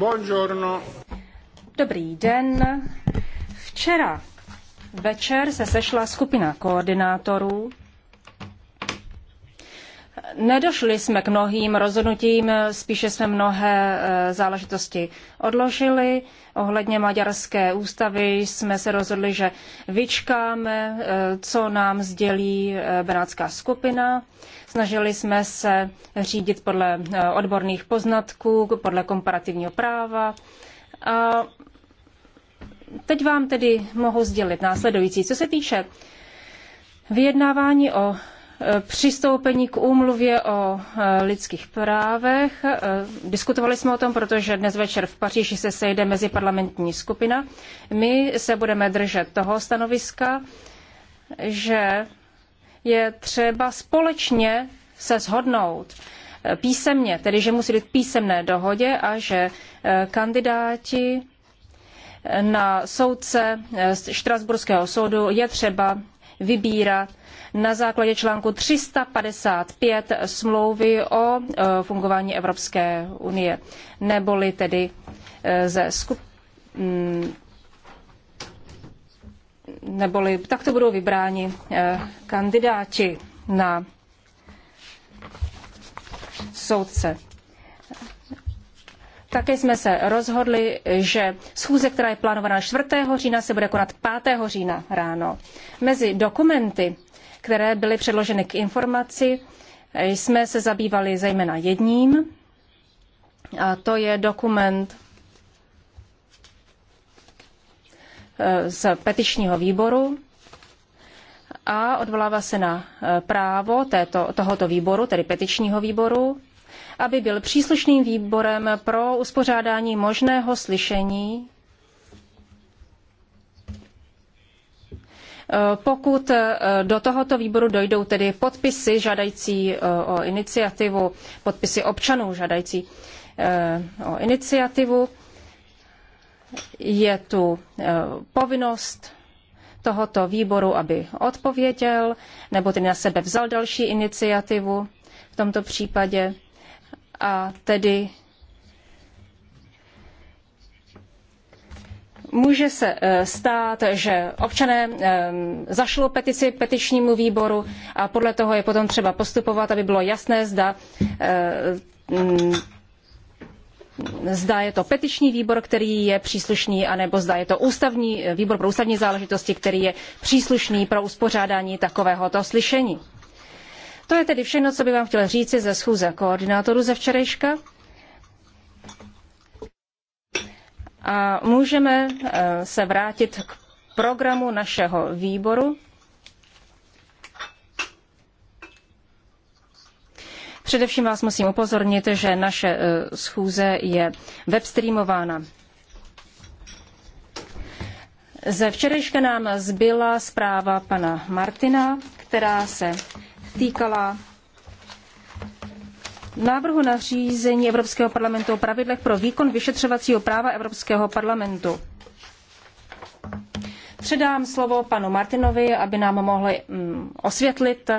Buongiorno. Dobrý den. Včera večer se sešla skupina koordinátorů Nedošli jsme k mnohým rozhodnutím, spíše jsme mnohé eh, záležitosti odložili. Ohledně maďarské ústavy jsme se rozhodli, že vyčkáme, eh, co nám sdělí eh, Benátská skupina. Snažili jsme se řídit podle odborných poznatků, podle komparativního práva. A teď vám tedy mohu sdělit následující. Co se týče vyjednávání o přistoupení k úmluvě o e, lidských právech. E, diskutovali jsme o tom, protože dnes večer v Paříži se sejde meziparlamentní skupina. My se budeme držet toho stanoviska, že je třeba společně se shodnout e, písemně, tedy že musí být písemné dohodě a že kandidáti na soudce Štrasburského soudu je třeba vybírat na základě článku 355 smlouvy o e, fungování Evropské unie, neboli tedy e, ze skup... Mm, neboli takto budou vybráni e, kandidáti na soudce. Také jsme se rozhodli, že schůze, která je plánovaná 4. října, se bude konat 5. října ráno. Mezi dokumenty, které byly předloženy k informaci, jsme se zabývali zejména jedním, a to je dokument e, z petičního výboru a odvolává se na e, právo této, tohoto výboru, tedy petičního výboru, aby byl příslušným výborem pro uspořádání možného slyšení, eh, pokud eh, do tohoto výboru dojdou tedy podpisy žádající eh, o iniciativu, podpisy občanů žádající o iniciativu, je tu povinnost tohoto výboru, aby odpověděl, nebo tedy na sebe vzal další iniciativu v tomto případě a tedy může se eh, stát, že občané eh, zašlou petici petičnímu výboru a podle toho je potom třeba postupovat, aby bylo jasné, zda eh, mm, zda je to petiční výbor, který je příslušný, anebo zda je to ústavní výbor pro ústavní záležitosti, který je příslušný pro uspořádání takovéhoto slyšení. To je tedy všechno, co bych vám chtěla říci ze schůze koordinátorů ze včerejška. A můžeme eh, se vrátit k programu našeho výboru. Především vás musím upozornit, že naše eh, schůze je webstreamována. Ze včerejška nám zbyla zpráva pana Martina, která se týkala návrhu nařízení Evropského parlamentu o pravidlech pro výkon vyšetřovacího práva Evropského parlamentu. Předám slovo panu Martinovi, aby nám mohli mm, osvětlit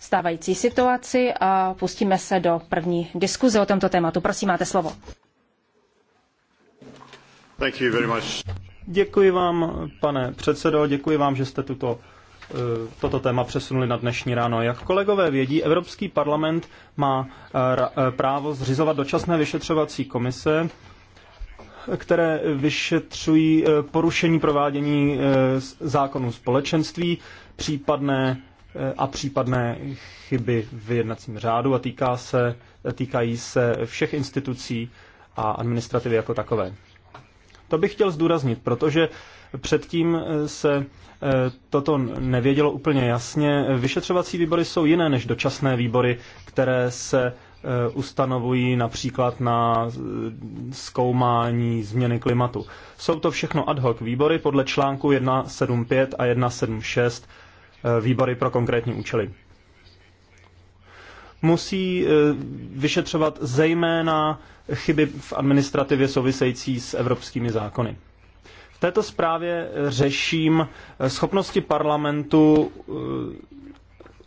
stávající situaci a pustíme se do první diskuze o tomto tématu. Prosím, máte slovo. Děkuji vám, pane předsedo, děkuji vám, že jste tuto Eh, toto téma přesunuli na dnešní ráno. Jak kolegové vědí, Evropský parlament má eh, eh, právo zřizovat dočasné vyšetřovací komise, které vyšetřují porušení provádění zákonů společenství, případné a případné chyby v jednacím řádu a týká se, týkají se všech institucí a administrativy jako takové. To bych chtěl zdůraznit, protože Předtím se e, toto nevědělo úplně jasně. Vyšetřovací výbory jsou jiné než dočasné výbory, které se e, ustanovují například na e, zkoumání změny klimatu. Jsou to všechno ad hoc výbory podle článku 175 a 176 výbory pro konkrétní účely. Musí vyšetřovat zejména chyby v administrativě související s evropskými zákony této zprávě řeším eh, schopnosti parlamentu eh,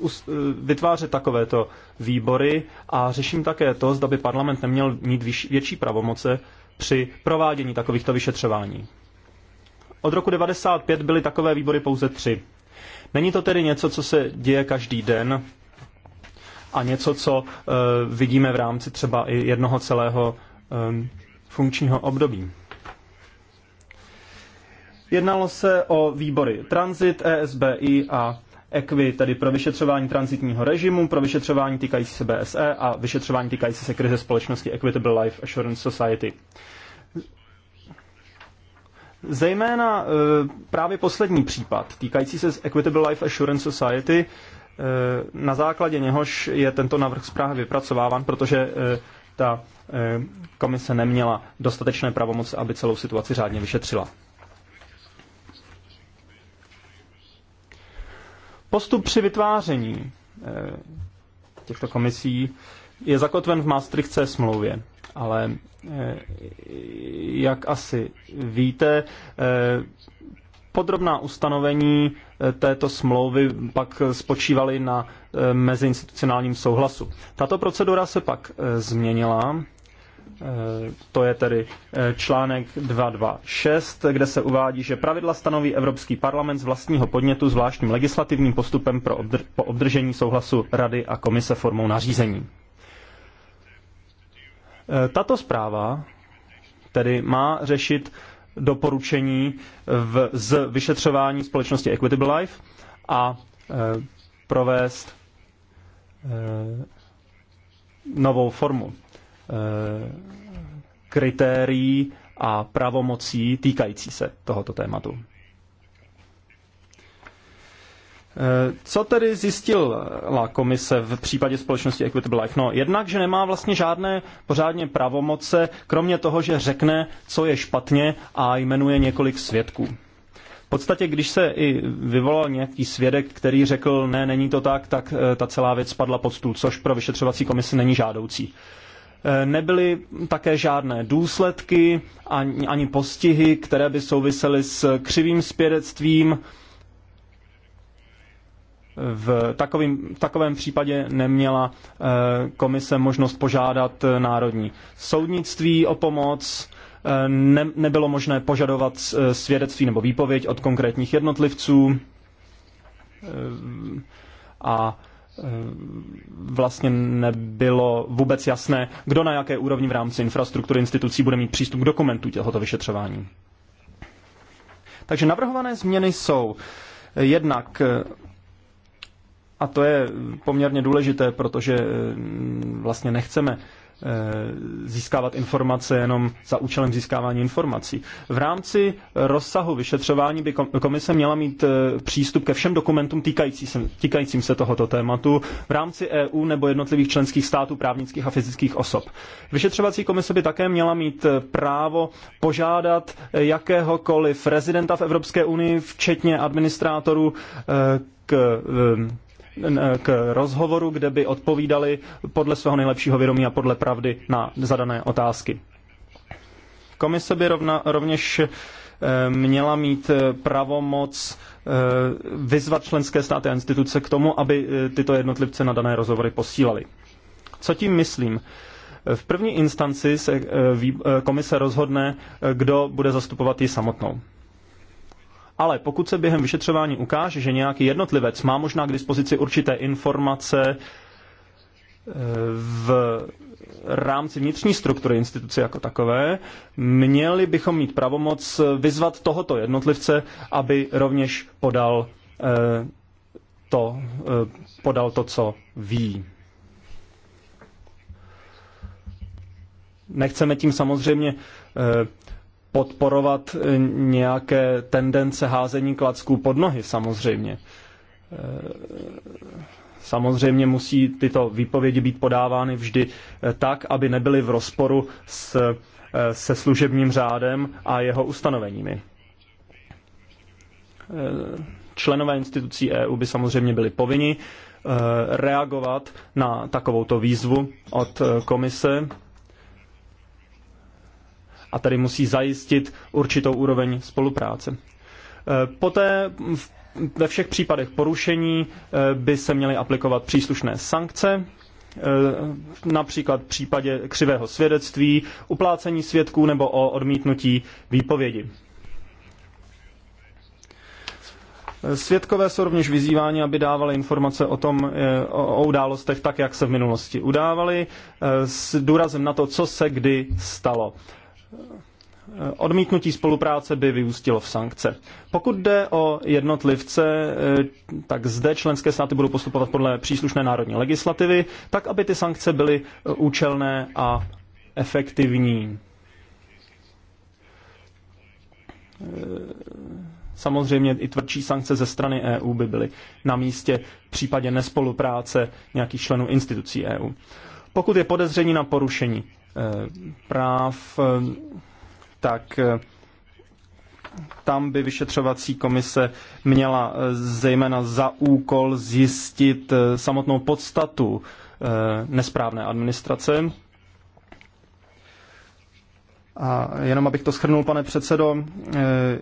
eh, vytvářet takovéto výbory a řeším také to, zda by parlament neměl mít větší pravomoce při provádění takovýchto vyšetřování. Od roku 1995 byly takové výbory pouze tři. Není to tedy něco, co se děje každý den a něco, co vidíme v rámci třeba i jednoho celého funkčního období. Jednalo se o výbory Transit, ESBI a EQUI, tedy pro vyšetřování transitního režimu, pro vyšetřování týkající se BSE a vyšetřování týkající se krize společnosti Equitable Life Assurance Society. Zejména e, právě poslední případ, týkající se z Equitable Life Assurance Society, e, na základě něhož je tento návrh zprávy vypracováván, protože e, ta komise neměla dostatečné pravomoce, aby celou situaci řádně vyšetřila. Postup při vytváření eh, těchto komisí je zakotven v Maastrichtské smlouvě, ale eh, jak asi víte, eh, podrobná ustanovení této smlouvy pak spočívaly na meziinstitucionálním souhlasu. Tato procedura se pak změnila Eh, to je tedy eh, článek 226, kde se uvádí, že pravidla stanoví Evropský parlament z vlastního podnětu zvláštním legislativním postupem pro obdr- po obdržení souhlasu Rady a Komise formou nařízení. Eh, tato zpráva tedy má řešit doporučení v, z vyšetřování společnosti Equitable Life a e, provést e, novou formu. Eh, kritérií a pravomocí týkající se tohoto tématu. Eh, co tedy zjistila komise v případě společnosti Equitable Life? No, jednak, že nemá vlastně žádné pořádně pravomoce, kromě toho, že řekne, co je špatně a jmenuje několik svědků. V podstatě, když se i vyvolal nějaký svědek, který řekl, ne, není to tak, tak eh, ta celá věc spadla pod stůl, což pro vyšetřovací komisi není žádoucí. Eh, nebyly také žádné důsledky ani, ani postihy, které by souvisely s křivým svědectvím. V, takovým, v takovém případě neměla eh, komise možnost požádat národní soudnictví o pomoc, eh, ne, nebylo možné požadovat svědectví nebo výpověď od konkrétních jednotlivců a Eh, vlastně nebylo vůbec jasné, kdo na jaké úrovni v rámci infrastruktury institucí bude mít přístup k dokumentu tohoto vyšetřování. Takže navrhované změny jsou eh, jednak, eh, a to je poměrně důležité, protože vlastně nechceme Eh, získávat informace jenom za účelem získávání informací. V rámci rozsahu vyšetřování by komise měla mít eh, přístup ke všem dokumentům týkající se, týkajícím se tohoto tématu v rámci EU nebo jednotlivých členských států právnických a fyzických osob. Vyšetřovací komise by také měla mít eh, právo požádat jakéhokoliv rezidenta v Evropské unii, včetně administrátorů, k k rozhovoru, kde by odpovídali podle svého nejlepšího vědomí a podle pravdy na zadané otázky. Komise by rovna, rovněž eh, měla mít eh, pravomoc eh, vyzvat členské státy a instituce k tomu, aby tyto jednotlivce na dané rozhovory posílali. Co tím myslím? V první instanci se komise rozhodne, kdo bude zastupovat ji samotnou. Ale pokud se během vyšetřování ukáže, že nějaký jednotlivec má možná k dispozici určité informace eh, v rámci vnitřní struktury instituce jako takové, měli bychom mít pravomoc vyzvat tohoto jednotlivce, aby rovněž podal eh, to, eh, podal to, co ví. Nechceme tím samozřejmě podporovat eh, nějaké tendence házení klacků pod nohy samozřejmě. Eh, samozřejmě musí tyto výpovědi být podávány vždy eh, tak, aby nebyly v rozporu s, se služebním řádem a jeho ustanoveními. Členové institucí EU by samozřejmě byli povinni reagovat na takovouto výzvu od komise a tady musí zajistit určitou úroveň spolupráce. E, poté ve všech případech porušení e, by se měly aplikovat příslušné sankce, e, například v případě křivého svědectví, uplácení svědků nebo o odmítnutí výpovědi. Svědkové jsou rovněž vyzýváni, aby dávali informace o, tom, o událostech tak, jak se v minulosti udávali, s důrazem na to, co se kdy stalo. Eh, odmítnutí spolupráce by vyústilo v sankce. Pokud jde o jednotlivce, eh, tak zde členské státy budou postupovat podle příslušné národní legislativy, tak aby ty sankce byly eh, účelné a efektivní. Samozřejmě i tvrdší sankce ze strany EU by byly na místě v případě nespolupráce nějakých členů institucí EU. Pokud je podezření na porušení práv, tak eh, tam by vyšetřovací komise měla eh, zejména za úkol zjistit eh, samotnou podstatu nesprávné administrace. A jenom abych to schrnul, pane předsedo,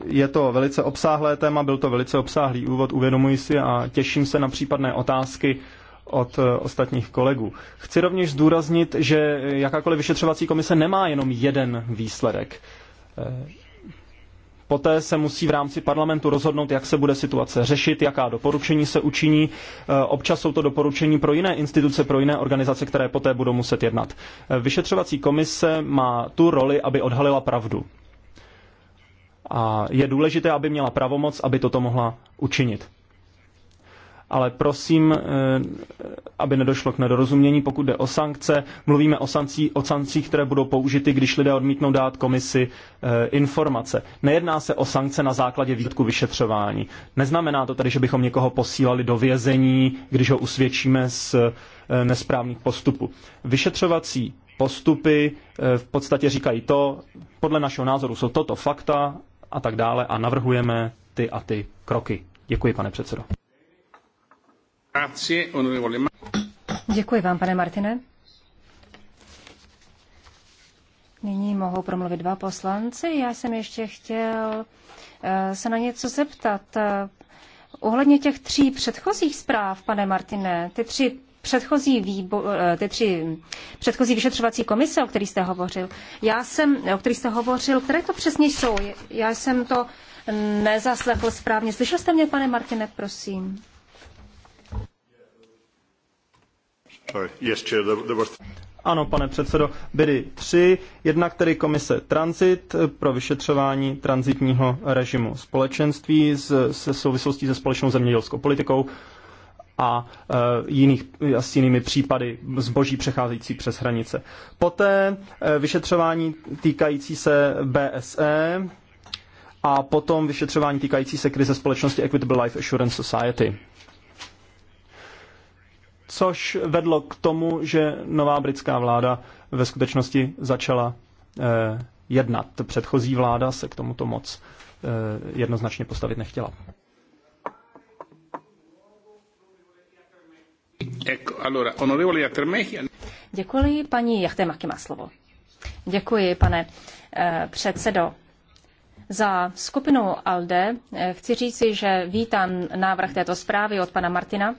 je to velice obsáhlé téma, byl to velice obsáhlý úvod, uvědomuji si a těším se na případné otázky od eh, ostatních kolegů. Chci rovněž zdůraznit, že jakákoliv vyšetřovací komise nemá jenom jeden výsledek. Eh, poté se musí v rámci parlamentu rozhodnout, jak se bude situace řešit, jaká doporučení se učiní. Eh, občas jsou to doporučení pro jiné instituce, pro jiné organizace, které poté budou muset jednat. Vyšetřovací komise má tu roli, aby odhalila pravdu. A je důležité, aby měla pravomoc, aby toto mohla učinit ale prosím, eh, aby nedošlo k nedorozumění, pokud jde o sankce. Mluvíme o, sancí, o sankcích, které budou použity, když lidé odmítnou dát komisi eh, informace. Nejedná se o sankce na základě výtku vyšetřování. Neznamená to tedy, že bychom někoho posílali do vězení, když ho usvědčíme z eh, nesprávných postupů. Vyšetřovací postupy v podstatě říkají to, podle našeho názoru jsou toto fakta a tak dále a navrhujeme ty a ty kroky. Děkuji, pane předsedo. Děkuji vám, pane Martine. Nyní mohou promluvit dva poslanci. Já jsem ještě chtěl eh, se na něco zeptat. Eh, ohledně těch tří předchozích zpráv, pane Martine, ty tři předchozí, výbo, eh, ty tři předchozí vyšetřovací komise, o kterých jste hovořil, já jsem, o kterých jste hovořil, které to přesně jsou? Já jsem to nezaslechl správně. Slyšel jste mě, pane Martine, prosím? Ano, pane předsedo, byly tři. Jednak tedy komise Transit pro vyšetřování transitního režimu společenství se souvislostí se společnou zemědělskou politikou a e, jiných, s jinými případy zboží přecházející přes hranice. Poté e, vyšetřování týkající se BSE a potom vyšetřování týkající se krize společnosti Equitable Life Assurance Society což vedlo k tomu, že nová britská vláda ve skutečnosti začala eh, jednat. Předchozí vláda se k tomuto moc eh, jednoznačně postavit nechtěla. Děkuji, paní Jachtemaky má slovo. Děkuji, pane eh, předsedo. Za skupinu ALDE eh, chci říci, že vítám návrh této zprávy od pana Martina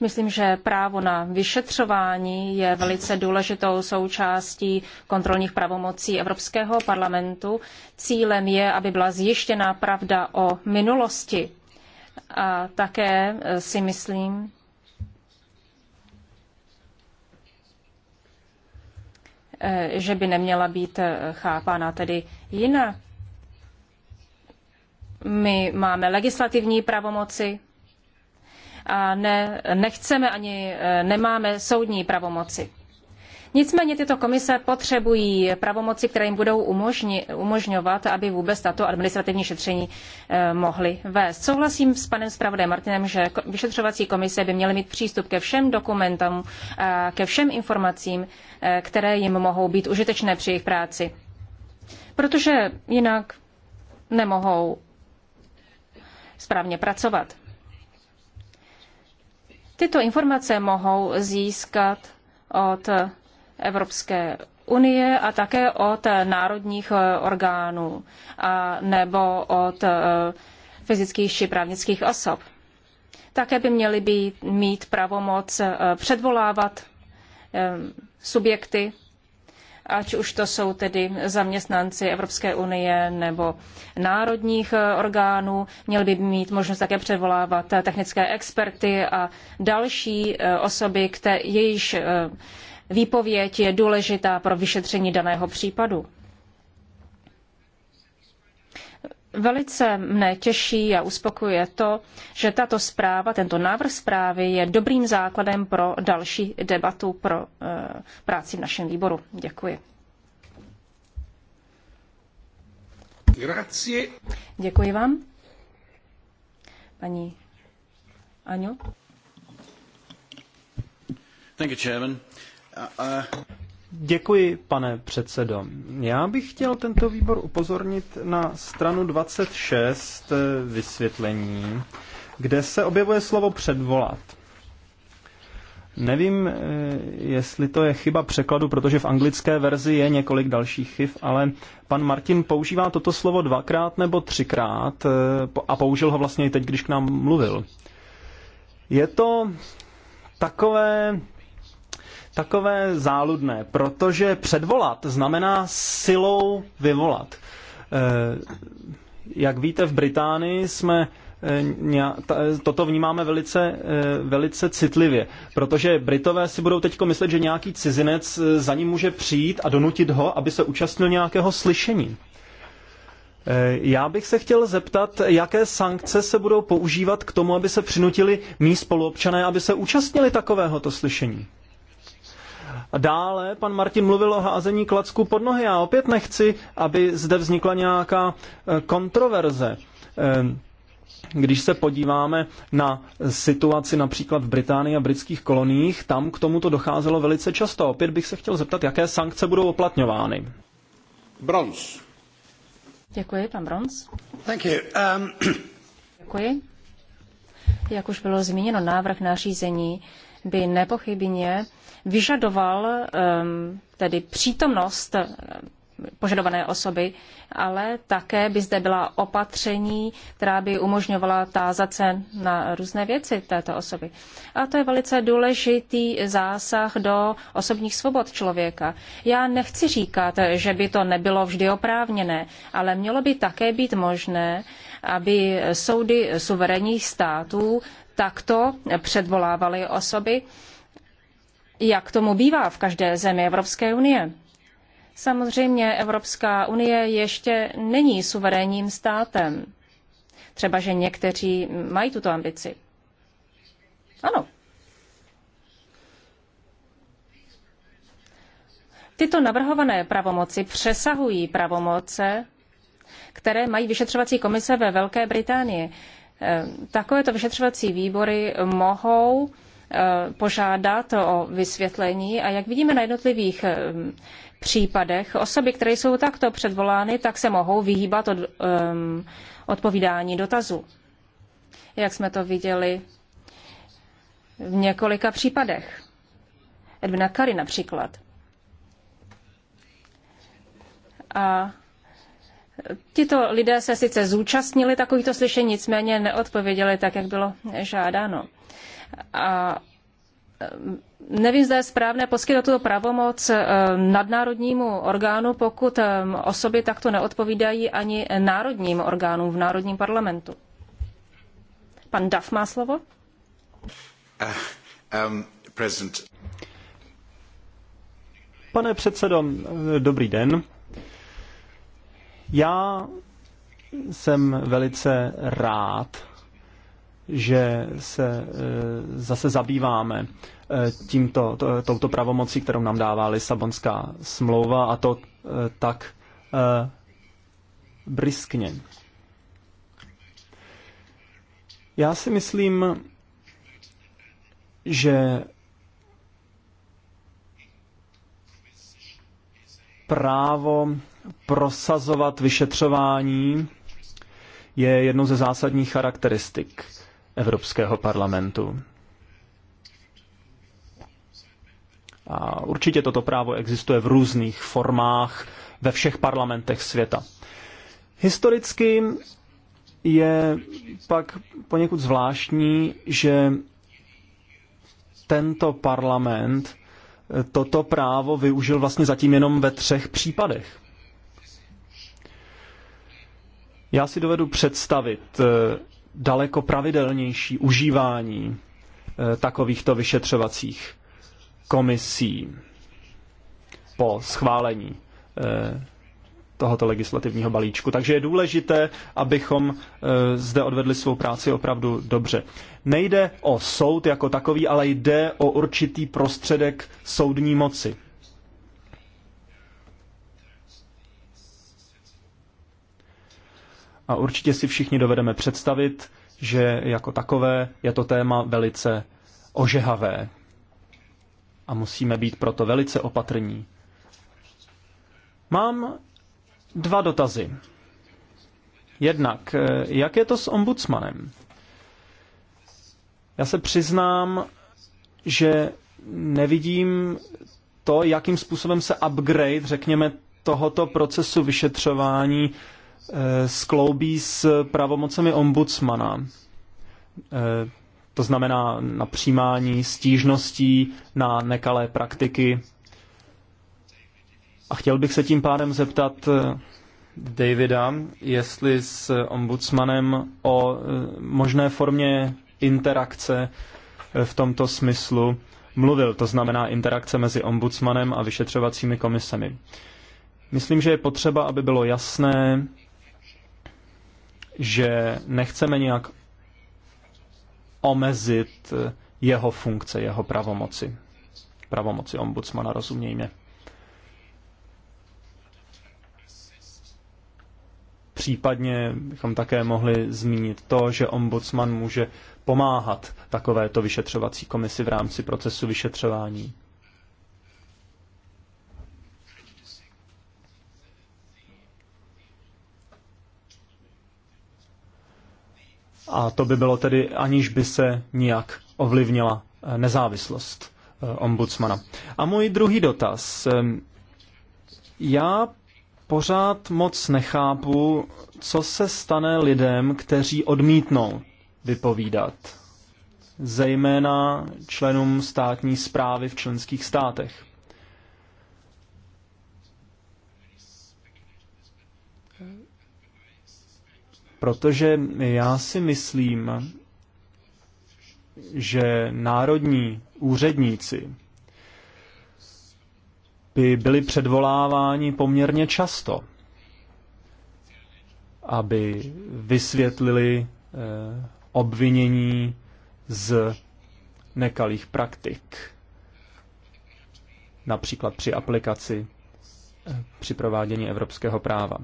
Myslím, že právo na vyšetřování je velice důležitou součástí kontrolních pravomocí Evropského parlamentu. Cílem je, aby byla zjištěna pravda o minulosti. A také eh, si myslím, eh, že by neměla být eh, chápána tedy jinak. My máme legislativní pravomoci, a ne, nechceme ani e, nemáme soudní pravomoci. Nicméně tyto komise potřebují pravomoci, které jim budou umožni, umožňovat, aby vůbec tato administrativní šetření eh, mohly vést. Souhlasím s panem zpravodajem Martinem, že vyšetřovací komise by měly mít přístup ke všem dokumentům, a ke všem informacím, e, které jim mohou být užitečné při jejich práci. Protože jinak nemohou správně pracovat. Tyto informace mohou získat od Evropské unie a také od národních eh, orgánů a nebo od eh, fyzických či právnických osob. Také by měly být, mít pravomoc eh, předvolávat subjekty ať už to jsou tedy zaměstnanci Evropské unie nebo národních eh, orgánů. Měl by mít možnost také převolávat eh, technické experty a další eh, osoby, které jejíž výpověď je důležitá pro vyšetření daného případu. Velice mne těší a uspokojuje to, že tato zpráva, tento návrh zprávy je dobrým základem pro další debatu pro eh, práci v našem výboru. Děkuji. Grazie. Děkuji vám. Paní Aňo. Thank you, Chairman. Uh, uh... Děkuji, pane předsedo. Já bych chtěl tento výbor upozornit na stranu 26 eh, vysvětlení, kde se objevuje slovo předvolat. Nevím, eh, jestli to je chyba překladu, protože v anglické verzi je několik dalších chyb, ale pan Martin používá toto slovo dvakrát nebo třikrát eh, a použil ho vlastně i teď, když k nám mluvil. Je to takové takové záludné, protože předvolat znamená silou vyvolat. Eh, jak víte, v Británii jsme eh, toto vnímáme velice, eh, velice citlivě, protože Britové si budou teď myslet, že nějaký cizinec za ním může přijít a donutit ho, aby se účastnil nějakého slyšení. Já bych se chtěl zeptat, jaké sankce se budou používat k tomu, aby se přinutili mý spoluobčané, aby se účastnili takovéhoto slyšení. A dále pan Martin mluvil o házení klacku pod nohy. Já opět nechci, aby zde vznikla nějaká eh, kontroverze. Eh, když se podíváme na situaci například v Británii a britských koloniích, tam k tomuto docházelo velice často. Opět bych se chtěl zeptat, jaké sankce budou oplatňovány. Bronz. Děkuji, pan Bronz. Thank you. Um... Děkuji. Jak už bylo zmíněno, návrh nařízení by nepochybně vyžadoval ehm, tedy přítomnost eh, požadované osoby, ale také by zde byla opatření, která by umožňovala tázat se na různé věci této osoby. A to je velice důležitý zásah do osobních svobod člověka. Já nechci říkat, že by to nebylo vždy oprávněné, ale mělo by také být možné, aby soudy suverénních států takto předvolávaly osoby, jak tomu bývá v každé zemi Evropské unie. Samozřejmě Evropská unie ještě není suverénním státem. Třeba, že někteří mají tuto ambici. Ano. Tyto navrhované pravomoci přesahují pravomoce, které mají vyšetřovací komise ve Velké Británii. Eh, takovéto vyšetřovací výbory mohou Eh, požádat o vysvětlení a jak vidíme na jednotlivých eh, případech, osoby, které jsou takto předvolány, tak se mohou vyhýbat od um, odpovídání dotazu. Jak jsme to viděli v několika případech. Edvina Kary například. A tito lidé se sice zúčastnili takovýchto slyšení, nicméně neodpověděli tak, jak bylo žádáno. A Nevím, zda je správné poskytnout tuto pravomoc eh, nadnárodnímu orgánu, pokud eh, osoby takto neodpovídají ani národním orgánům v národním parlamentu. Pan Duff má slovo. Eh, Pane předsedo, dobrý den. Já jsem velice rád, že se eh, zase zabýváme eh, tímto, to, touto pravomocí, kterou nám dává Lisabonská smlouva a to eh, tak briskně. Já si myslím, že právo prosazovat vyšetřování je jednou ze zásadních charakteristik Evropského parlamentu. A určitě toto právo existuje v různých formách ve všech parlamentech světa. Historicky je pak poněkud zvláštní, že tento parlament toto právo využil vlastně zatím jenom ve třech případech. Já si dovedu představit daleko pravidelnější užívání eh, takovýchto vyšetřovacích komisí po schválení eh, tohoto legislativního balíčku. Takže je důležité, abychom eh, zde odvedli svou práci opravdu dobře. Nejde o soud jako takový, ale jde o určitý prostředek soudní moci. A určitě si všichni dovedeme představit, že jako takové je to téma velice ožehavé. A musíme být proto velice opatrní. Mám dva dotazy. Jednak, jak je to s ombudsmanem? Já se přiznám, že nevidím to, jakým způsobem se upgrade, řekněme, tohoto procesu vyšetřování Eh, skloubí s pravomocemi ombudsmana. Eh, to znamená na přijímání stížností na nekalé praktiky. A chtěl bych se tím pádem zeptat eh, Davida, jestli s ombudsmanem o možné formě interakce v tomto smyslu mluvil, to znamená interakce mezi ombudsmanem a vyšetřovacími komisemi. Myslím, že je potřeba, aby bylo jasné, že nechceme nějak omezit jeho funkce, jeho pravomoci. Pravomoci ombudsmana, rozumějme. Případně bychom také mohli zmínit to, že ombudsman může pomáhat takovéto vyšetřovací komisi v rámci procesu vyšetřování. A to by bylo tedy, aniž by se nijak ovlivnila eh, nezávislost eh, ombudsmana. A můj druhý dotaz. Ehm, já pořád moc nechápu, co se stane lidem, kteří odmítnou vypovídat, zejména členům státní zprávy v členských státech. Protože já si myslím, že národní úředníci by byli předvoláváni poměrně často, aby vysvětlili eh, obvinění z nekalých praktik, například při aplikaci při provádění evropského práva.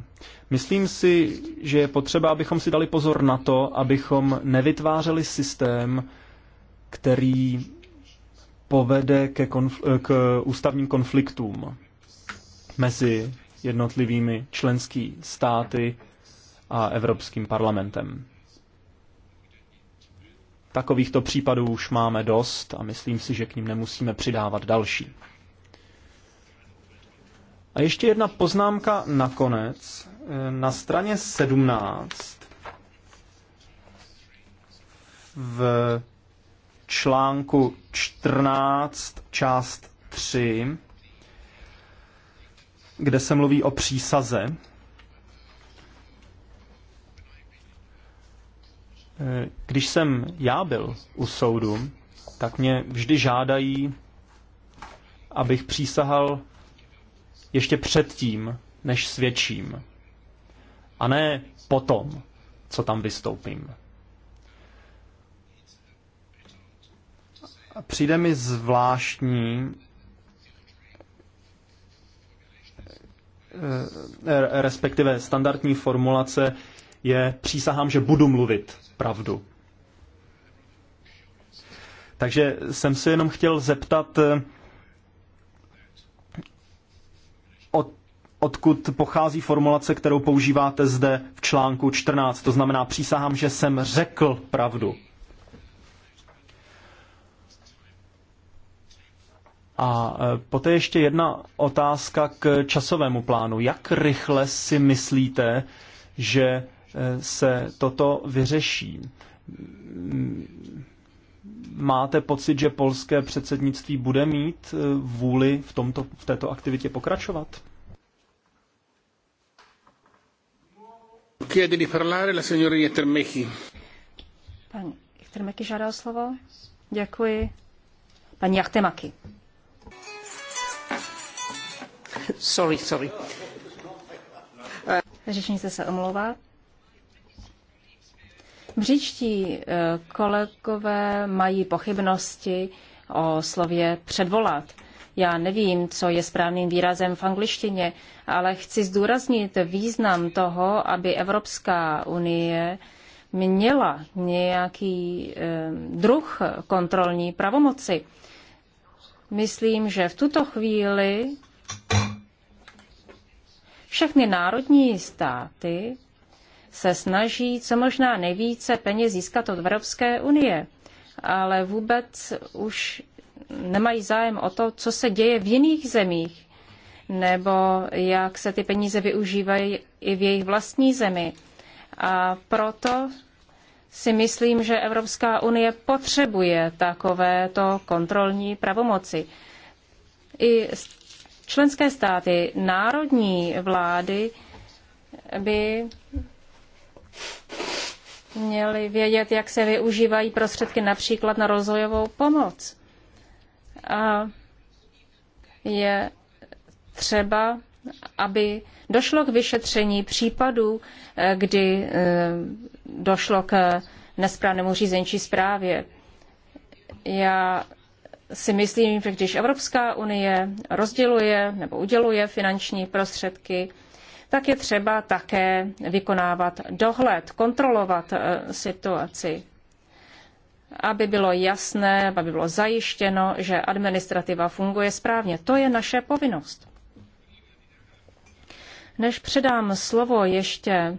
Myslím si, že je potřeba, abychom si dali pozor na to, abychom nevytvářeli systém, který povede ke konf- k ústavním konfliktům mezi jednotlivými členský státy a Evropským parlamentem. Takovýchto případů už máme dost a myslím si, že k ním nemusíme přidávat další. A ještě jedna poznámka nakonec. Na straně 17 v článku 14 část 3, kde se mluví o přísaze, Když jsem já byl u soudu, tak mě vždy žádají, abych přísahal ještě předtím, než svědčím. A ne potom, co tam vystoupím. Přijde mi zvláštní, eh, respektive standardní formulace je přísahám, že budu mluvit pravdu. Takže jsem se jenom chtěl zeptat, eh, odkud pochází formulace, kterou používáte zde v článku 14. To znamená, přísahám, že jsem řekl pravdu. A e, poté ještě jedna otázka k časovému plánu. Jak rychle si myslíte, že e, se toto vyřeší? Máte pocit, že polské předsednictví bude mít e, vůli v, tomto, v této aktivitě pokračovat? Chiede di parlare la signora Jettermechi. Pan Jettermechi žádá slovo. Děkuji. Paní Jachtemaki. Sorry, sorry. Eh. Řečnice se omlouvá. Eh, kolegové mají pochybnosti o slově předvolat. Já nevím, co je správným výrazem v angličtině, ale chci zdůraznit význam toho, aby Evropská unie měla nějaký druh kontrolní pravomoci. Myslím, že v tuto chvíli všechny národní státy se snaží co možná nejvíce peněz získat od Evropské unie, ale vůbec už nemají zájem o to, co se děje v jiných zemích, nebo jak se ty peníze využívají i v jejich vlastní zemi. A proto si myslím, že Evropská unie potřebuje takovéto kontrolní pravomoci. I členské státy, národní vlády by měly vědět, jak se využívají prostředky například na rozvojovou pomoc a je třeba, aby došlo k vyšetření případů, eh, kdy eh, došlo k nesprávnému řízení či zprávě. Já si myslím, že když Evropská unie rozděluje nebo uděluje finanční prostředky, tak je třeba také vykonávat dohled, kontrolovat eh, situaci aby bylo jasné, aby bylo zajištěno, že administrativa funguje správně. To je naše povinnost. Než předám slovo ještě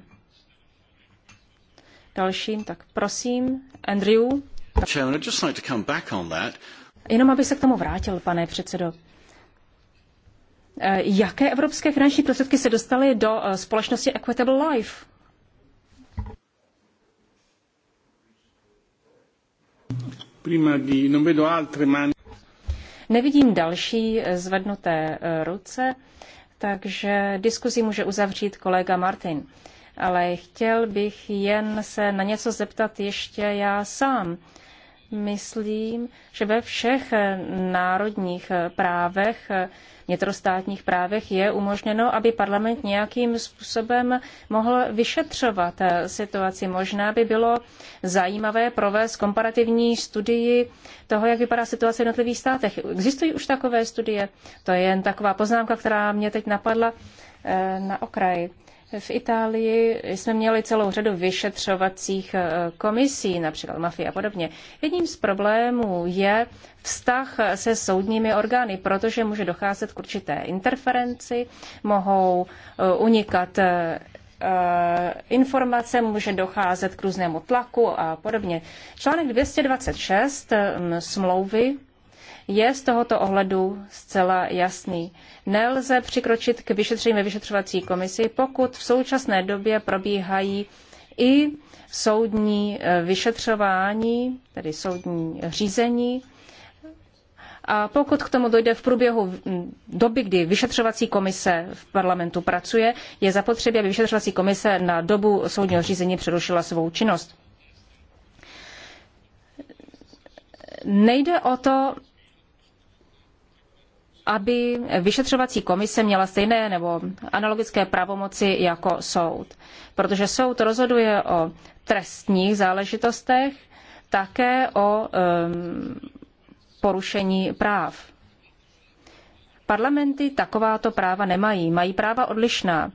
dalším, tak prosím, Andrew. Jenom abych se k tomu vrátil, pane předsedo. Eh, jaké evropské finanční prostředky se dostaly do eh, společnosti Equitable Life? Nevidím další zvednuté eh, ruce, takže diskuzi může uzavřít kolega Martin. Ale chtěl bych jen se na něco zeptat ještě já sám myslím, že ve všech eh, národních eh, právech, eh, vnitrostátních právech je umožněno, aby parlament nějakým způsobem mohl vyšetřovat situaci. Možná by bylo zajímavé provést komparativní studii toho, jak vypadá situace v jednotlivých státech. Existují už takové studie? To je jen taková poznámka, která mě teď napadla na okraji. V Itálii jsme měli celou řadu vyšetřovacích eh, komisí, například mafie a podobně. Jedním z problémů je vztah se soudními orgány, protože může docházet k určité interferenci, mohou eh, unikat eh, informace, může docházet k různému tlaku a podobně. Článek 226 smlouvy je z tohoto ohledu zcela jasný. Nelze přikročit k vyšetření ve vyšetřovací komisi, pokud v současné době probíhají i soudní e, vyšetřování, tedy soudní řízení, a pokud k tomu dojde v průběhu doby, kdy vyšetřovací komise v parlamentu pracuje, je zapotřebí, aby vyšetřovací komise na dobu soudního řízení přerušila svou činnost. Nejde o to, aby vyšetřovací komise měla stejné nebo analogické pravomoci jako soud. Protože soud rozhoduje o trestních záležitostech, také o um, porušení práv. Parlamenty takováto práva nemají, mají práva odlišná.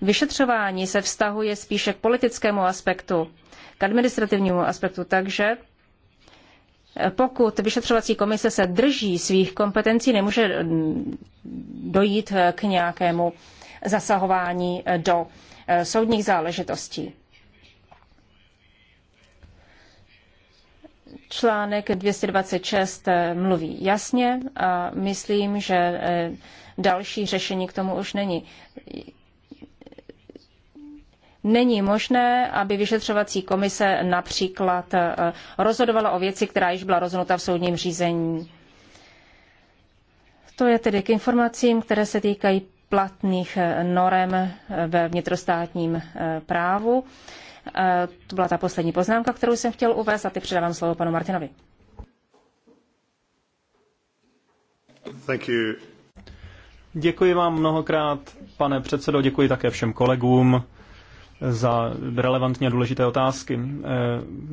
Vyšetřování se vztahuje spíše k politickému aspektu, k administrativnímu aspektu, takže pokud vyšetřovací komise se drží svých kompetencí, nemůže mm, dojít eh, k nějakému zasahování eh, do eh, soudních záležitostí. Článek 226 mluví jasně a myslím, že další řešení k tomu už není. Není možné, aby vyšetřovací komise například eh, rozhodovala o věci, která již byla rozhodnuta v soudním řízení. To je tedy k informacím, které se týkají platných eh, norem eh, ve vnitrostátním právu. To byla ta poslední poznámka, kterou jsem chtěl uvést a teď předávám slovo panu Martinovi. Thank you. Děkuji vám mnohokrát, pane předsedo, děkuji také všem kolegům za relevantní a důležité otázky. Eh,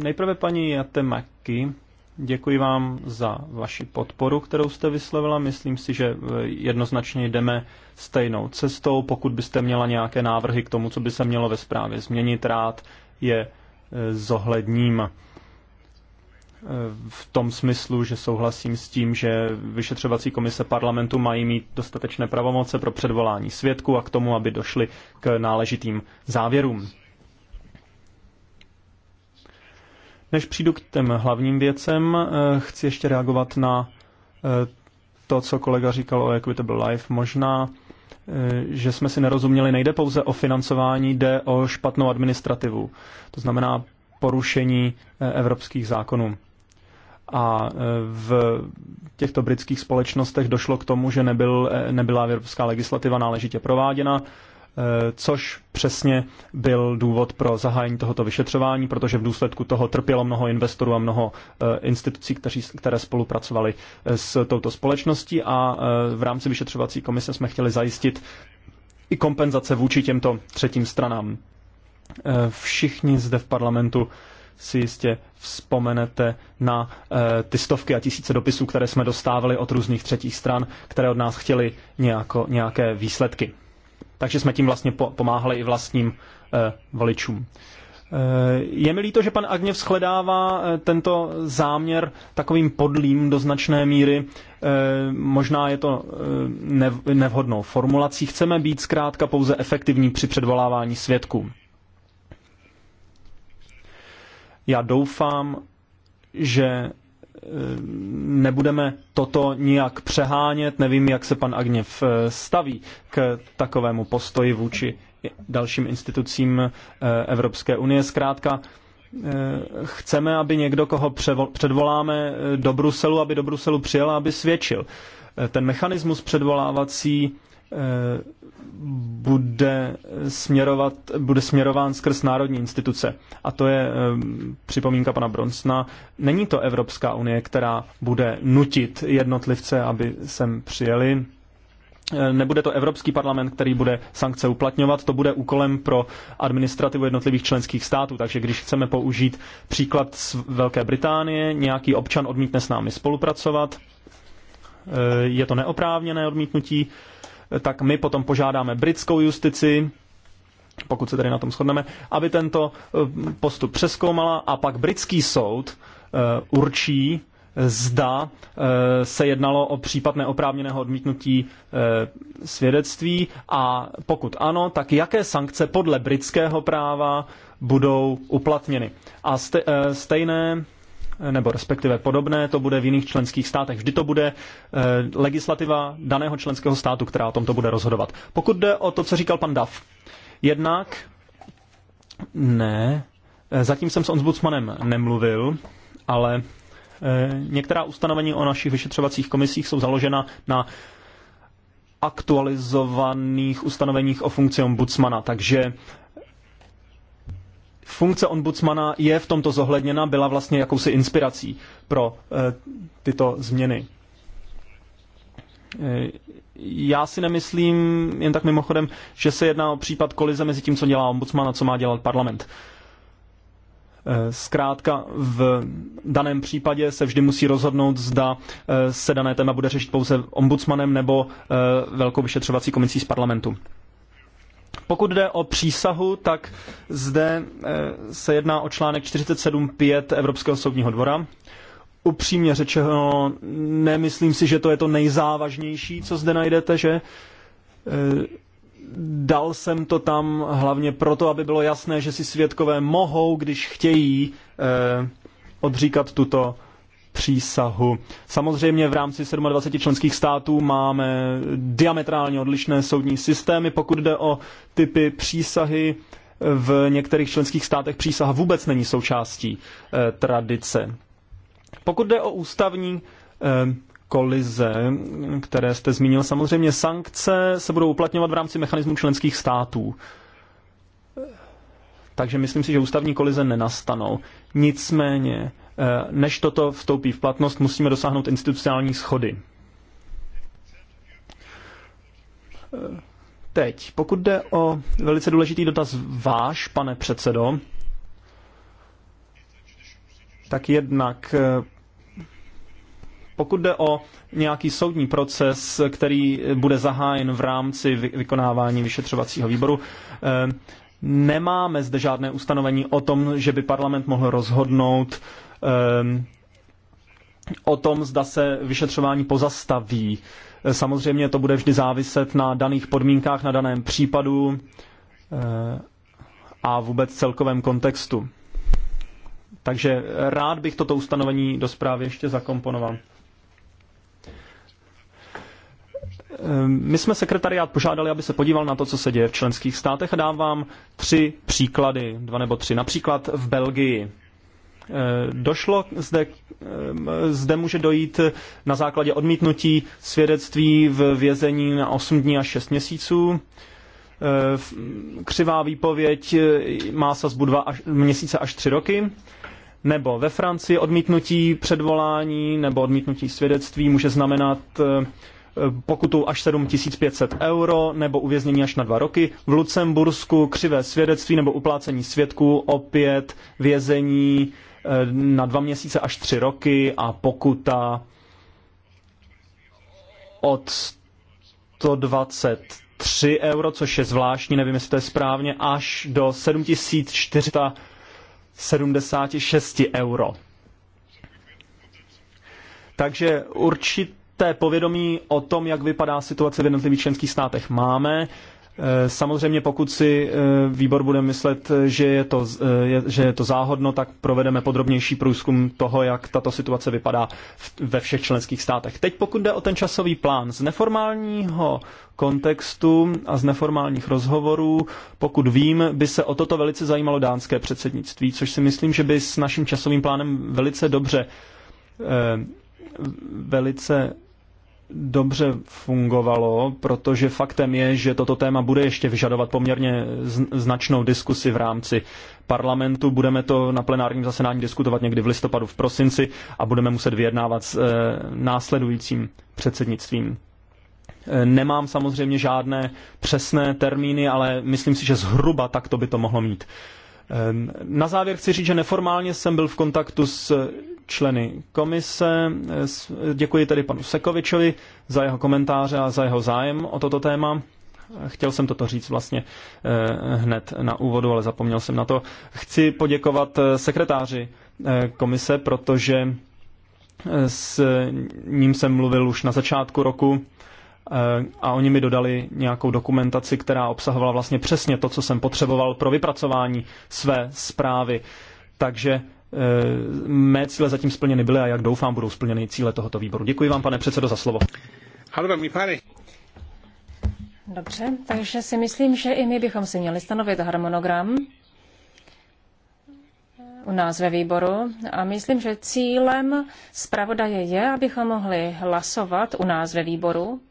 nejprve paní Jatemaki, děkuji vám za vaši podporu, kterou jste vyslovila. Myslím si, že eh, jednoznačně jdeme stejnou cestou. Pokud byste měla nějaké návrhy k tomu, co by se mělo ve zprávě změnit, rád je eh, zohledním v tom smyslu, že souhlasím s tím, že vyšetřovací komise parlamentu mají mít dostatečné pravomoce pro předvolání svědků a k tomu, aby došli k náležitým závěrům. Než přijdu k těm hlavním věcem, eh, chci ještě reagovat na eh, to, co kolega říkal o Equitable Life. Možná, eh, že jsme si nerozuměli, nejde pouze o financování, jde o špatnou administrativu. To znamená porušení evropských zákonů a e, v těchto britských společnostech došlo k tomu, že nebyl, e, nebyla evropská legislativa náležitě prováděna, e, což přesně byl důvod pro zahájení tohoto vyšetřování, protože v důsledku toho trpělo mnoho investorů a mnoho institucí, kteří, které spolupracovali s touto společností a v rámci vyšetřovací komise jsme chtěli zajistit i kompenzace vůči těmto třetím stranám. Všichni zde v parlamentu si jistě vzpomenete na e, ty stovky a tisíce dopisů, které jsme dostávali od různých třetích stran, které od nás chtěly nějako, nějaké výsledky. Takže jsme tím vlastně po, pomáhali i vlastním e, voličům. Eh, je mi líto, že pan Agněv shledává tento záměr takovým podlým do značné míry. Možná je to nevhodnou formulací. Chceme být zkrátka pouze efektivní při předvolávání svědků. Já doufám, že eh, nebudeme toto nijak přehánět. Nevím, jak se pan Agněv eh, staví k takovému postoji vůči dalším institucím eh, Evropské unie. Zkrátka, chceme, aby někdo, koho předvoláme do Bruselu, aby do Bruselu přijel a aby svědčil. Ten mechanismus předvolávací bude, směrovat, bude směrován skrz národní instituce. A to je eh, připomínka pana Bronsna. Není to Evropská unie, která bude nutit jednotlivce, aby sem přijeli. Eh, nebude to Evropský parlament, který bude sankce uplatňovat, to bude úkolem pro administrativu jednotlivých členských států. Takže když chceme použít příklad z Velké Británie, nějaký občan odmítne s námi spolupracovat, eh, je to neoprávněné odmítnutí, tak my potom požádáme britskou justici, pokud se tady na tom shodneme, aby tento eh, postup přeskoumala a pak britský soud eh, určí, eh, zda se jednalo o případ neoprávněného odmítnutí svědectví a pokud ano, tak jaké sankce podle britského práva budou uplatněny. A stejné nebo respektive podobné, to bude v jiných členských státech. Vždy to bude eh, legislativa daného členského státu, která o tom to bude rozhodovat. Pokud jde o to, co říkal pan Dav, jednak ne, eh, zatím jsem s ombudsmanem nemluvil, ale eh, některá ustanovení o našich vyšetřovacích komisích jsou založena na aktualizovaných ustanoveních o funkci ombudsmana, takže funkce ombudsmana je v tomto zohledněna, byla vlastně jakousi inspirací pro eh, tyto změny. Eh, já si nemyslím, jen tak mimochodem, že se jedná o případ kolize mezi tím, co dělá ombudsman a co má dělat parlament. Eh, zkrátka, v daném případě se vždy musí rozhodnout, zda se dané téma bude řešit pouze ombudsmanem nebo velkou vyšetřovací komisí z parlamentu. Pokud jde o přísahu, tak zde eh, se jedná o článek 47.5 Evropského soudního dvora. Upřímně řečeno, nemyslím si, že to je to nejzávažnější, co zde najdete, že eh, dal jsem to tam hlavně proto, aby bylo jasné, že si svědkové mohou, když chtějí, eh, odříkat tuto přísahu. Samozřejmě v rámci 27 členských států máme diametrálně odlišné soudní systémy, pokud jde o typy přísahy. V některých členských státech přísaha vůbec není součástí eh, tradice. Pokud jde o ústavní eh, kolize, které jste zmínil, samozřejmě sankce se budou uplatňovat v rámci mechanismu členských států. Eh, takže myslím si, že ústavní kolize nenastanou. Nicméně Eh, než toto vstoupí v platnost, musíme dosáhnout institucionální schody. Eh, teď, pokud jde o velice důležitý dotaz váš, pane předsedo, tak jednak eh, pokud jde o nějaký soudní proces, který bude zahájen v rámci vykonávání vyšetřovacího výboru, nemáme zde žádné ustanovení o tom, že by parlament mohl rozhodnout Ehm, o tom, zda se vyšetřování pozastaví. Eh, samozřejmě to bude vždy záviset na daných podmínkách, na daném případu eh, a vůbec celkovém kontextu. Takže rád bych toto ustanovení do zprávy ještě zakomponoval. Ehm, my jsme sekretariát požádali, aby se podíval na to, co se děje v členských státech a dávám tři příklady, dva nebo tři. Například v Belgii Eh, došlo zde, eh, zde může dojít na základě odmítnutí svědectví v vězení na 8 dní až 6 měsíců. Eh, křivá výpověď má sazbu 2 až, měsíce až 3 roky. Nebo ve Francii odmítnutí předvolání nebo odmítnutí svědectví může znamenat pokutu až 7500 euro nebo uvěznění až na dva roky. V Lucembursku křivé svědectví nebo uplácení svědků opět vězení Eh, na dva měsíce až tři roky a pokuta od 123 euro, což je zvláštní, nevím, jestli to je správně, až do 7476 euro. Takže určitě povědomí o tom, jak vypadá situace v jednotlivých členských státech máme. Eh, samozřejmě pokud si eh, výbor bude myslet, že je, to, eh, že je to záhodno, tak provedeme podrobnější průzkum toho, jak tato situace vypadá ve všech členských státech. Teď pokud jde o ten časový plán, z neformálního kontextu a z neformálních rozhovorů, pokud vím, by se o toto velice zajímalo dánské předsednictví, což si myslím, že by s naším časovým plánem velice dobře velice dobře fungovalo, protože faktem je, že toto téma bude ještě vyžadovat poměrně značnou diskusi v rámci parlamentu. Budeme to na plenárním zasedání diskutovat někdy v listopadu, v prosinci a budeme muset vyjednávat s eh, následujícím předsednictvím. Eh, nemám samozřejmě žádné přesné termíny, ale myslím si, že zhruba tak to by to mohlo mít. Ehm, na závěr chci říct, že neformálně jsem byl v kontaktu s členy komise. Eh, děkuji tedy panu Sekovičovi za jeho komentáře a za jeho zájem o toto téma. Chtěl jsem toto říct vlastně eh, hned na úvodu, ale zapomněl jsem na to. Chci poděkovat eh, sekretáři komise, protože s ním jsem mluvil už na začátku roku Eh, a oni mi dodali nějakou dokumentaci, která obsahovala vlastně přesně to, co jsem potřeboval pro vypracování své zprávy. Takže eh, mé cíle zatím splněny byly a jak doufám, budou splněny cíle tohoto výboru. Děkuji vám, pane předsedo, za slovo. Dobře, takže si myslím, že i my bychom si měli stanovit harmonogram u nás ve výboru a myslím, že cílem zpravodaje je, abychom mohli hlasovat u nás ve výboru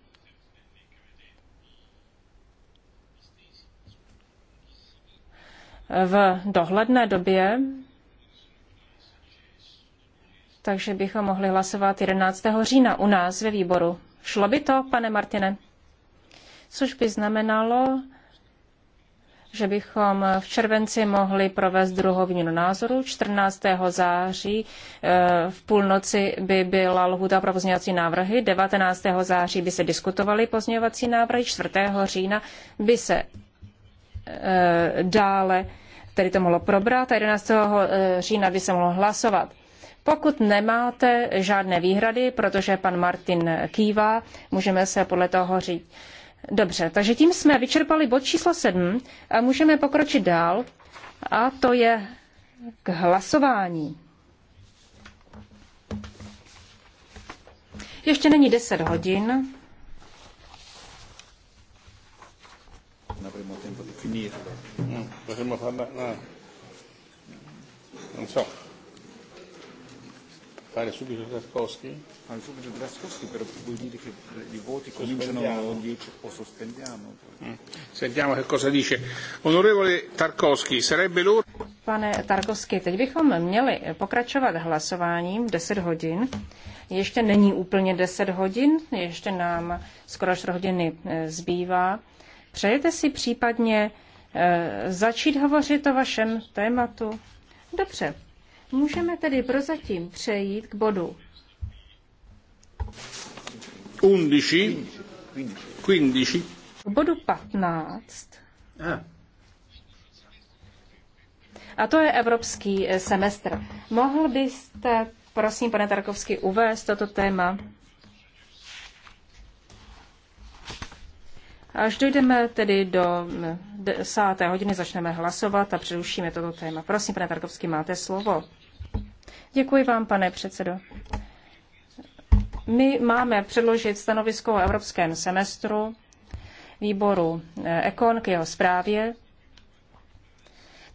v dohledné době, takže bychom mohli hlasovat 11. října u nás ve výboru. Šlo by to, pane Martine? Což by znamenalo, že bychom v červenci mohli provést druhou výměnu názoru. 14. září eh, v půlnoci by byla lhuta pro pozměňovací návrhy, 19. září by se diskutovaly pozměňovací návrhy, 4. října by se Eh, dále tedy to mohlo probrat a 11. Eh, října by se mohlo hlasovat. Pokud nemáte žádné výhrady, protože pan Martin kývá, můžeme se podle toho říct. Dobře, takže tím jsme vyčerpali bod číslo 7 a můžeme pokročit dál a to je k hlasování. Ještě není 10 hodin finirlo. Mm, potremmo farla, no. non so, fare subito Fare subito però vuol dire che i voti cominciano 10 o sospendiamo. Sentiamo che cosa dice. Onorevole Tarkovsky, sarebbe Pane Tarkovsky, teď bychom měli pokračovat hlasováním 10 hodin. Ještě není úplně 10 hodin, ještě nám skoro 4 hodiny eh, zbývá. Přejete si případně eh, začít hovořit o vašem tématu? Dobře, můžeme tedy prozatím přejít k bodu. 15. K bodu 15. Ah. A to je evropský eh, semestr. Mohl byste, prosím, pane Tarkovský, uvést toto téma? Až dojdeme tedy do eh, desáté hodiny, začneme hlasovat a přerušíme toto téma. Prosím, pane Tarkovský, máte slovo. Děkuji vám, pane předsedo. My máme předložit stanovisko o evropském semestru výboru Ekon eh, k jeho zprávě.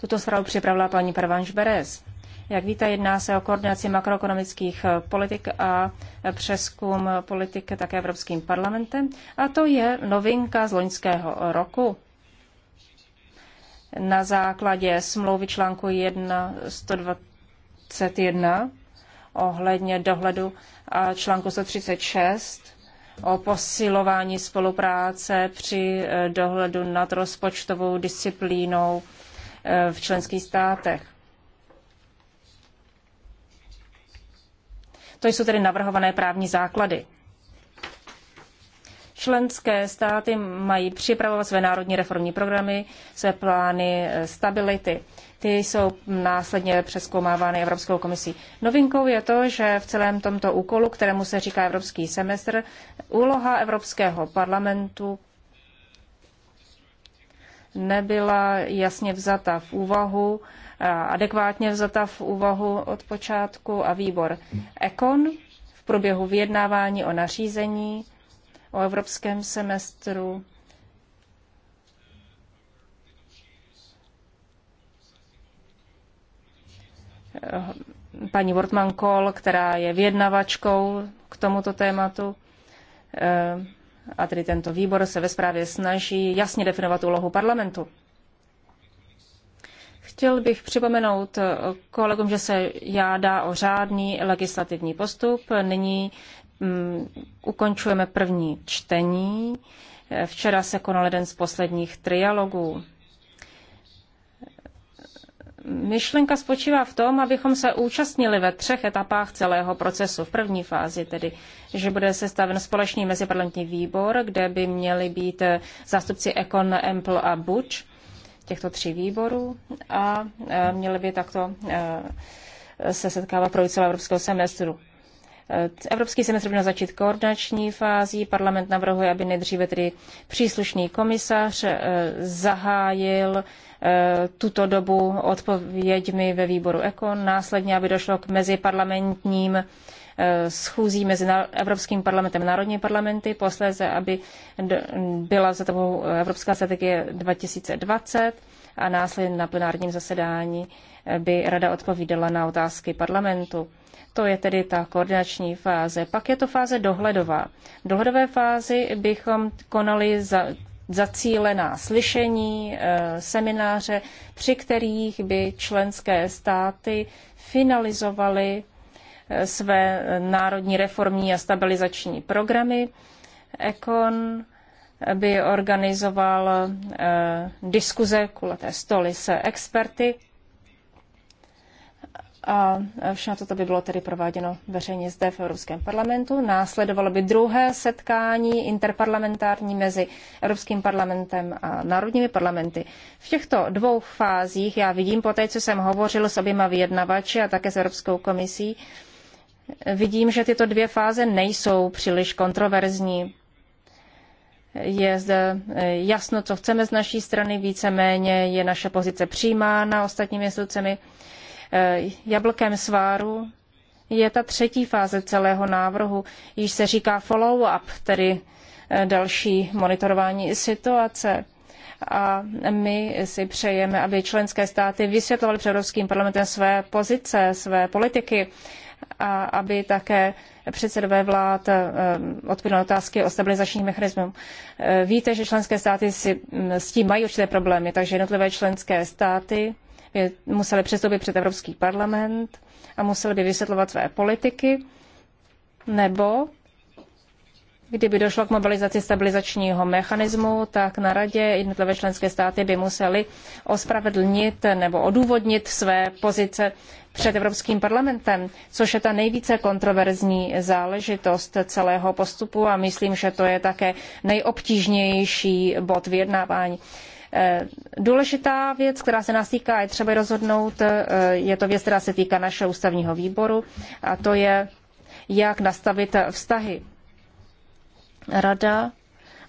Tuto zprávu připravila paní Pervanš Beres. Jak víte, jedná se o koordinaci makroekonomických eh, politik a přeskum politik také Evropským parlamentem. A to je novinka z loňského roku. Na základě smlouvy článku 1.121 ohledně dohledu a článku 136 o posilování spolupráce při eh, dohledu nad rozpočtovou disciplínou eh, v členských státech. To jsou tedy navrhované právní základy. Členské státy mají připravovat své národní reformní programy, své plány eh, stability. Ty jsou následně přeskoumávány Evropskou komisí. Novinkou je to, že v celém tomto úkolu, kterému se říká Evropský semestr, úloha Evropského parlamentu nebyla jasně vzata v úvahu Eh, adekvátně vzata v úvahu od počátku a výbor ECON v průběhu vyjednávání o nařízení o evropském semestru eh, paní Wortmann Kohl, která je vyjednavačkou k tomuto tématu. Eh, a tedy tento výbor se ve zprávě snaží jasně definovat úlohu parlamentu. Chtěl bych připomenout eh, kolegům, že se jádá o řádný legislativní postup. Nyní mm, ukončujeme první čtení. Eh, včera se konal jeden z posledních trialogů. Myšlenka spočívá v tom, abychom se účastnili ve třech etapách celého procesu. V první fázi tedy, že bude sestaven společný meziparlamentní výbor, kde by měli být eh, zástupci Econ, Empl a Buč těchto tří výborů a e, měli by takto e, se setkávat pro celého evropského semestru. E, evropský semestr by měl začít koordinační fází. Parlament navrhuje, aby nejdříve tedy příslušný komisař zahájil tuto dobu odpověďmi ve výboru EKON, následně, aby došlo k meziparlamentním parlamentním schůzí mezi Evropským parlamentem a národními parlamenty, posléze, aby byla za tebou Evropská strategie 2020 a následně na plenárním zasedání by rada odpovídala na otázky parlamentu. To je tedy ta koordinační fáze. Pak je to fáze dohledová. V dohledové fázi bychom konali za, zacílená slyšení, eh, semináře, při kterých by členské státy finalizovaly své národní reformní a stabilizační programy. Ekon by organizoval eh, diskuze, kulaté stoly se experty a všechno toto by bylo tedy prováděno veřejně zde v Evropském parlamentu. Následovalo by druhé setkání interparlamentární mezi Evropským parlamentem a národními parlamenty. V těchto dvou fázích já vidím, po té, co jsem hovořil s oběma vyjednavači a také s Evropskou komisí, vidím, že tyto dvě fáze nejsou příliš kontroverzní. Je zde eh, jasno, co chceme z naší strany, víceméně je naše pozice přijímána ostatními institucemi. Eh, jablkem sváru je ta třetí fáze celého návrhu, již se říká follow-up, tedy eh, další monitorování situace. A my si přejeme, aby členské státy vysvětlovaly před Evropským parlamentem své pozice, své politiky a aby také předsedové vlád eh, odpověděli otázky o stabilizačních mechanismů. Eh, víte, že členské státy si, mm, s tím mají určité problémy, takže jednotlivé členské státy by museli přestoupit před Evropský parlament a museli by vysvětlovat své politiky, nebo Kdyby došlo k mobilizaci stabilizačního mechanismu, tak na radě jednotlivé členské státy by musely ospravedlnit nebo odůvodnit své pozice před Evropským parlamentem, což je ta nejvíce kontroverzní záležitost celého postupu a myslím, že to je také nejobtížnější bod vyjednávání. Eh, důležitá věc, která se nás týká, je třeba rozhodnout, eh, je to věc, která se týká našeho ústavního výboru, a to je, jak nastavit vztahy. Rada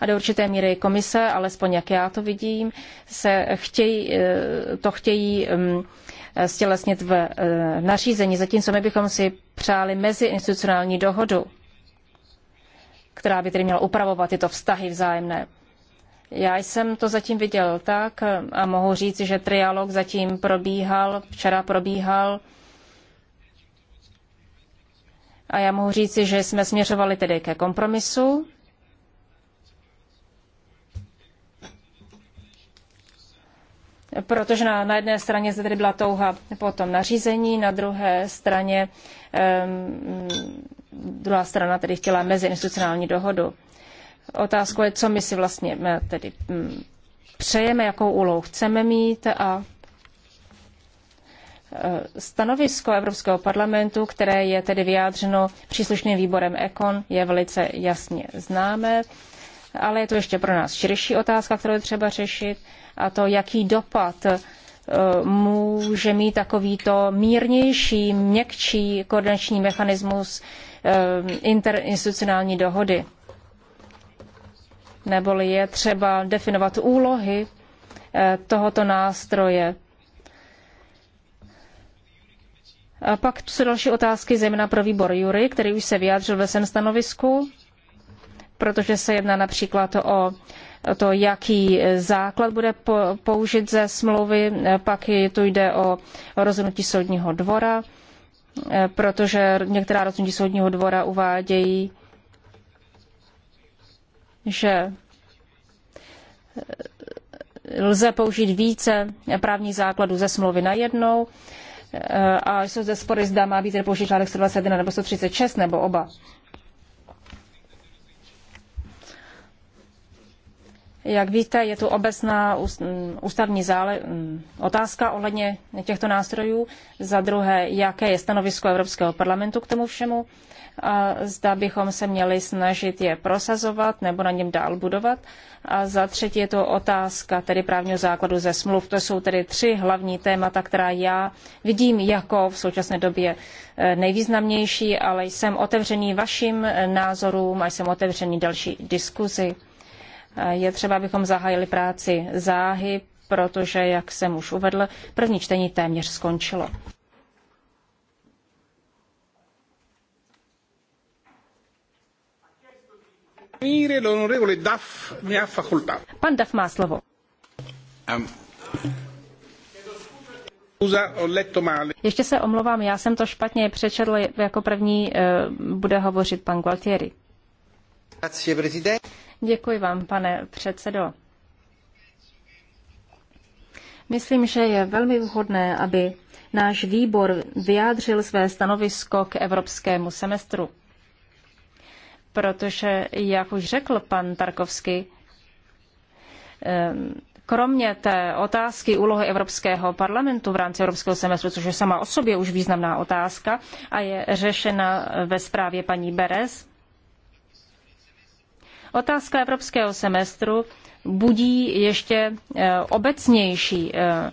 a do určité míry komise, alespoň jak já to vidím, se chtějí, eh, to chtějí mm, Eh, stělesnit v eh, nařízení, zatímco my bychom si přáli meziinstitucionální dohodu, která by tedy měla upravovat tyto vztahy vzájemné. Já jsem to zatím viděl tak eh, a mohu říct, že trialog zatím probíhal, včera probíhal. A já mohu říci, že jsme směřovali tedy ke kompromisu, protože na, na jedné straně zde tedy byla touha po tom nařízení, na druhé straně um, druhá strana tedy chtěla meziinstitucionální dohodu. Otázkou je, co my si vlastně tedy přejeme, jakou úlohu chceme mít a e, Stanovisko Evropského parlamentu, které je tedy vyjádřeno příslušným výborem ECON, je velice jasně známé, ale je to ještě pro nás širší otázka, kterou je třeba řešit a to, jaký dopad eh, může mít takovýto mírnější, měkčí koordinační mechanismus eh, interinstitucionální dohody. Neboli je třeba definovat úlohy eh, tohoto nástroje. A pak jsou další otázky, zejména pro výbor Jury, který už se vyjádřil ve svém stanovisku, protože se jedná například o to, jaký základ bude použit ze smlouvy, pak tu jde o rozhodnutí soudního dvora, e, protože některá rozhodnutí soudního dvora uvádějí, že e, lze použít více právních základů ze smlouvy na jednou e, a jsou zde spory, zda má být použit článek 121 nebo 136 nebo oba. Jak víte, je tu obecná ústavní zále, otázka ohledně těchto nástrojů. Za druhé, jaké je stanovisko Evropského parlamentu k tomu všemu. A zda bychom se měli snažit je prosazovat nebo na něm dál budovat. A za třetí je to otázka tedy právního základu ze smluv. To jsou tedy tři hlavní témata, která já vidím jako v současné době e, nejvýznamnější, ale jsem otevřený vašim e, názorům a jsem otevřený další diskuzi. Je třeba, abychom zahájili práci záhy, protože, jak jsem už uvedl, první čtení téměř skončilo. Pan Duff má slovo. Ještě se omlouvám, já jsem to špatně přečetl. Jako první eh, bude hovořit pan Gualtieri. Děkuji vám, pane předsedo. Myslím, že je velmi vhodné, aby náš výbor vyjádřil své stanovisko k evropskému semestru. Protože, jak už řekl pan Tarkovsky, ehm, kromě té otázky úlohy Evropského parlamentu v rámci Evropského semestru, což je sama o sobě už významná otázka a je řešena ve zprávě paní Beres, Otázka evropského semestru budí ještě eh, obecnější eh,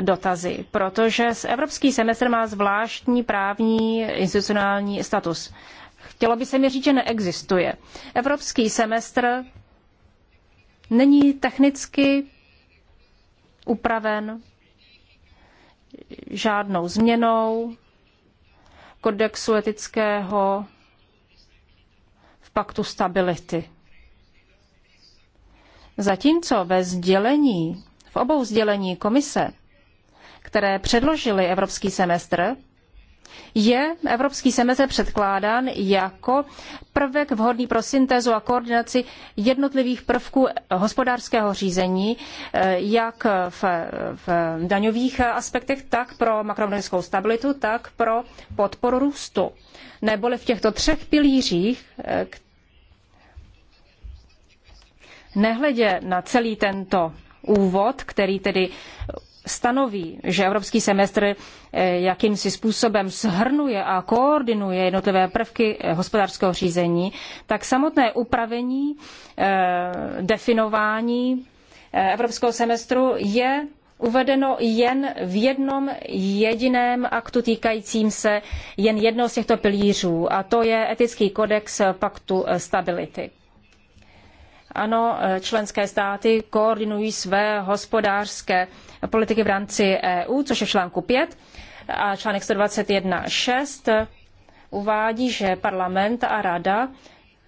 dotazy, protože evropský semestr má zvláštní právní institucionální status. Chtělo by se mi říct, že neexistuje. Evropský semestr není technicky upraven žádnou změnou kodexu etického v paktu stability. Zatímco ve sdělení, v obou sdělení komise, které předložili Evropský semestr, je Evropský semestr předkládán jako prvek vhodný pro syntézu a koordinaci jednotlivých prvků hospodářského řízení, eh, jak v, v daňových aspektech, tak pro makroekonomickou stabilitu, tak pro podporu růstu. Neboli v těchto třech pilířích, eh, Nehledě na celý tento úvod, který tedy stanoví, že evropský semestr eh, jakýmsi způsobem shrnuje a koordinuje jednotlivé prvky eh, hospodářského řízení, tak samotné upravení, eh, definování evropského semestru je uvedeno jen v jednom jediném aktu týkajícím se jen jednoho z těchto pilířů, a to je etický kodex paktu stability. Ano, eh, členské státy koordinují své hospodářské politiky v rámci EU, což je v článku 5 a článek 121.6 uvádí, že parlament a rada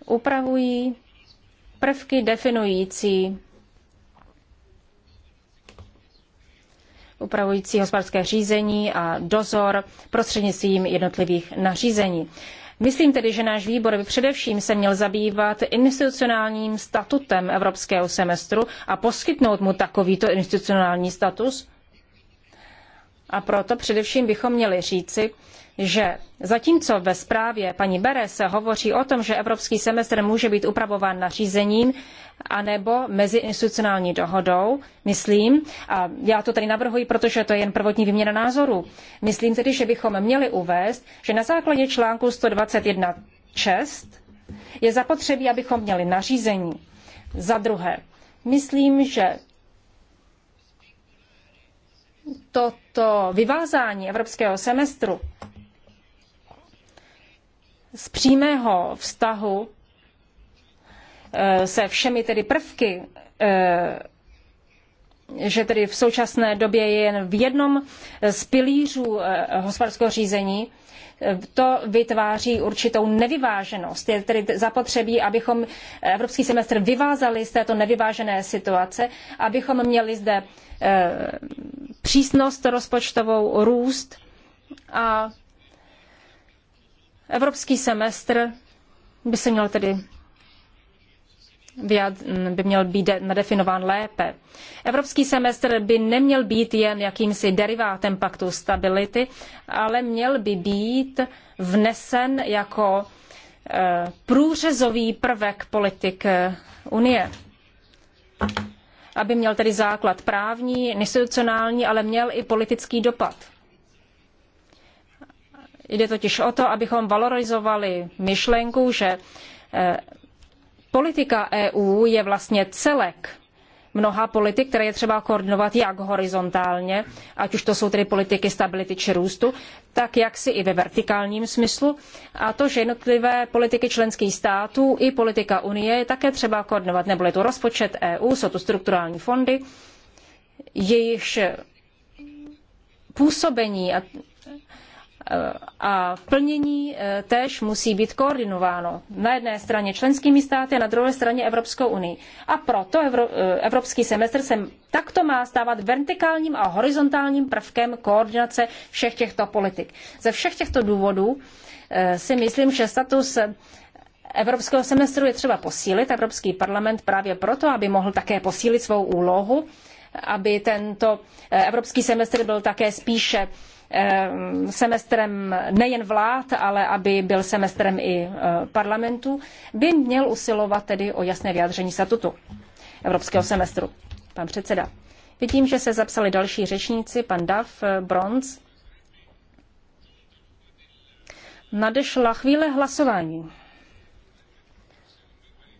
upravují prvky definující upravující hospodářské řízení a dozor prostřednictvím jednotlivých nařízení. Myslím tedy, že náš výbor by především se měl zabývat institucionálním statutem evropského semestru a poskytnout mu takovýto institucionální status. A proto především bychom měli říci, že zatímco ve zprávě paní Bere se hovoří o tom, že evropský semestr může být upravován nařízením anebo meziinstitucionální dohodou, myslím, a já to tady navrhuji, protože to je jen prvotní výměna názorů, myslím tedy, že bychom měli uvést, že na základě článku 121.6 je zapotřebí, abychom měli nařízení. Za druhé, myslím, že toto vyvázání evropského semestru z přímého vztahu e, se všemi tedy prvky, e, že tedy v současné době je jen v jednom z pilířů e, hospodářského řízení, to vytváří určitou nevyváženost. Je tedy zapotřebí, abychom evropský semestr vyvázali z této nevyvážené situace, abychom měli zde přísnost rozpočtovou, růst a Evropský semestr by se měl tedy by měl být nadefinován lépe. Evropský semestr by neměl být jen jakýmsi derivátem paktu stability, ale měl by být vnesen jako e, průřezový prvek politik e, Unie. Aby měl tedy základ právní, institucionální, ale měl i politický dopad. Jde totiž o to, abychom valorizovali myšlenku, že eh, politika EU je vlastně celek mnoha politik, které je třeba koordinovat jak horizontálně, ať už to jsou tedy politiky stability či růstu, tak jak si i ve vertikálním smyslu. A to, že jednotlivé politiky členských států i politika Unie je také třeba koordinovat, nebo je to rozpočet EU, jsou to strukturální fondy, jejichž působení a Eh, a plnění eh, též musí být koordinováno na jedné straně členskými státy a na druhé straně Evropskou unii. A proto eh, evropský semestr se takto má stávat vertikálním a horizontálním prvkem koordinace všech těchto politik. Ze všech těchto důvodů si myslím, že status evropského semestru je třeba posílit. Evropský parlament právě proto, aby mohl také posílit svou úlohu, aby tento evropský semestr byl také spíše Ehm, semestrem nejen vlád, ale aby byl semestrem i eh, parlamentu, by měl usilovat tedy o jasné vyjádření statutu evropského semestru. Pan předseda. Vidím, že se zapsali další řečníci, pan Dav, eh, Bronz. Nadešla chvíle hlasování.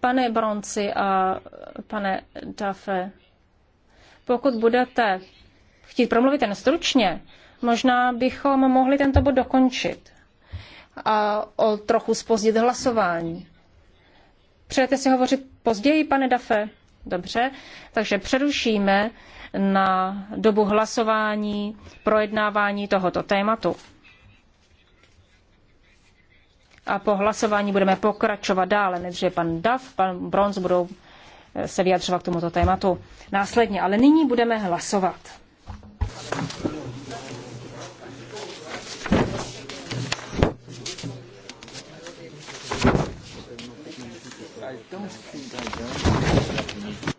Pane Bronci a pane Dafe, pokud budete chtít promluvit jen stručně, Možná bychom mohli tento bod dokončit a o trochu spozdit hlasování. Přejete si hovořit později, pane Dafe? Dobře, takže přerušíme na dobu hlasování projednávání tohoto tématu. A po hlasování budeme pokračovat dále, než pan Dav, pan Bronz budou eh, se vyjadřovat k tomuto tématu následně. Ale nyní budeme hlasovat. I don't think I don't.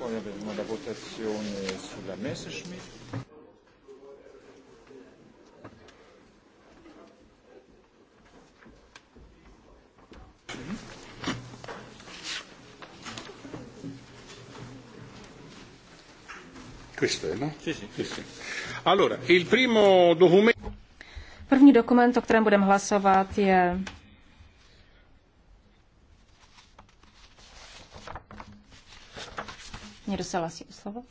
Abbiamo la votazione sulla Messerschmitt. Questo è, no? Sì, sì. sì, Allora, il primo documento... První dokument, o kterém budeme hlasovat, je Někdo se hlasí o slovo?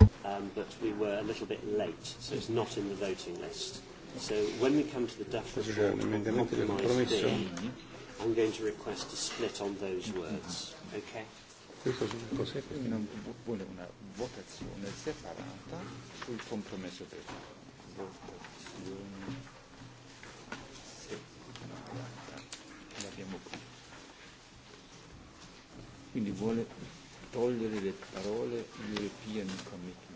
Um, but we were a little bit late, so it's not in the voting list. So when we come to the Duff report I'm going to request a split on those words. Okay? Questo su cos'è? non vuole una votazione separata sul compromesso per votazione separata. L'abbiamo qui. Quindi vuole togliere le parole European Committee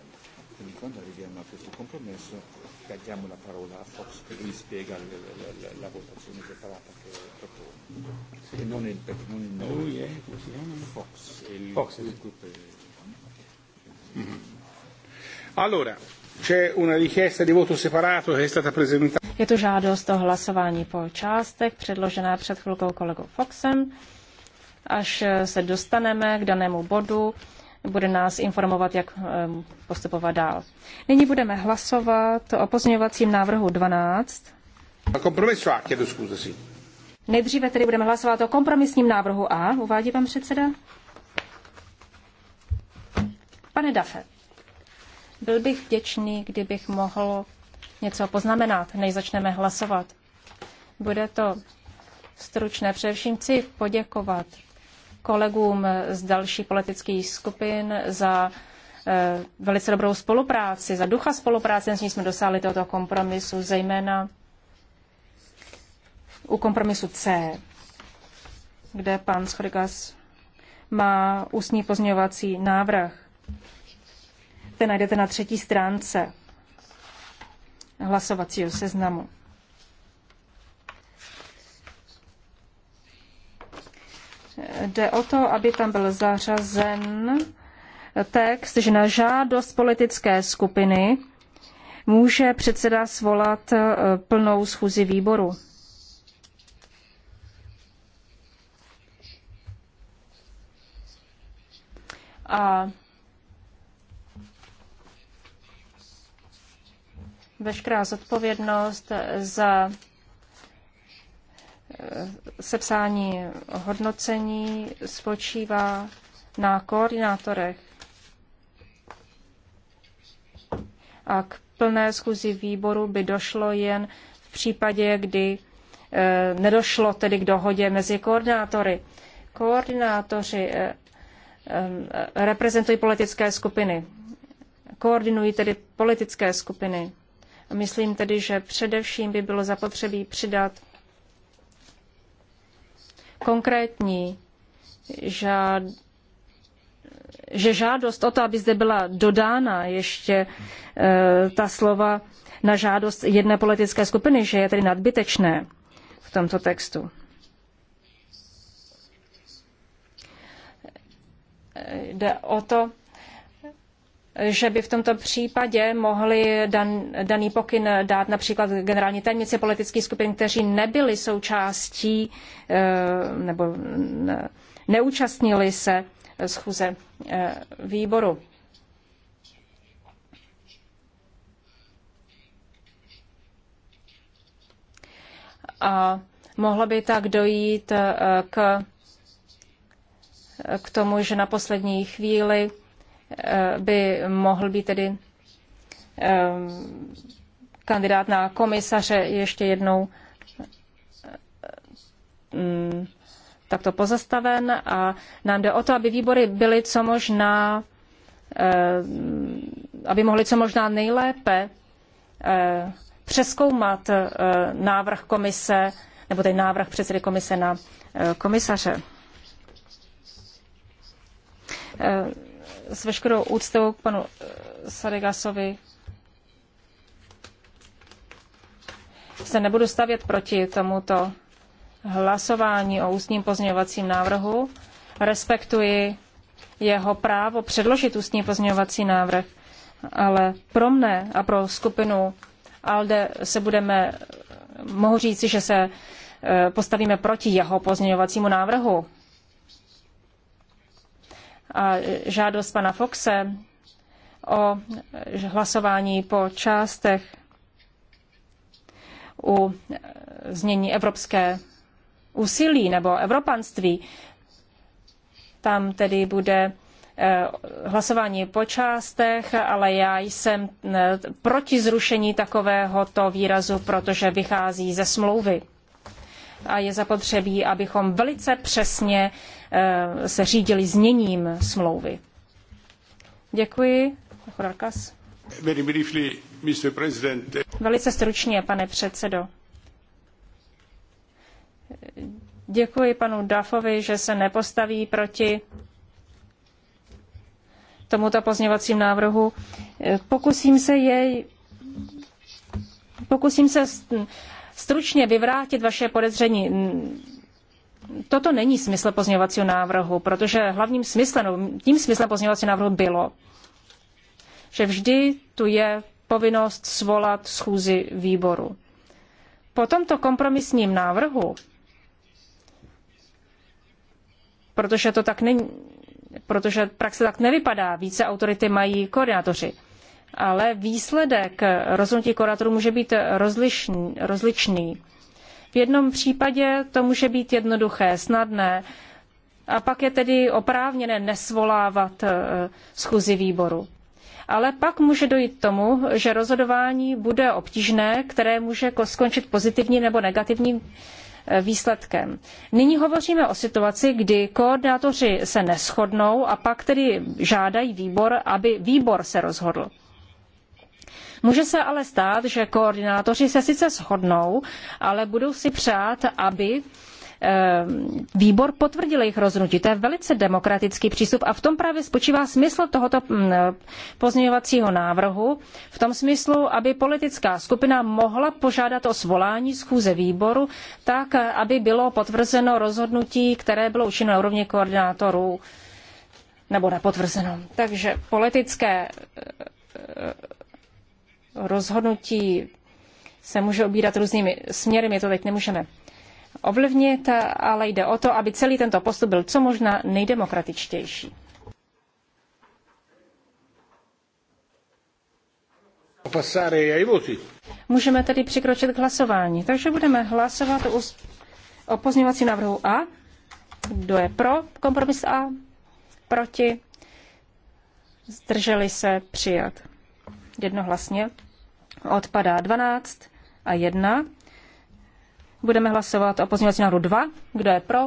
quindi quando arriviamo a questo compromesso diamo la parola a Fox che lui spiega l- l- l- la votazione separata che propone sì. e non il, non il nome lui è così, si chiama? Fox, e il, Fox. è Il gruppo è... mm-hmm. allora c'è una richiesta di voto separato che è stata presentata je tu žádost o hlasování po částech, předložená před chvilkou kolegou Foxem. Až se dostaneme k danému bodu, bude nás informovat, jak eh, postupovat dál. Nyní budeme hlasovat o pozměňovacím návrhu 12. Nejdříve tedy budeme hlasovat o kompromisním návrhu A, uvádí pan předseda. Pane Dafe, byl bych vděčný, kdybych mohl něco poznamenat, než začneme hlasovat. Bude to stručné. Především chci poděkovat kolegům z dalších politických skupin za eh, velice dobrou spolupráci, za ducha spolupráce, s ní jsme dosáhli tohoto kompromisu, zejména u kompromisu C, kde pan Schorikas má ústní pozměňovací návrh. Ten najdete na třetí stránce hlasovacího seznamu. jde o to, aby tam byl zařazen text, že na žádost politické skupiny může předseda svolat e, plnou schůzi výboru. A veškerá zodpovědnost za sepsání hodnocení spočívá na koordinátorech. A k plné schůzi výboru by došlo jen v případě, kdy eh, nedošlo tedy k dohodě mezi koordinátory. Koordinátoři eh, eh, reprezentují politické skupiny. Koordinují tedy politické skupiny. Myslím tedy, že především by bylo zapotřebí přidat konkrétní, že žádost o to, aby zde byla dodána ještě e, ta slova na žádost jedné politické skupiny, že je tedy nadbytečné v tomto textu. E, jde o to, že by v tomto případě mohli dan, daný pokyn dát například generální tajemnici politických skupin, kteří nebyli součástí eh, nebo neúčastnili se schůze eh, výboru. A mohlo by tak dojít eh, k, k tomu, že na poslední chvíli Eh, by mohl být tedy ehm, kandidát na komisaře ještě jednou eh, mm, takto pozastaven a nám jde o to, aby výbory byly co možná, eh, aby mohly co možná nejlépe přeskoumat návrh komise, nebo ten návrh předsedy komise na komisaře s veškerou úctou k panu eh, Sadegasovi se nebudu stavět proti tomuto hlasování o ústním pozměňovacím návrhu. Respektuji jeho právo předložit ústní pozměňovací návrh, ale pro mne a pro skupinu ALDE se budeme, mohu říci, že se eh, postavíme proti jeho pozměňovacímu návrhu a žádost pana Foxe o hlasování po částech u znění evropské úsilí nebo evropanství. Tam tedy bude eh, hlasování po částech, ale já jsem eh, proti zrušení takovéhoto výrazu, protože vychází ze smlouvy a je zapotřebí, abychom velice přesně eh, se řídili zněním smlouvy. Děkuji. Chodarkas. Velice stručně, pane předsedo. Děkuji panu Dafovi, že se nepostaví proti tomuto pozněvacím návrhu. Pokusím se jej pokusím se stručně vyvrátit vaše podezření. Toto není smysl pozměňovacího návrhu, protože hlavním smyslem, tím smyslem pozměňovacího návrhu bylo, že vždy tu je povinnost svolat schůzi výboru. Po tomto kompromisním návrhu, protože to tak není, protože praxe tak nevypadá, více autority mají koordinátoři ale výsledek rozhodnutí kurátorů může být rozlišný, rozličný. V jednom případě to může být jednoduché, snadné, a pak je tedy oprávněné nesvolávat eh, schůzi výboru. Ale pak může dojít k tomu, že rozhodování bude obtížné, které může skončit pozitivní nebo negativním eh, výsledkem. Nyní hovoříme o situaci, kdy koordinátoři se neschodnou a pak tedy žádají výbor, aby výbor se rozhodl. Může se ale stát, že koordinátoři se sice shodnou, ale budou si přát, aby eh, výbor potvrdil jejich rozhodnutí. To je velice demokratický přístup a v tom právě spočívá smysl tohoto mm, eh, pozměňovacího návrhu, v tom smyslu, aby politická skupina mohla požádat o svolání schůze výboru, tak eh, aby bylo potvrzeno rozhodnutí, které bylo učiněno na úrovni koordinátorů nebo nepotvrzeno. Takže politické rozhodnutí se může obírat různými směry, my to teď nemůžeme ovlivnit, ale jde o to, aby celý tento postup byl co možná nejdemokratičtější. Můžeme tedy přikročit k hlasování. Takže budeme hlasovat o pozměňovacím návrhu A. Kdo je pro kompromis A? Proti? Zdrželi se přijat jednohlasně. Odpadá 12 a 1. Budeme hlasovat o pozměňovacím návrhu 2. Kdo je pro?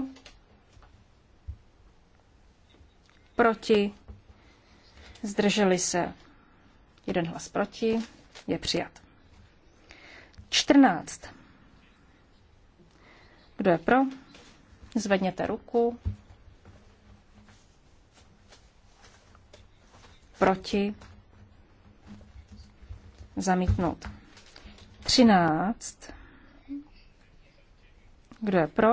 Proti? Zdrželi se. Jeden hlas proti. Je přijat. 14. Kdo je pro? Zvedněte ruku. Proti? zamítnout. 13. Kdo je pro?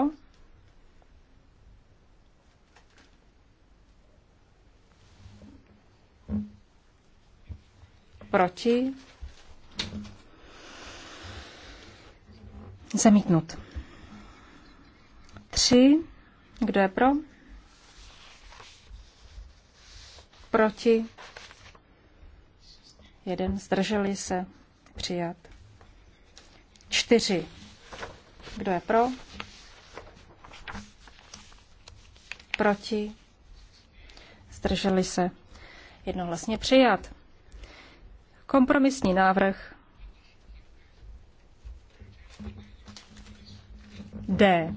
Proti? Zamítnut. 3. Kdo je pro? Proti? Jeden zdrželi se přijat. Čtyři. Kdo je pro? Proti? Zdrželi se. Jednohlasně přijat. Kompromisní návrh D.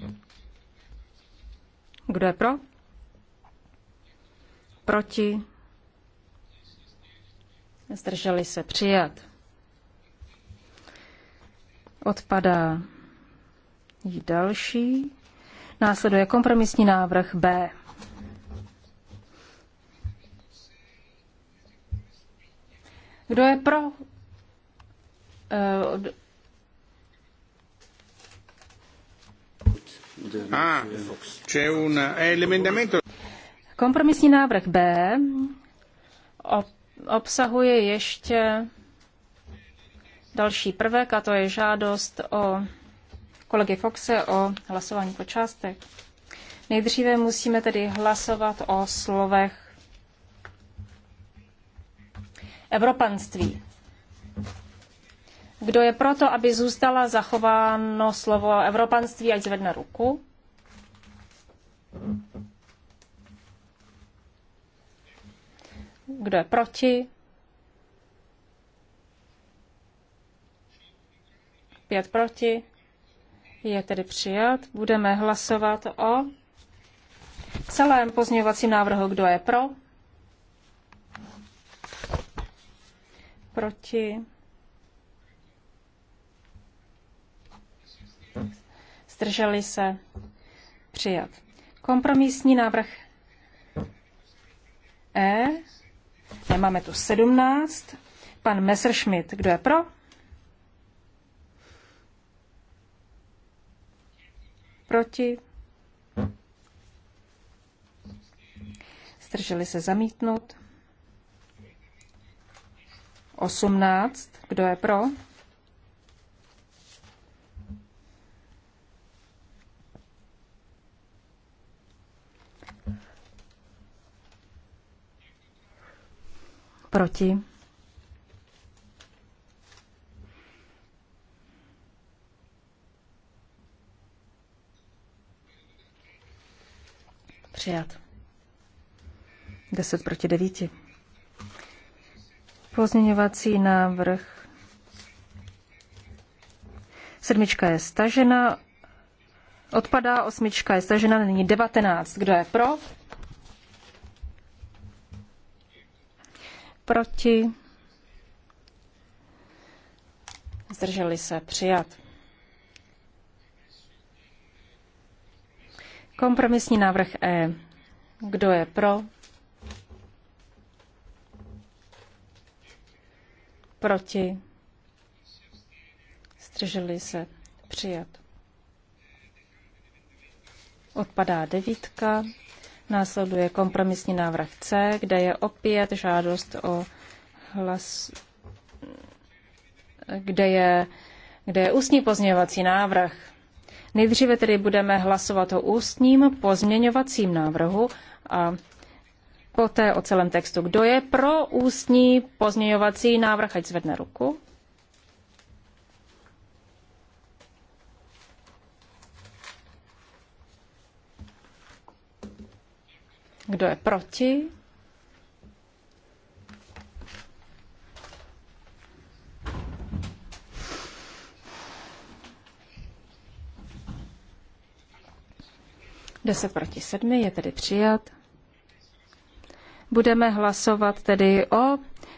Kdo je pro? Proti? Zdrželi se přijat. Odpadá další. Následuje kompromisní návrh B. Kdo je pro? Eh, ah, c'è un, eh, è Kompromisní návrh B. Op obsahuje ještě další prvek, a to je žádost o kolegy Foxe o hlasování po částek. Nejdříve musíme tedy hlasovat o slovech evropanství. Kdo je proto, aby zůstala zachováno slovo evropanství, ať zvedne ruku. Kdo je proti? Pět proti. Je tedy přijat. Budeme hlasovat o celém pozměňovacím návrhu. Kdo je pro? Proti. Zdrželi se. Přijat. Kompromisní návrh E Nemáme tu 17. Pan Messerschmidt, kdo je pro? Proti? Zdrželi se zamítnout. 18. Kdo je pro? Proti? Přijat. 10 proti 9. Pozměňovací návrh. Sedmička je stažena. Odpadá, osmička je stažena, Není 19. Kdo je pro? Proti? Zdrželi se přijat. Kompromisní návrh E. Kdo je pro? Proti? Zdrželi se přijat. Odpadá devítka. Následuje kompromisní návrh C, kde je opět žádost o hlas, kde je, kde je ústní pozměňovací návrh. Nejdříve tedy budeme hlasovat o ústním pozměňovacím návrhu a poté o celém textu. Kdo je pro ústní pozměňovací návrh, ať zvedne ruku. Kdo je proti? Deset proti sedmi je tedy přijat. Budeme hlasovat tedy o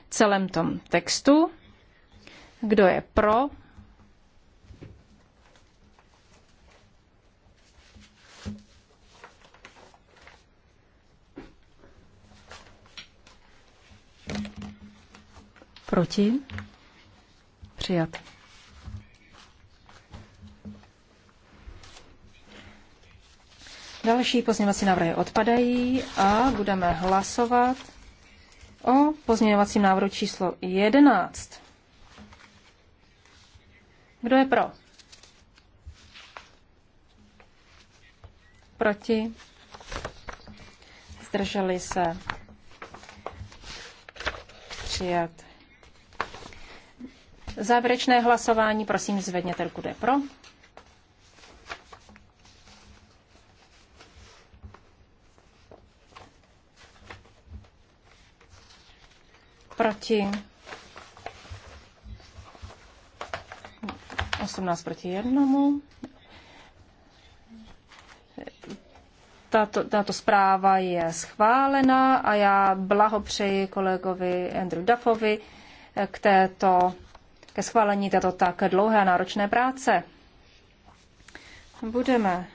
celém tom textu. Kdo je pro? Proti? Přijat. Další pozměňovací návrhy odpadají a budeme hlasovat o pozměňovacím návrhu číslo 11. Kdo je pro? Proti? Zdrželi se? Přijat. Závěrečné hlasování, prosím, zvedněte ruku, kde pro. Proti 18 proti jednomu. Tato, tato zpráva je schválena a já blahopřeji kolegovi Andrew Duffovi k této ke schválení této tak dlouhé a náročné práce. Budeme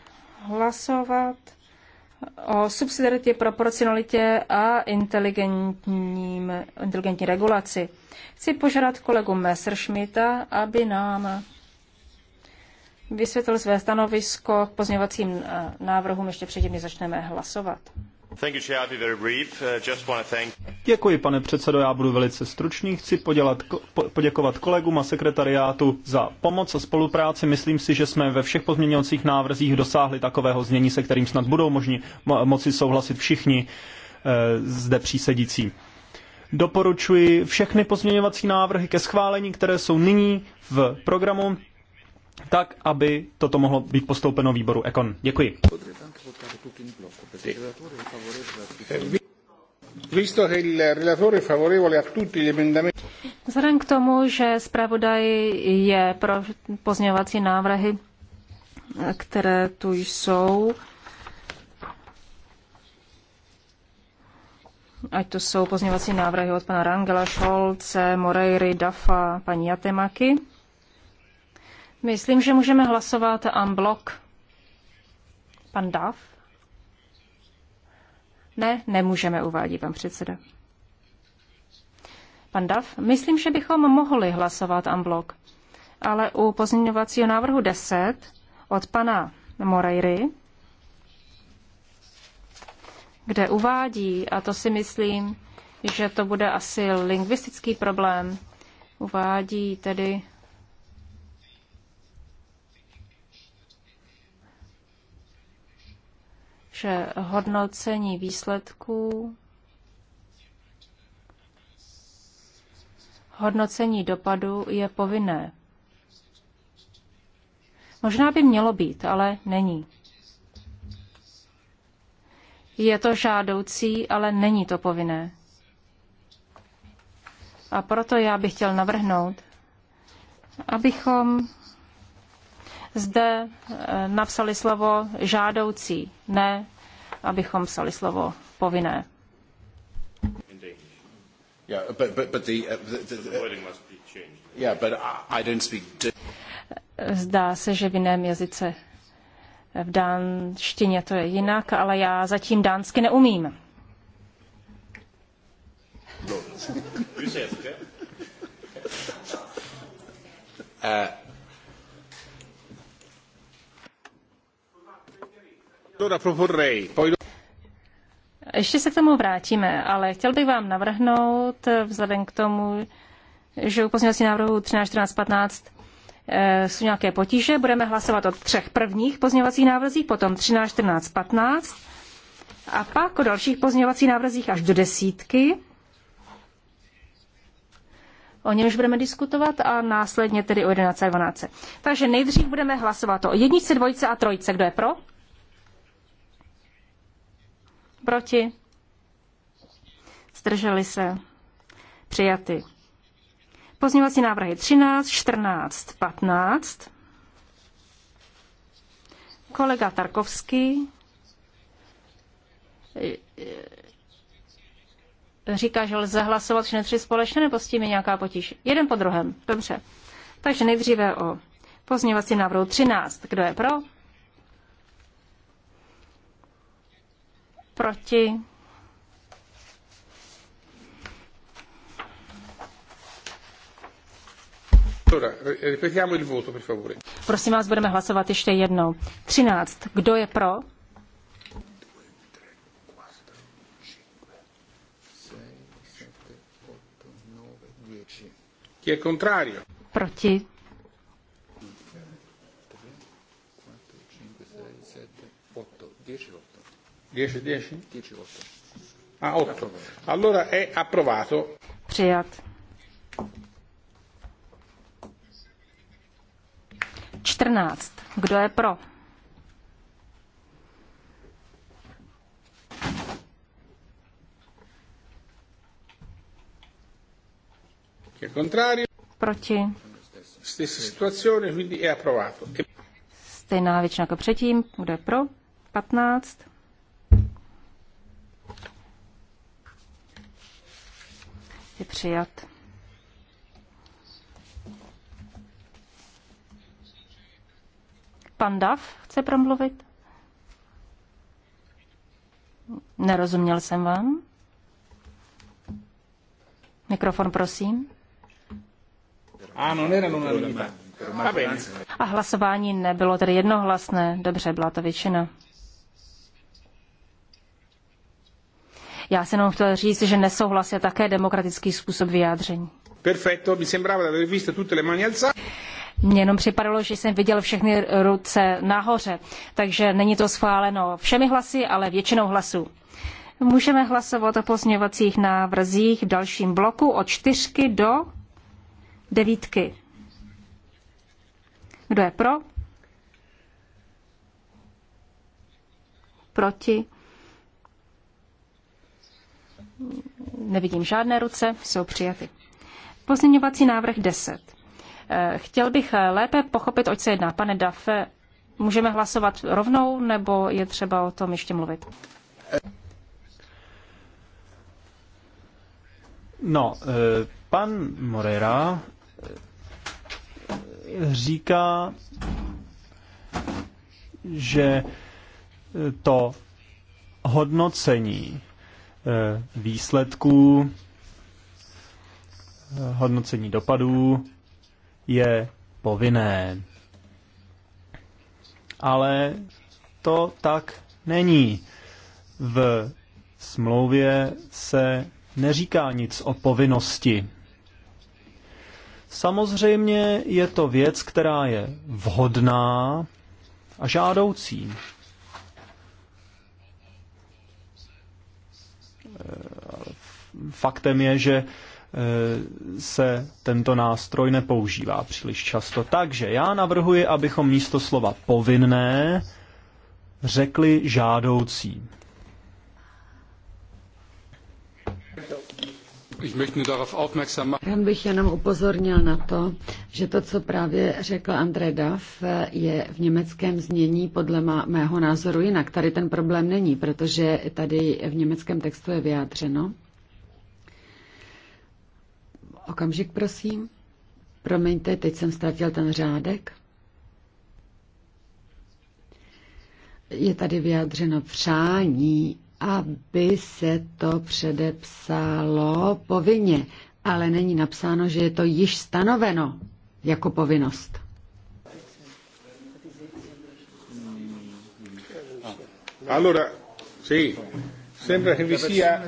hlasovat o subsidiaritě, proporcionalitě a inteligentním, inteligentní regulaci. Chci požádat kolegu Messerschmitta, aby nám vysvětlil své stanovisko k pozměňovacím eh, návrhům ještě předtím, než začneme hlasovat. Uh, Děkuji, pane předsedo, já budu velice stručný. Chci podělat, poděkovat kolegům a sekretariátu za pomoc a spolupráci. Myslím si, že jsme ve všech pozměňovacích návrzích dosáhli takového znění, se kterým snad budou možni, mo moci souhlasit všichni e, zde přísedící. Doporučuji všechny pozměňovací návrhy ke schválení, které jsou nyní v programu, tak, aby toto mohlo být postoupeno výboru Ekon. Děkuji. Eh, Vzhledem k tomu, že zpravodaj je pro pozměňovací návrhy, které tu jsou, ať to jsou pozměňovací návrhy od pana Rangela, Šolce, Moreiry, Dafa, paní Jatemaky. Myslím, že můžeme hlasovat en blok. Pan Daf. Ne, nemůžeme, uvádí pan předseda. Pan Dav, myslím, že bychom mohli hlasovat amblok, ale u pozměňovacího návrhu 10 od pana Morejry, kde uvádí, a to si myslím, že to bude asi lingvistický problém, uvádí tedy že hodnocení výsledků, hodnocení dopadu je povinné. Možná by mělo být, ale není. Je to žádoucí, ale není to povinné. A proto já bych chtěl navrhnout, abychom zde eh, napsali slovo žádoucí, ne abychom psali slovo povinné. Zdá se, že v jiném jazyce eh, v dánštině to je jinak, ale já zatím dánsky neumím. Uh, Ještě se k tomu vrátíme, ale chtěl bych vám navrhnout, vzhledem k tomu, že u pozměňovací návrhu 13, 14, 15 jsou nějaké potíže. Budeme hlasovat o třech prvních pozměňovacích návrzích, potom 13, 14, 15 a pak o dalších pozměňovacích návrzích až do desítky. O němž budeme diskutovat a následně tedy o 11 a 12. Takže nejdřív budeme hlasovat o jedničce, dvojce a trojce. Kdo je pro? Proti? Zdrželi se? Přijaty. Pozměňovací návrhy 13, 14, 15. Kolega Tarkovský říká, že lze hlasovat všechny tři společně, nebo s tím je nějaká potíž. Jeden po druhém. Dobře. Takže nejdříve o pozměňovací návrhu 13. Kdo je pro? proti, Prosím vás, budeme hlasovat ještě jednou. 13. Kdo je pro? Chi è contrario? Proti. 10, 10? 10, 8. Ah, 8. Allora è approvato. Přijat. Čtrnáct. Kdo je pro? Proti. Stejná většina jako předtím. Kdo je pro? 15. je přijat. Pan Dav chce promluvit? Nerozuměl jsem vám. Mikrofon, prosím. Ano, A hlasování nebylo tedy jednohlasné. Dobře, byla to většina. Já jsem jenom chtěl říct, že nesouhlas je také demokratický způsob vyjádření. Perfetto, mi sembrava di aver visto tutte le mani alzate. Mně jenom připadalo, že jsem viděl všechny ruce nahoře, takže není to schváleno všemi hlasy, ale většinou hlasů. Můžeme hlasovat o pozměňovacích návrzích v dalším bloku od čtyřky do devítky. Kdo je pro? Proti? Nevidím žádné ruce, jsou přijaty. Pozměňovací návrh 10. Eh, chtěl bych eh, lépe pochopit, oč se jedná. Pane Dafe, můžeme hlasovat rovnou, nebo je třeba o tom ještě mluvit? No, eh, pan Morera říká, že to hodnocení Eh, výsledků, eh, hodnocení dopadů je povinné. Ale to tak není. V smlouvě se neříká nic o povinnosti. Samozřejmě je to věc, která je vhodná a žádoucí. faktem je, že eh, se tento nástroj nepoužívá příliš často. Takže já navrhuji, abychom místo slova povinné řekli žádoucí. Jen bych jenom upozornil na to, že to, co právě řekl Andrej Duff, je v německém znění podle mého názoru jinak. Tady ten problém není, protože tady v německém textu je vyjádřeno. Okamžik, prosím. Promiňte, teď jsem ztratil ten řádek. Je tady vyjádřeno přání aby se to předepsalo povinně, ale není napsáno, že je to již stanoveno jako povinnost. Allora, sì, sembra che vi sia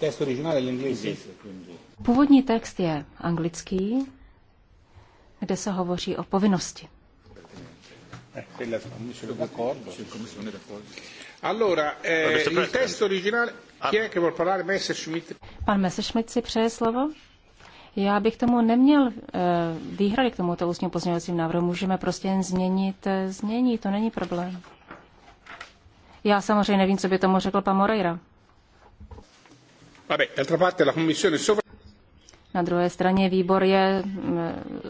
testo originale Původní text je anglický, kde se hovoří o povinnosti quella sono d'accordo. Allora, eh, il testo originale... Ah. Chi è che vuol parlare? Messerschmitt. Pan Messerschmitt si přeje slovo? Já bych tomu neměl uh, výhrady k tomuto ústnímu pozměňovacím návrhu. Můžeme prostě jen změnit uh, eh, změní, to není problém. Já samozřejmě nevím, co by tomu řekl pan Moreira. Vabbè, d'altra parte la Commissione sovra... Na druhé straně výbor je mm,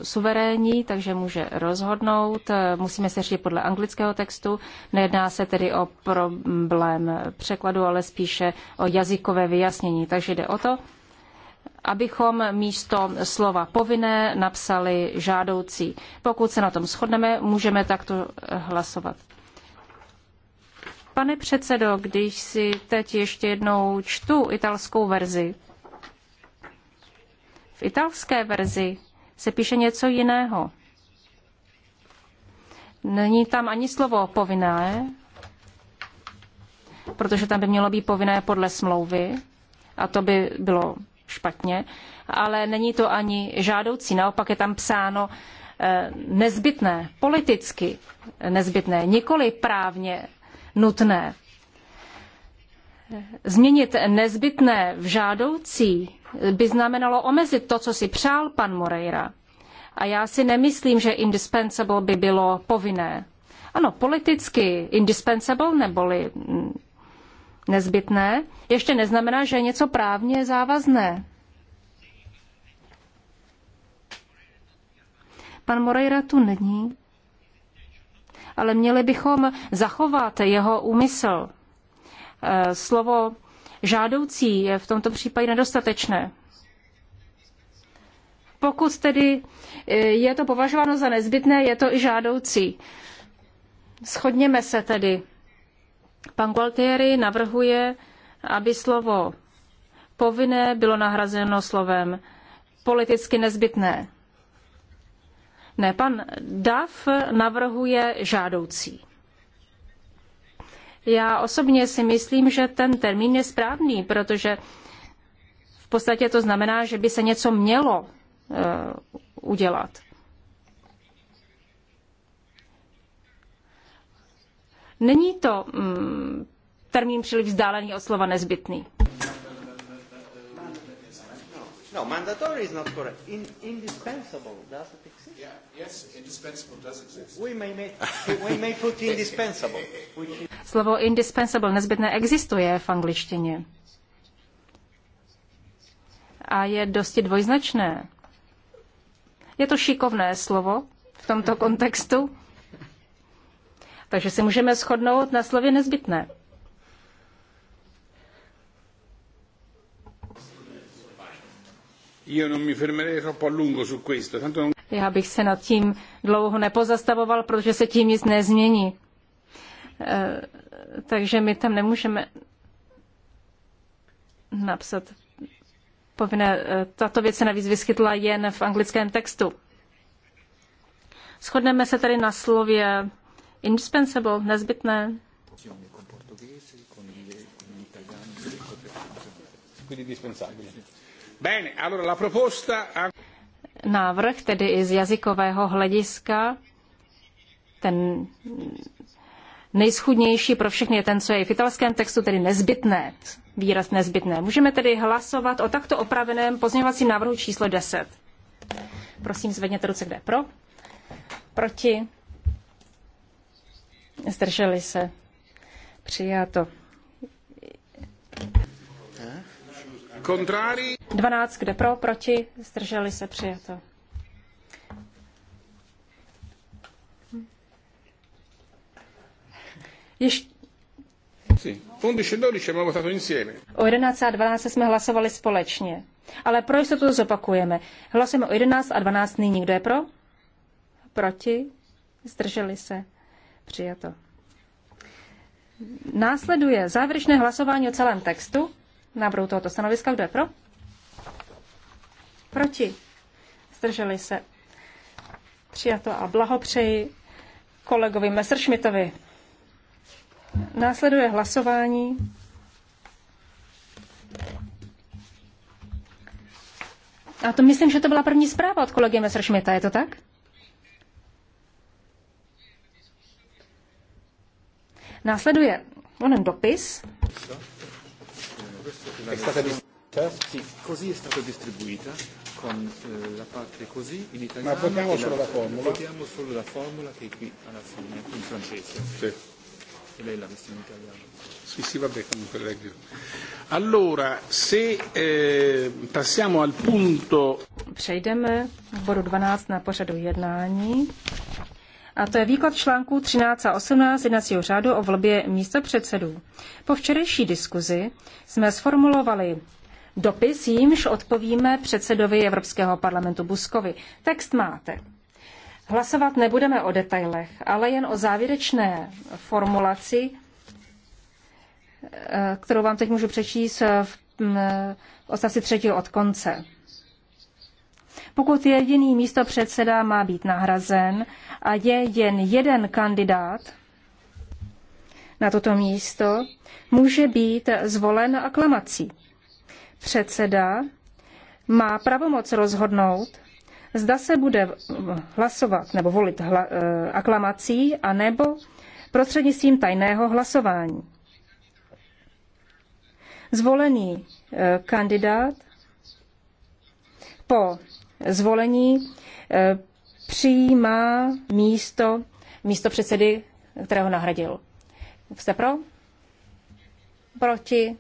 suverénní, takže může rozhodnout. Musíme se řídit podle anglického textu. Nejedná se tedy o problém překladu, ale spíše o jazykové vyjasnění. Takže jde o to, abychom místo slova povinné napsali žádoucí. Pokud se na tom shodneme, můžeme takto hlasovat. Pane předsedo, když si teď ještě jednou čtu italskou verzi, v italské verzi se píše něco jiného. Není tam ani slovo povinné, protože tam by mělo být povinné podle smlouvy a to by bylo špatně, ale není to ani žádoucí, naopak je tam psáno eh, nezbytné, politicky nezbytné, nikoli právně nutné. Změnit nezbytné v žádoucí by znamenalo omezit to, co si přál pan Moreira. A já si nemyslím, že indispensable by bylo povinné. Ano, politicky indispensable neboli nezbytné ještě neznamená, že je něco právně závazné. Pan Moreira tu není, ale měli bychom zachovat jeho úmysl Eh, slovo žádoucí je v tomto případě nedostatečné. Pokud tedy eh, je to považováno za nezbytné, je to i žádoucí. Schodněme se tedy. Pan Gualtieri navrhuje, aby slovo povinné bylo nahrazeno slovem politicky nezbytné. Ne, pan Dav navrhuje žádoucí. Já osobně si myslím, že ten termín je správný, protože v podstatě to znamená, že by se něco mělo e, udělat. Není to mm, termín příliš vzdálený od slova nezbytný. No, mandatory is not correct. In, indispensable does it exist? Yeah, yes, indispensable does exist. We may, make, we may put indispensable. Which is... Slovo indispensable nezbytné existuje v angličtině. A je dosti dvojznačné. Je to šikovné slovo v tomto kontextu. Takže si můžeme shodnout na slově nezbytné. Já bych se nad tím dlouho nepozastavoval, protože se tím nic nezmění. E, takže my tam nemůžeme napsat povinné. E, tato věc se navíc vyskytla jen v anglickém textu. Shodneme se tady na slově indispensable, nezbytné. Quindi dispensabile. Bene, allora la proposta... Návrh tedy i z jazykového hlediska, ten nejschudnější pro všechny je ten, co je v italském textu, tedy nezbytné, výraz nezbytné. Můžeme tedy hlasovat o takto opraveném pozměňovacím návrhu číslo 10. Prosím, zvedněte ruce, kde je pro. Proti. Zdrželi se. Přijato. Kontrári. 12, kde pro, proti, zdrželi se přijato. Ještě... E o 11 a 12 jsme hlasovali společně. Ale proč se to zopakujeme. Hlasujeme o 11 a 12 nyní. Kdo je pro? Proti? Zdrželi se? Přijato. Následuje závěrečné hlasování o celém textu návrhu tohoto stanoviska. Kdo je pro? Proti? Zdrželi se. Přijato a blahopřeji kolegovi Messerschmittovi. Následuje hlasování A to myslím, že to byla první zpráva od kolegy Messerschmitta, je to tak? Následuje onen dopis. È stata distribuita? Sì, così è stata distribuita con eh, la parte così in italiano. Ma votiamo solo la, la formula? Votiamo solo la formula che è qui alla fine, in francese. Sì. E lei l'ha messa in italiano. Sì, sì, vabbè, comunque leggo. Allora, se eh, passiamo al punto... Przejdeme bodu 12 na pořadu jednání a to je výklad článků 13 a 18 jednacího řádu o volbě předsedů. Po včerejší diskuzi jsme sformulovali dopis, jímž odpovíme předsedovi Evropského parlamentu Buskovi. Text máte. Hlasovat nebudeme o detailech, ale jen o závěrečné formulaci, eh, kterou vám teď můžu přečíst v mm, odstavci třetího od konce. Pokud jediný místo předseda má být nahrazen a je jen jeden kandidát na toto místo, může být zvolen aklamací. Předseda má pravomoc rozhodnout, zda se bude hlasovat nebo volit hla, eh, aklamací a nebo prostřednictvím tajného hlasování. Zvolený eh, kandidát po zvolení eh, přijímá místo, místo předsedy, kterého nahradil. Jste pro? Proti?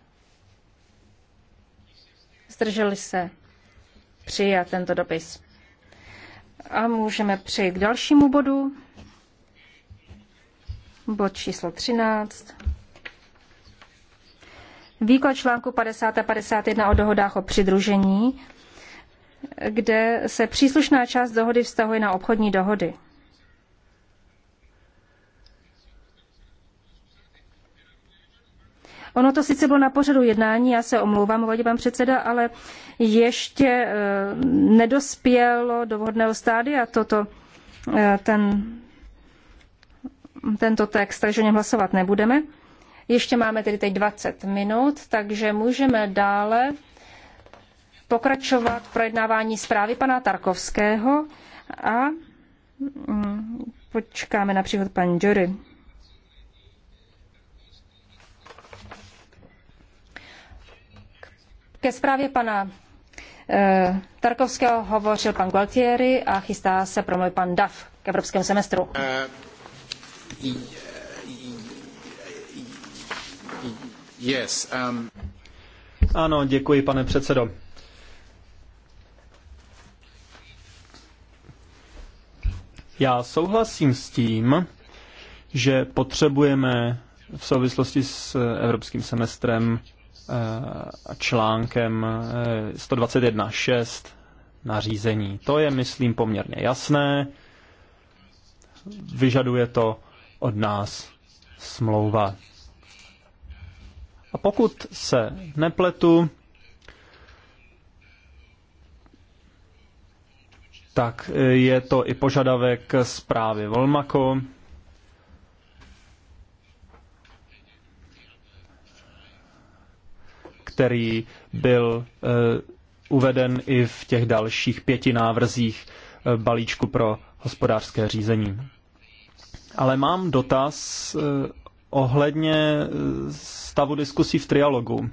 Zdrželi se přijat tento dopis. A můžeme přejít k dalšímu bodu. Bod číslo 13. Výklad článku 50 a 51 o dohodách o přidružení kde se příslušná část dohody vztahuje na obchodní dohody. Ono to sice bylo na pořadu jednání, já se omlouvám, uvadí pan předseda, ale ještě eh, nedospělo do vhodného stádia toto, eh, ten, tento text, takže o něm hlasovat nebudeme. Ještě máme tedy teď 20 minut, takže můžeme dále pokračovat v projednávání zprávy pana Tarkovského a mm, počkáme na příchod paní Jory. Ke zprávě pana eh, Tarkovského hovořil pan Gualtieri a chystá se promluvit pan Daf k evropskému semestru. Uh, yes, um... Ano, děkuji, pane předsedo. Já souhlasím s tím, že potřebujeme v souvislosti s evropským semestrem eh, článkem 121.6 eh, nařízení. To je, myslím, poměrně jasné. Vyžaduje to od nás smlouva. A pokud se nepletu, tak e, je to i požadavek zprávy Volmako. který byl e, uveden i v těch dalších pěti návrzích e, balíčku pro hospodářské řízení. Ale mám dotaz ohledně stavu diskusí v trialogu.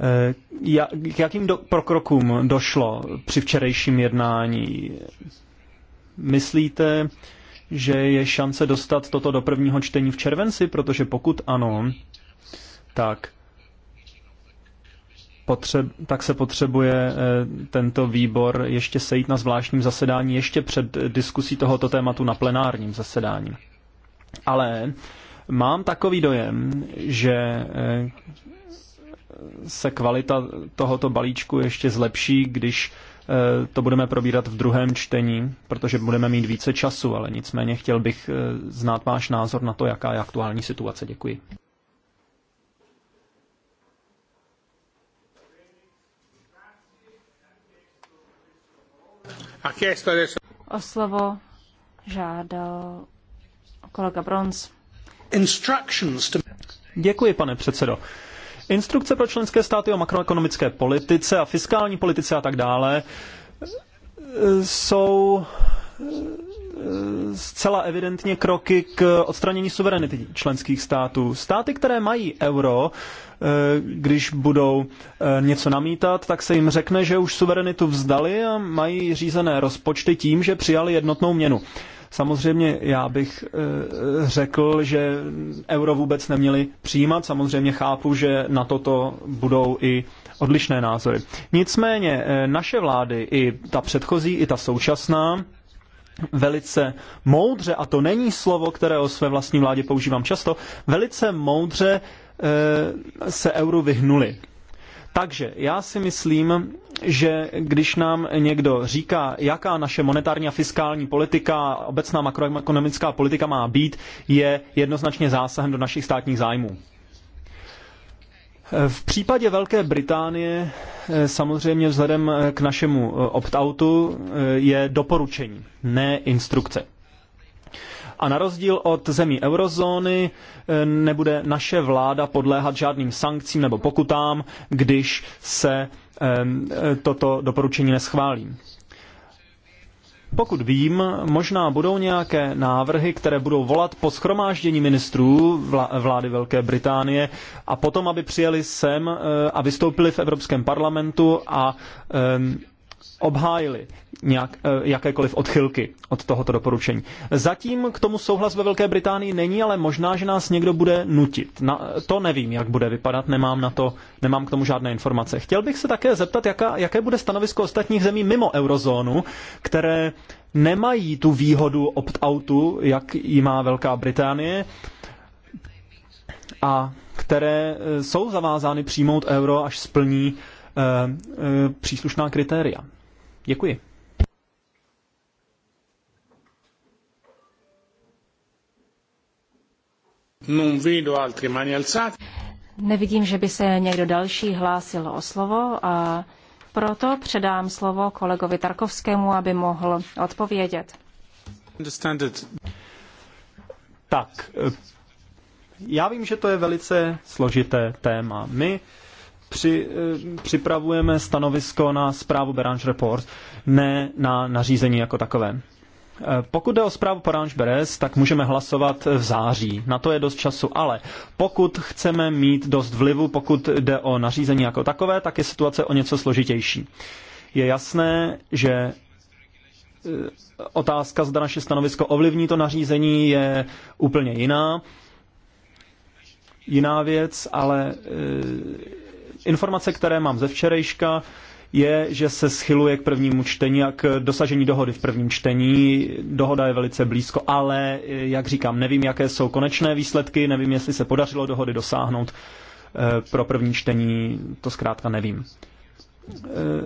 Eh, k jakým do, prokrokům došlo při včerejším jednání? Myslíte, že je šance dostat toto do prvního čtení v červenci? Protože pokud ano, tak, potře, tak se potřebuje eh, tento výbor ještě sejít na zvláštním zasedání, ještě před diskusí tohoto tématu na plenárním zasedání. Ale mám takový dojem, že eh, se kvalita tohoto balíčku ještě zlepší, když eh, to budeme probírat v druhém čtení, protože budeme mít více času, ale nicméně chtěl bych eh, znát váš názor na to, jaká je aktuální situace. Děkuji. O slovo žádal kolega Bronz. Děkuji, pane předsedo. Instrukce pro členské státy o makroekonomické politice a fiskální politice a tak dále e, jsou e, zcela evidentně kroky k odstranění suverenity členských států. Státy, které mají euro, e, když budou něco namítat, tak se jim řekne, že už suverenitu vzdali a mají řízené rozpočty tím, že přijali jednotnou měnu. Samozřejmě já bych eh, řekl, že euro vůbec neměli přijímat. Samozřejmě chápu, že na toto budou i odlišné názory. Nicméně eh, naše vlády, i ta předchozí, i ta současná, velice moudře, a to není slovo, které o své vlastní vládě používám často, velice moudře eh, se euru vyhnuli. Takže já si myslím, že když nám někdo říká, jaká naše monetární a fiskální politika, obecná makroekonomická politika má být, je jednoznačně zásahem do našich státních zájmů. V případě Velké Británie eh, samozřejmě vzhledem k našemu eh, opt-outu eh, je doporučení, ne instrukce. A na rozdíl od zemí eurozóny eh, nebude naše vláda podléhat žádným sankcím nebo pokutám, když se ehm, eh, toto doporučení neschválí. Pokud vím, možná budou nějaké návrhy, které budou volat po schromáždění ministrů vlády Velké Británie a potom, aby přijeli sem eh, a vystoupili v Evropském parlamentu a ehm, obhájili nějak, eh, jakékoliv odchylky od tohoto doporučení. Zatím k tomu souhlas ve Velké Británii není, ale možná, že nás někdo bude nutit. Na, to nevím, jak bude vypadat, nemám, na to, nemám k tomu žádné informace. Chtěl bych se také zeptat, jaká, jaké bude stanovisko ostatních zemí mimo eurozónu, které nemají tu výhodu opt-outu, jak ji má Velká Británie, a které eh, jsou zavázány přijmout euro, až splní uh, Eh, eh, příslušná kritéria. Děkuji. Nevidím, že by se někdo další hlásil o slovo a proto předám slovo kolegovi Tarkovskému, aby mohl odpovědět. Tak, eh, já vím, že to je velice složité téma. My při, eh, připravujeme stanovisko na zprávu Beranž Report, ne na nařízení jako takové. Eh, pokud jde o zprávu Paranž Beres, tak můžeme hlasovat v září. Na to je dost času, ale pokud chceme mít dost vlivu, pokud jde o nařízení jako takové, tak je situace o něco složitější. Je jasné, že eh, otázka, zda naše stanovisko ovlivní to nařízení, je úplně jiná. Jiná věc, ale informace, které mám ze včerejška, je, že se schyluje k prvnímu čtení a k dosažení dohody v prvním čtení. Dohoda je velice blízko, ale, jak říkám, nevím, jaké jsou konečné výsledky, nevím, jestli se podařilo dohody dosáhnout eh, pro první čtení, to zkrátka nevím. Eh,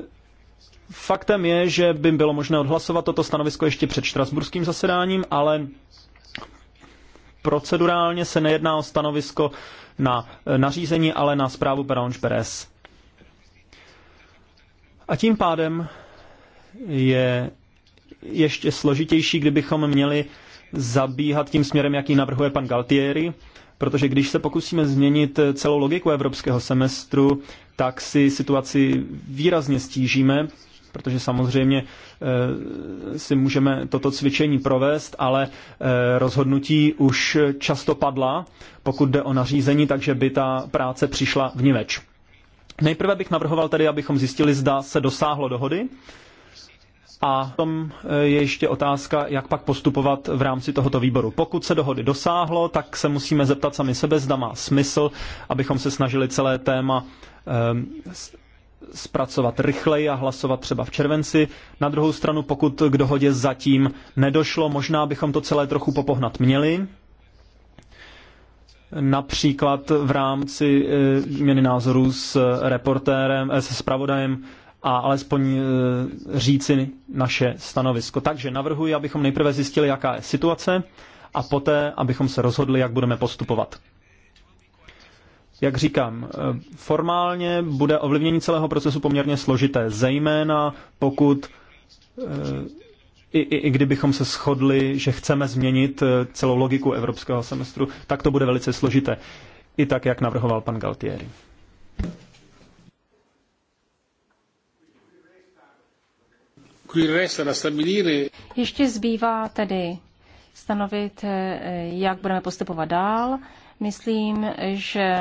faktem je, že by bylo možné odhlasovat toto stanovisko ještě před štrasburským zasedáním, ale procedurálně se nejedná o stanovisko na nařízení, ale na zprávu Branche Perez. A tím pádem je ještě složitější, kdybychom měli zabíhat tím směrem, jaký navrhuje pan Galtieri, protože když se pokusíme změnit celou logiku evropského semestru, tak si situaci výrazně stížíme protože samozřejmě eh, si můžeme toto cvičení provést, ale eh, rozhodnutí už často padla, pokud jde o nařízení, takže by ta práce přišla v niveč. Nejprve bych navrhoval tedy, abychom zjistili, zda se dosáhlo dohody. A potom eh, je ještě otázka, jak pak postupovat v rámci tohoto výboru. Pokud se dohody dosáhlo, tak se musíme zeptat sami sebe, zda má smysl, abychom se snažili celé téma zpracovat rychleji a hlasovat třeba v červenci. Na druhou stranu, pokud k dohodě zatím nedošlo, možná bychom to celé trochu popohnat měli. Například v rámci eh, měny názorů s reportérem, eh, se spravodajem a alespoň eh, říci naše stanovisko. Takže navrhuji, abychom nejprve zjistili, jaká je situace a poté, abychom se rozhodli, jak budeme postupovat. Jak říkám, eh, formálně bude ovlivnění celého procesu poměrně složité, zejména pokud eh, i, i, i kdybychom se shodli, že chceme změnit eh, celou logiku evropského semestru, tak to bude velice složité. I tak, jak navrhoval pan Galtieri. Ještě zbývá tedy stanovit, jak budeme postupovat dál. Myslím, že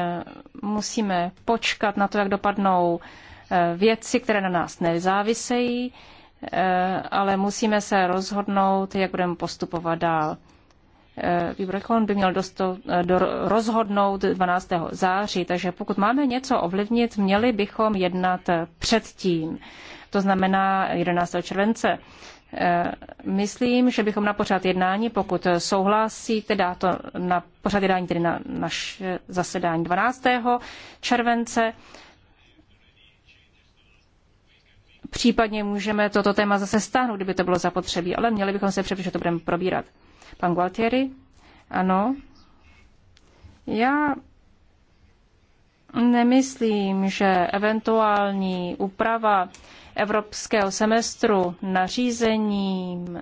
musíme počkat na to, jak dopadnou eh, věci, které na nás nezávisejí, eh, ale musíme se rozhodnout, jak budeme postupovat dál. Eh, Výbrokon by měl dosto, do, rozhodnout 12. září, takže pokud máme něco ovlivnit, měli bychom jednat předtím, to znamená 11. července. Eh, myslím, že bychom na pořád jednání, pokud souhlasíte, dá to na pořád jednání, tedy na naše zasedání 12. července, Případně můžeme toto téma zase stáhnout, kdyby to bylo zapotřebí, ale měli bychom se přepřít, že to budeme probírat. Pan Gualtieri? Ano. Já nemyslím, že eventuální úprava evropského semestru nařízením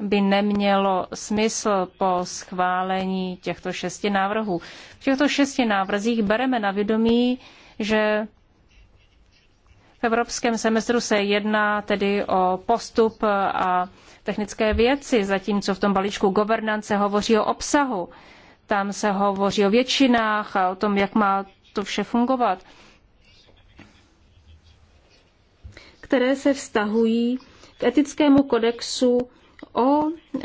by nemělo smysl po schválení těchto šesti návrhů. V těchto šesti návrzích bereme na vědomí, že v evropském semestru se jedná tedy o postup a technické věci, zatímco v tom balíčku governance hovoří o obsahu. Tam se hovoří o většinách a o tom, jak má to vše fungovat. které se vztahují k etickému kodexu o e,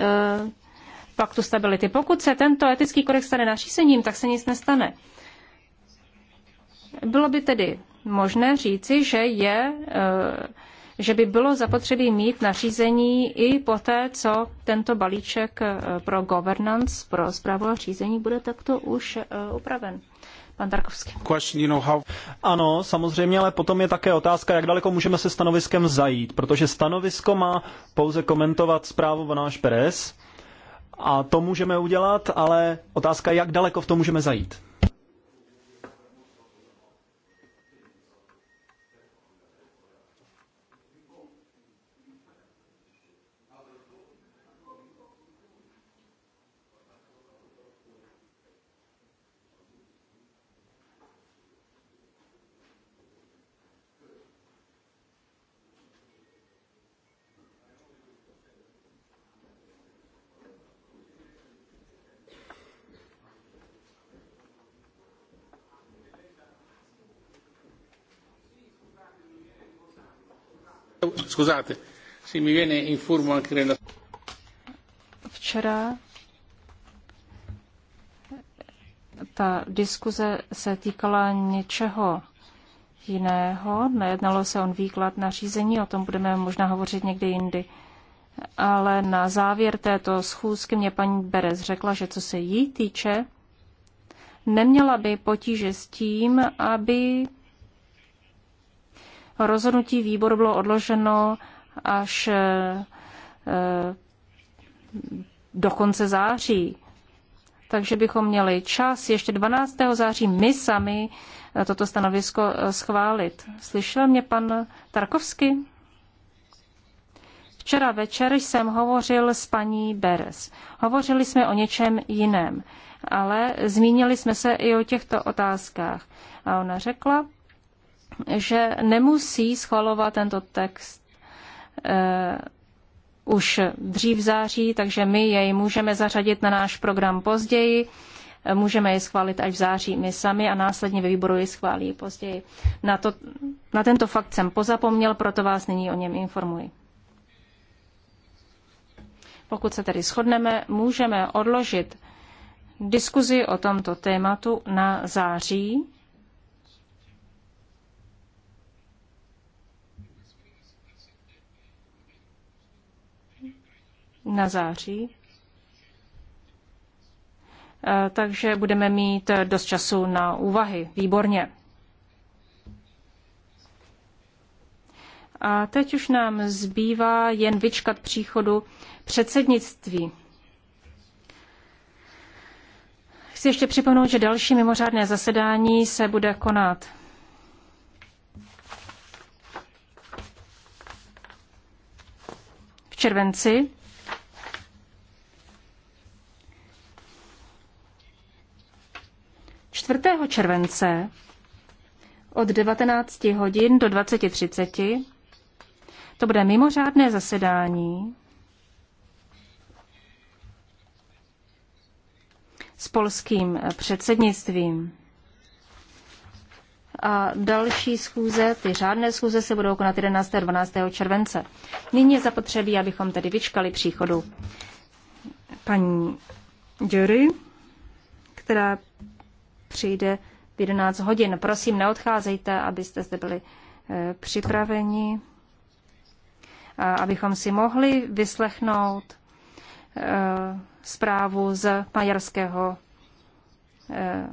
paktu stability. Pokud se tento etický kodex stane nařízením, tak se nic nestane. Bylo by tedy možné říci, že je e, že by bylo zapotřebí mít nařízení i poté, co tento balíček e, pro governance, pro zprávu a řízení bude takto už e, upraven. Pan Tarkovský. Ano, samozřejmě, ale potom je také otázka, jak daleko můžeme se stanoviskem zajít, protože stanovisko má pouze komentovat zprávu Vanáš Perez a to můžeme udělat, ale otázka, jak daleko v tom můžeme zajít. Scusate, mi viene anche nella... Včera ta diskuze se týkala něčeho jiného. Nejednalo se o výklad nařízení, o tom budeme možná hovořit někdy jindy. Ale na závěr této schůzky mě paní Berez řekla, že co se jí týče, neměla by potíže s tím, aby Rozhodnutí výboru bylo odloženo až eh, do konce září. Takže bychom měli čas ještě 12. září my sami eh, toto stanovisko eh, schválit. Slyšel mě pan Tarkovsky? Včera večer jsem hovořil s paní Beres. Hovořili jsme o něčem jiném, ale zmínili jsme se i o těchto otázkách. A ona řekla, že nemusí schvalovat tento text eh, už dřív v září, takže my jej můžeme zařadit na náš program později. Eh, můžeme jej schválit až v září my sami a následně ve výboru ji schválí později. Na, to, na tento fakt jsem pozapomněl, proto vás nyní o něm informuji. Pokud se tedy shodneme, můžeme odložit diskuzi o tomto tématu na září na září. Eh, takže budeme mít dost času na úvahy. Výborně. A teď už nám zbývá jen vyčkat příchodu předsednictví. Chci ještě připomenout, že další mimořádné zasedání se bude konat. V červenci 4. července od 19 hodin do 20.30 to bude mimořádné zasedání s polským předsednictvím. A další schůze, ty řádné schůze se budou konat 11. a 12. července. Nyní je zapotřebí, abychom tedy vyčkali příchodu paní Jury, která přijde v 11 hodin. Prosím, neodcházejte, abyste zde byli eh, připraveni, a abychom si mohli vyslechnout eh, zprávu z maďarského eh,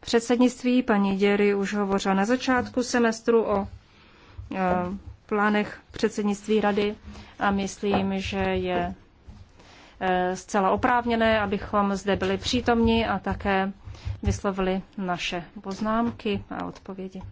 předsednictví. Paní Děry už hovořila na začátku semestru o plánech předsednictví rady a myslím, že je zcela oprávněné, abychom zde byli přítomni a také vyslovili naše poznámky a odpovědi.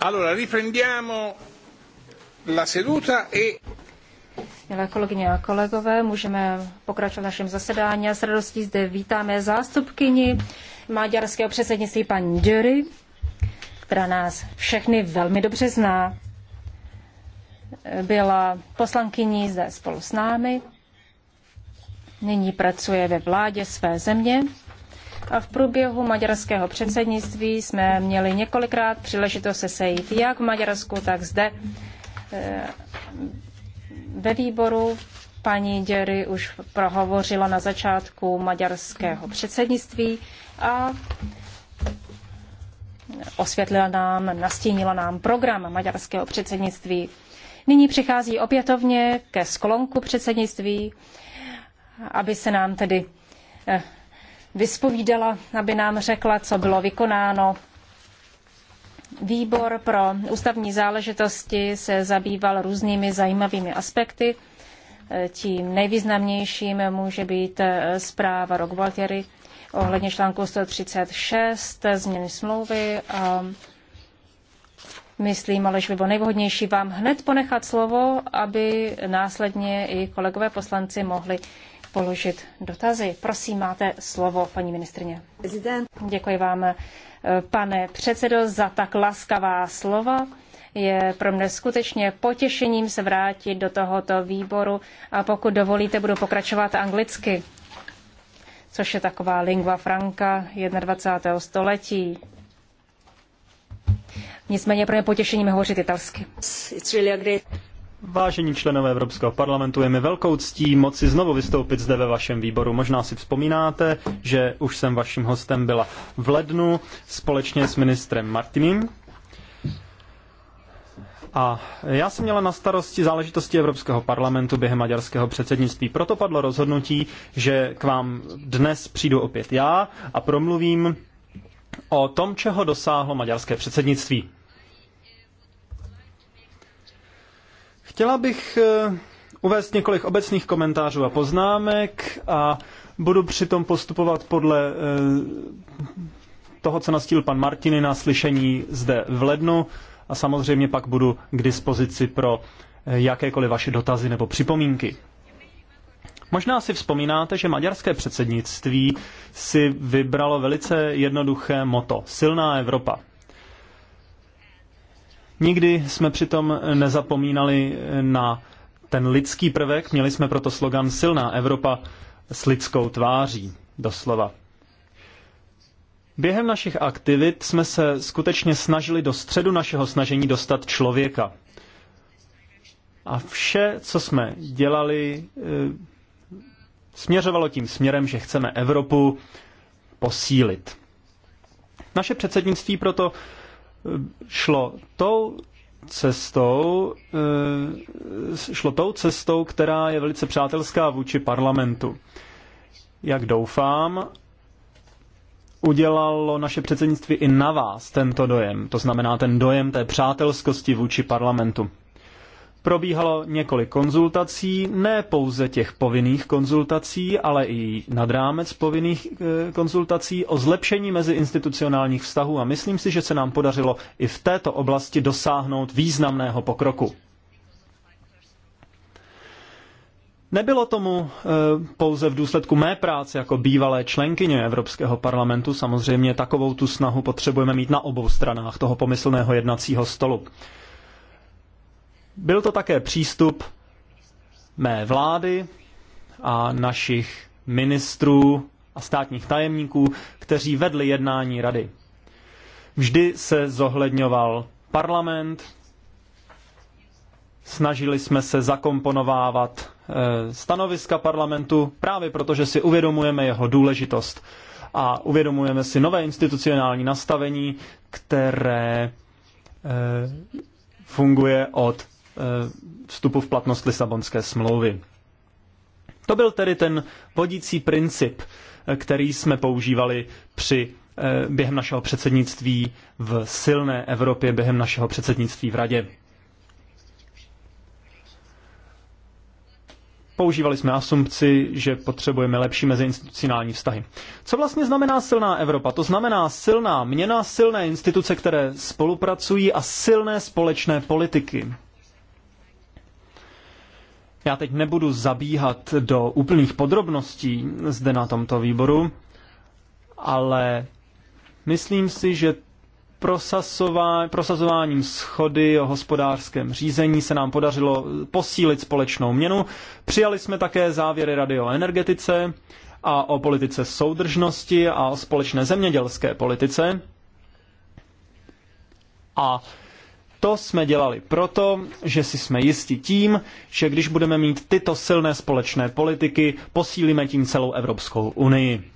Allora, riprendiamo la seduta e... Milé kolegyně a kolegové, můžeme pokračovat v našem zasedání a s radostí zde vítáme zástupkyni maďarského předsednictví paní Dury, která nás všechny velmi dobře zná. Byla poslankyní zde spolu s námi, nyní pracuje ve vládě své země a v průběhu maďarského předsednictví jsme měli několikrát příležitost se sejít jak v Maďarsku, tak zde eh, ve výboru. Paní Děry už prohovořila na začátku maďarského předsednictví a osvětlila nám, nastínila nám program maďarského předsednictví. Nyní přichází opětovně ke sklonku předsednictví, aby se nám tedy eh, vyspovídala, aby nám řekla, co bylo vykonáno. Výbor pro ústavní záležitosti se zabýval různými zajímavými aspekty. Tím nejvýznamnějším může být zpráva Rok Valtieri ohledně článku 136 změny smlouvy. A myslím, ale že by bylo nejvhodnější vám hned ponechat slovo, aby následně i kolegové poslanci mohli položit dotazy. Prosím, máte slovo, paní ministrině. Děkuji vám, eh, pane předsedo, za tak laskavá slova. Je pro mě skutečně potěšením se vrátit do tohoto výboru a pokud dovolíte, budu pokračovat anglicky, což je taková lingua franca 21. století. Nicméně pro mě potěšením hovořit italsky. Vážení členové Evropského parlamentu, je mi velkou ctí moci znovu vystoupit zde ve vašem výboru. Možná si vzpomínáte, že už jsem vaším hostem byla v lednu společně s ministrem Martinem. A já jsem měla na starosti záležitosti Evropského parlamentu během maďarského předsednictví. Proto padlo rozhodnutí, že k vám dnes přijdu opět já a promluvím o tom, čeho dosáhlo maďarské předsednictví. Chtěla bych eh, uvést několik obecných komentářů a poznámek a budu přitom postupovat podle eh, toho, co nastíl pan Martiny na slyšení zde v lednu a samozřejmě pak budu k dispozici pro eh, jakékoliv vaše dotazy nebo připomínky. Možná si vzpomínáte, že maďarské předsednictví si vybralo velice jednoduché moto Silná Evropa. Nikdy jsme přitom nezapomínali na ten lidský prvek, měli jsme proto slogan Silná Evropa s lidskou tváří, doslova. Během našich aktivit jsme se skutečně snažili do středu našeho snažení dostat člověka. A vše, co jsme dělali, eh, směřovalo tím směrem, že chceme Evropu posílit. Naše předsednictví proto šlo tou cestou, eh, šlo tou cestou, která je velice přátelská vůči parlamentu. Jak doufám, udělalo naše předsednictví i na vás tento dojem, to znamená ten dojem té přátelskosti vůči parlamentu. Probíhalo několik konzultací, ne pouze těch povinných konzultací, ale i nad rámec povinných e, konzultací o zlepšení meziinstitucionálních vztahů a myslím si, že se nám podařilo i v této oblasti dosáhnout významného pokroku. Nebylo tomu e, pouze v důsledku mé práce jako bývalé členkyně Evropského parlamentu, samozřejmě takovou tu snahu potřebujeme mít na obou stranách toho pomyslného jednacího stolu. Byl to také přístup mé vlády a našich ministrů a státních tajemníků, kteří vedli jednání rady. Vždy se zohledňoval parlament, snažili jsme se zakomponovávat eh, stanoviska parlamentu právě protože si uvědomujeme jeho důležitost a uvědomujeme si nové institucionální nastavení, které eh, funguje od Eh, vstupu v platnost Lisabonské smlouvy. To byl tedy ten vodící princip, eh, který jsme používali při eh, během našeho předsednictví v silné Evropě, během našeho předsednictví v Radě. Používali jsme asumci, že potřebujeme lepší meziinstitucionální vztahy. Co vlastně znamená silná Evropa? To znamená silná měna, silné instituce, které spolupracují a silné společné politiky. Já teď nebudu zabíhat do úplných podrobností zde na tomto výboru, ale myslím si, že prosazováním schody o hospodářském řízení se nám podařilo posílit společnou měnu. Přijali jsme také závěry Rady o energetice a o politice soudržnosti a o společné zemědělské politice. A to jsme dělali proto, že si jsme jisti tím, že když budeme mít tyto silné společné politiky, posílíme tím celou Evropskou unii.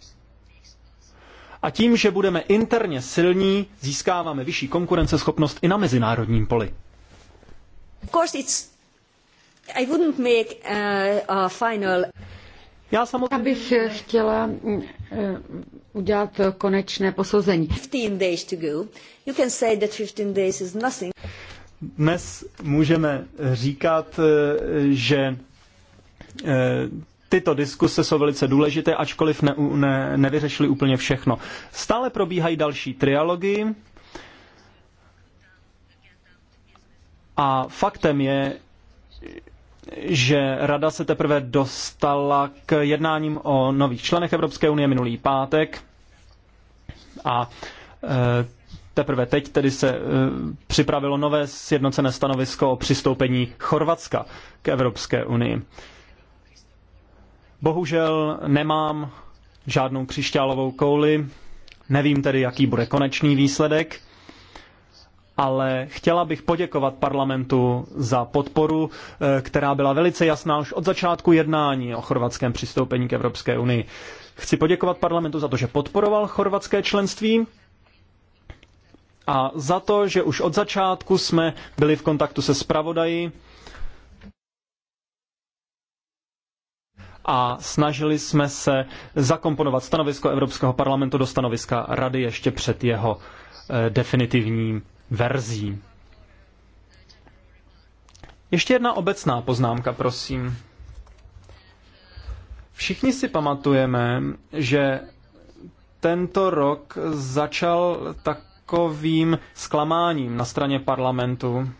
A tím, že budeme interně silní, získáváme vyšší konkurenceschopnost i na mezinárodním poli. Of course it's... I wouldn't make a final... Já samozřejmě... bych eh, chtěla eh, udělat konečné posouzení. Dnes můžeme říkat, eh, že tyto diskuse jsou velice důležité, ačkoliv ne, ne, nevyřešily úplně všechno. Stále probíhají další trialogy a faktem je, že rada se teprve dostala k jednáním o nových členech Evropské unie minulý pátek a e, teprve teď tedy se e, připravilo nové sjednocené stanovisko o přistoupení Chorvatska k Evropské unii. Bohužel nemám žádnou křišťálovou kouli, nevím tedy, jaký bude konečný výsledek ale chtěla bych poděkovat parlamentu za podporu, eh, která byla velice jasná už od začátku jednání o chorvatském přistoupení k Evropské unii. Chci poděkovat parlamentu za to, že podporoval chorvatské členství a za to, že už od začátku jsme byli v kontaktu se zpravodaji a snažili jsme se zakomponovat stanovisko Evropského parlamentu do stanoviska Rady ještě před jeho eh, definitivním verzí. Ještě jedna obecná poznámka, prosím. Všichni si pamatujeme, že tento rok začal takovým zklamáním na straně parlamentu.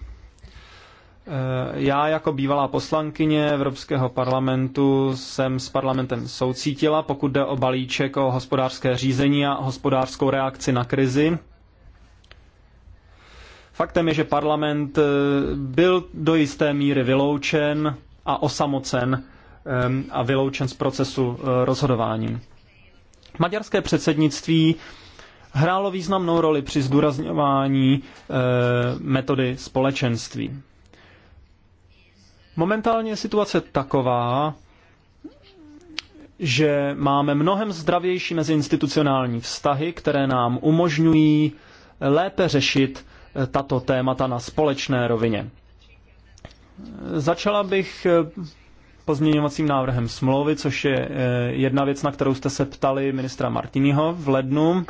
Eh, já jako bývalá poslankyně Evropského parlamentu jsem s parlamentem soucítila, pokud jde o balíček o hospodářské řízení a hospodářskou reakci na krizi. Faktem je, že parlament eh, byl do jisté míry vyloučen a osamocen a vyloučen z procesu eh, rozhodování. Maďarské předsednictví hrálo významnou roli při zdůrazňování eh, metody společenství. Momentálně je situace taková, že máme mnohem zdravější meziinstitucionální vztahy, které nám umožňují lépe řešit tato témata na společné rovině. Začala bych eh, pozměňovacím návrhem smlouvy, což je eh, jedna věc, na kterou jste se ptali ministra Martiniho v lednu.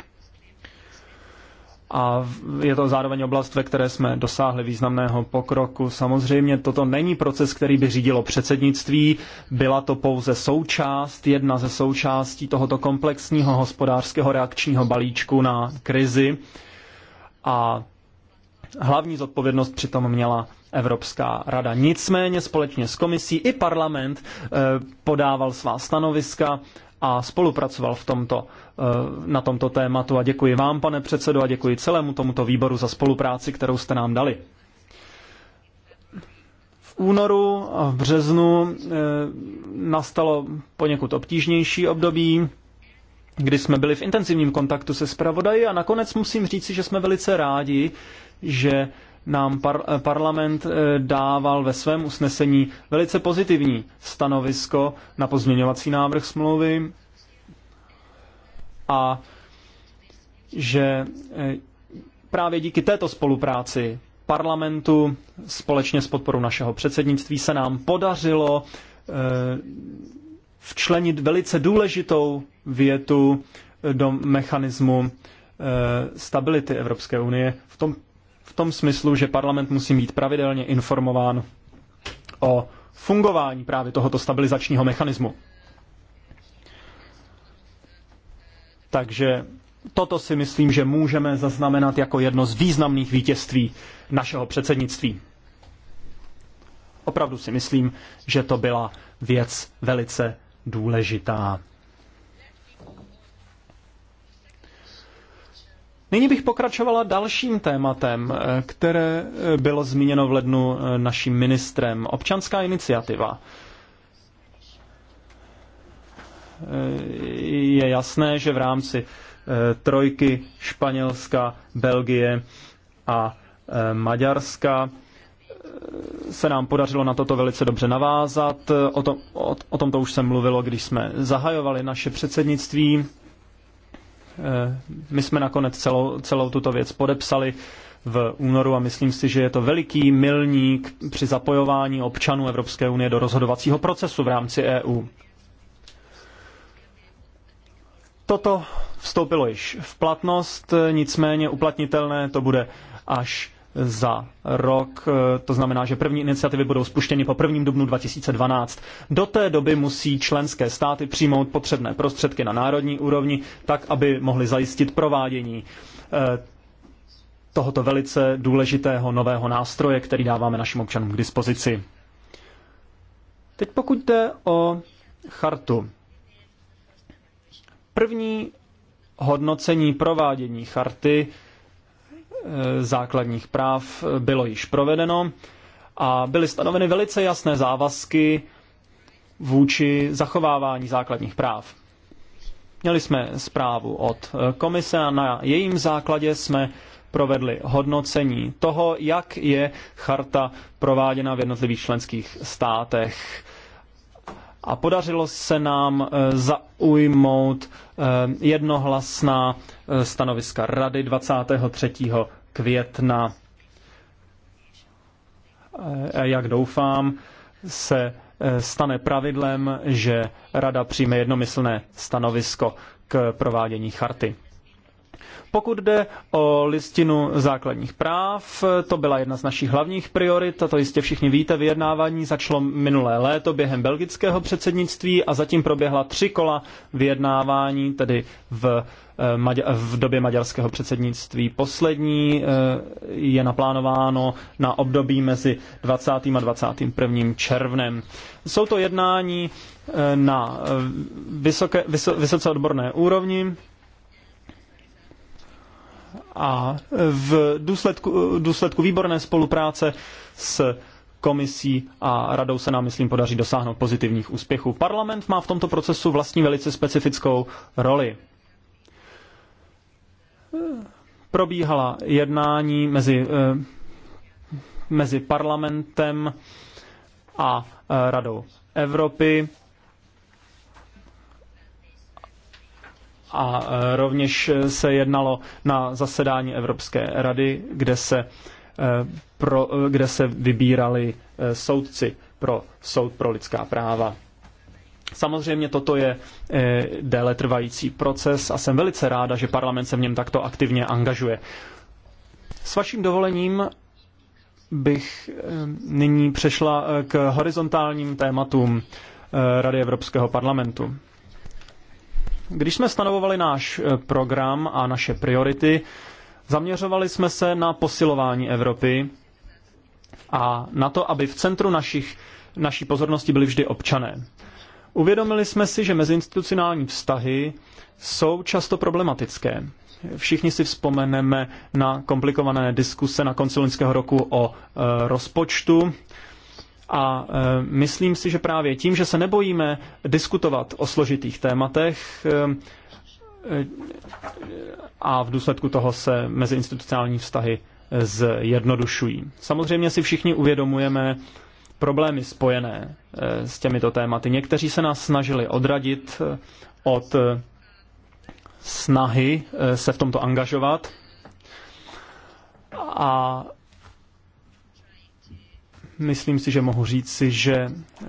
A je to zároveň oblast, ve které jsme dosáhli významného pokroku. Samozřejmě toto není proces, který by řídilo předsednictví, byla to pouze součást, jedna ze součástí tohoto komplexního hospodářského reakčního balíčku na krizi. A hlavní zodpovědnost přitom měla Evropská rada. Nicméně společně s komisí i parlament eh, podával svá stanoviska a spolupracoval v tomto, eh, na tomto tématu. A děkuji vám, pane předsedo, a děkuji celému tomuto výboru za spolupráci, kterou jste nám dali. V únoru a v březnu eh, nastalo poněkud obtížnější období, kdy jsme byli v intenzivním kontaktu se zpravodaji a nakonec musím říci, že jsme velice rádi, že nám par- eh, parlament eh, dával ve svém usnesení velice pozitivní stanovisko na pozměňovací návrh smlouvy a že eh, právě díky této spolupráci parlamentu společně s podporou našeho předsednictví se nám podařilo včlenit velice důležitou větu do mechanismu stability Evropské unie v tom v tom smyslu, že parlament musí být pravidelně informován o fungování právě tohoto stabilizačního mechanismu. Takže toto si myslím, že můžeme zaznamenat jako jedno z významných vítězství našeho předsednictví. Opravdu si myslím, že to byla věc velice důležitá. Nyní bych pokračovala dalším tématem, eh, které eh, bylo zmíněno v lednu eh, naším ministrem. Občanská iniciativa. Je jasné, že v rámci trojky Španělska, Belgie a Maďarska se nám podařilo na toto velice dobře navázat. O, tom, o, o tomto už jsem mluvilo, když jsme zahajovali naše předsednictví Eh, my jsme nakonec celou, celou tuto věc podepsali v únoru a myslím si, že je to veliký milník při zapojování občanů Evropské unie do rozhodovacího procesu v rámci EU. Toto vstoupilo již v platnost, eh, nicméně uplatnitelné to bude až za rok. Eh, to znamená, že první iniciativy budou spuštěny po 1. dubnu 2012. Do té doby musí členské státy přijmout potřebné prostředky na národní úrovni, tak aby mohly zajistit provádění eh, tohoto velice důležitého nového nástroje, který dáváme našim občanům k dispozici. Teď pokud jde o chartu. První hodnocení provádění charty Eh, základních práv bylo již provedeno a byly stanoveny velice jasné závazky vůči zachovávání základních práv. Měli jsme zprávu od eh, komise a na jejím základě jsme provedli hodnocení toho, jak je charta prováděna v jednotlivých členských státech a podařilo se nám eh, zaujmout eh, jednohlasná eh, stanoviska Rady 23. května. Jak doufám, se stane pravidlem, že Rada přijme jednomyslné stanovisko k provádění charty. Pokud jde o listinu základních práv, to byla jedna z našich hlavních priorit, a to jistě všichni víte, vyjednávání začalo minulé léto během belgického předsednictví a zatím proběhla tři kola vyjednávání, tedy v, eh, v době maďarského předsednictví. Poslední eh, je naplánováno na období mezi 20. a 21. červnem. Jsou to jednání eh, na vysoké, vysoce odborné úrovni, a v důsledku, důsledku výborné spolupráce s komisí a radou se nám, myslím, podaří dosáhnout pozitivních úspěchů. Parlament má v tomto procesu vlastní velice specifickou roli. Probíhala jednání mezi, eh, mezi parlamentem a eh, radou Evropy a e, rovněž se jednalo na zasedání Evropské rady, kde se, e, pro, kde se vybírali e, soudci pro soud pro lidská práva. Samozřejmě toto je déle trvající proces a jsem velice ráda, že parlament se v něm takto aktivně angažuje. S vaším dovolením bych nyní přešla k horizontálním tématům Rady Evropského parlamentu. Když jsme stanovovali náš eh, program a naše priority, zaměřovali jsme se na posilování Evropy a na to, aby v centru našich, naší pozornosti byli vždy občané. Uvědomili jsme si, že meziinstitucionální vztahy jsou často problematické. Všichni si vzpomeneme na komplikované diskuse na konci loňského roku o e, rozpočtu. A e, myslím si, že právě tím, že se nebojíme diskutovat o složitých tématech, e, e, a v důsledku toho se meziinstitucionální vztahy zjednodušují. Samozřejmě si všichni uvědomujeme problémy spojené s těmito tématy. Někteří se nás snažili odradit od snahy se v tomto angažovat a Myslím si, že mohu říct si, že eh,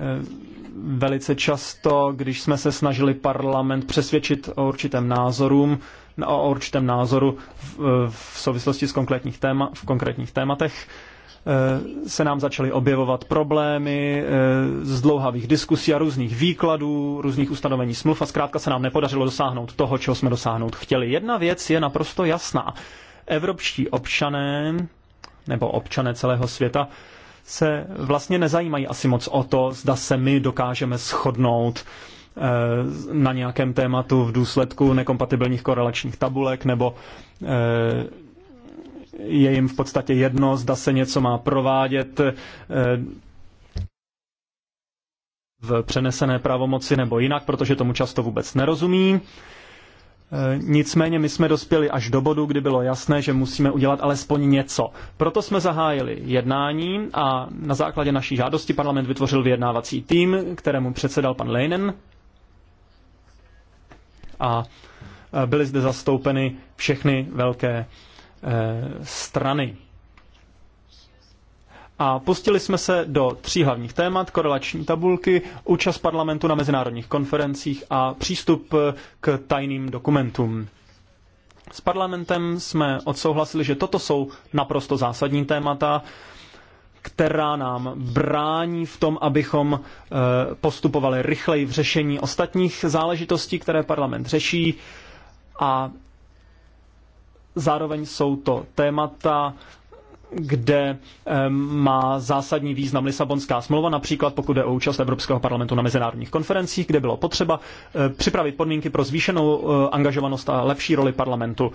velice často, když jsme se snažili parlament přesvědčit o určitém názorům, o určitém názoru v, eh, v souvislosti s konkrétních téma, v konkrétních tématech, eh, se nám začaly objevovat problémy z dlouhavých diskusí a různých výkladů, různých ustanovení smluv a zkrátka se nám nepodařilo dosáhnout toho, čeho jsme dosáhnout chtěli. Jedna věc je naprosto jasná. Evropští občané nebo občané celého světa se vlastně nezajímají asi moc o to, zda se my dokážeme shodnout eh, na nějakém tématu v důsledku nekompatibilních korelačních tabulek, nebo eh, je jim v podstatě jedno, zda se něco má provádět eh, v přenesené pravomoci nebo jinak, protože tomu často vůbec nerozumí. Eh, nicméně my jsme dospěli až do bodu, kdy bylo jasné, že musíme udělat alespoň něco. Proto jsme zahájili jednání a na základě naší žádosti parlament vytvořil vyjednávací tým, kterému předsedal pan Leinen. A eh, byly zde zastoupeny všechny velké eh, strany. A pustili jsme se do tří hlavních témat, korelační tabulky, účast parlamentu na mezinárodních konferencích a přístup eh, k tajným dokumentům. S parlamentem jsme odsouhlasili, že toto jsou naprosto zásadní témata, která nám brání v tom, abychom eh, postupovali rychleji v řešení ostatních záležitostí, které parlament řeší. A zároveň jsou to témata, kde má zásadní význam Lisabonská smlouva, například pokud je o účast Evropského parlamentu na mezinárodních konferencích, kde bylo potřeba eh, připravit podmínky pro zvýšenou eh, angažovanost a lepší roli parlamentu.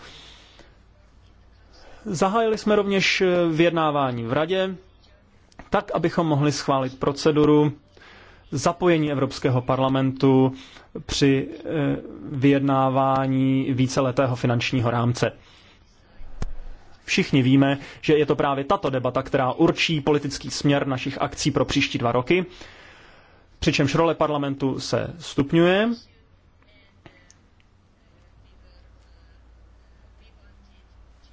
Zahájili jsme rovněž eh, vyjednávání v radě, tak, abychom mohli schválit proceduru zapojení Evropského parlamentu při vyjednávání víceletého finančního rámce. Všichni víme, že je to právě tato debata, která určí politický směr našich akcí pro příští dva roky, přičemž role parlamentu se stupňuje.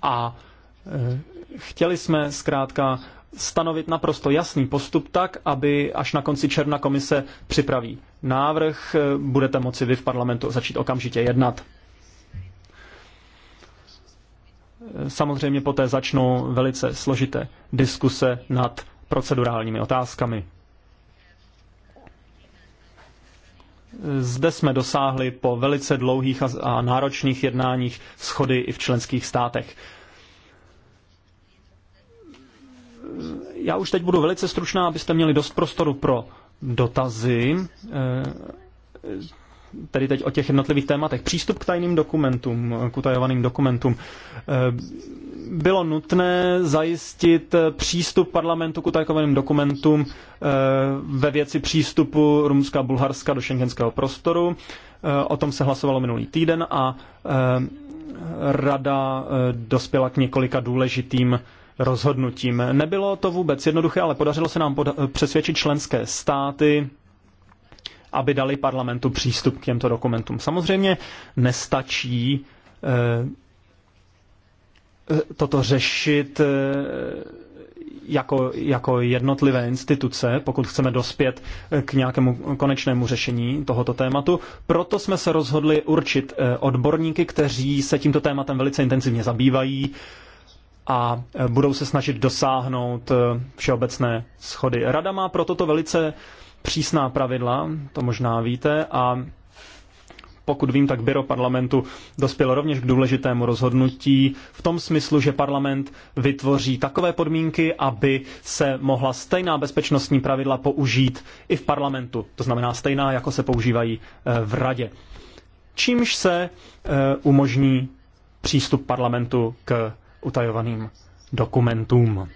A eh, chtěli jsme zkrátka stanovit naprosto jasný postup tak, aby až na konci června komise připraví návrh, eh, budete moci vy v parlamentu začít okamžitě jednat samozřejmě poté začnou velice složité diskuse nad procedurálními otázkami. Zde jsme dosáhli po velice dlouhých a náročných jednáních schody i v členských státech. Já už teď budu velice stručná, abyste měli dost prostoru pro dotazy eh, tedy teď o těch jednotlivých tématech. Přístup k tajným dokumentům, k utajovaným dokumentům. Eh, bylo nutné zajistit přístup parlamentu k utajovaným dokumentům eh, ve věci přístupu Rumunska a Bulharska do šengenského prostoru. Eh, o tom se hlasovalo minulý týden a rada dospěla k několika důležitým rozhodnutím. Nebylo to vůbec jednoduché, ale podařilo se nám přesvědčit členské státy aby dali parlamentu přístup k těmto dokumentům. Samozřejmě nestačí eh, eh, toto řešit eh, jako, jako jednotlivé instituce, pokud chceme dospět k nějakému konečnému řešení tohoto tématu. Proto jsme se rozhodli určit odborníky, kteří se tímto tématem velice intenzivně zabývají a budou se snažit dosáhnout všeobecné schody. Rada má pro toto velice přísná pravidla, to možná víte, a pokud vím, tak byro parlamentu dospělo rovněž k důležitému rozhodnutí v tom smyslu, že parlament vytvoří takové podmínky, aby se mohla stejná bezpečnostní pravidla použít i v parlamentu. To znamená stejná, jako se používají eh, v radě. Čímž se eh, umožní přístup parlamentu k utajovaným dokumentům.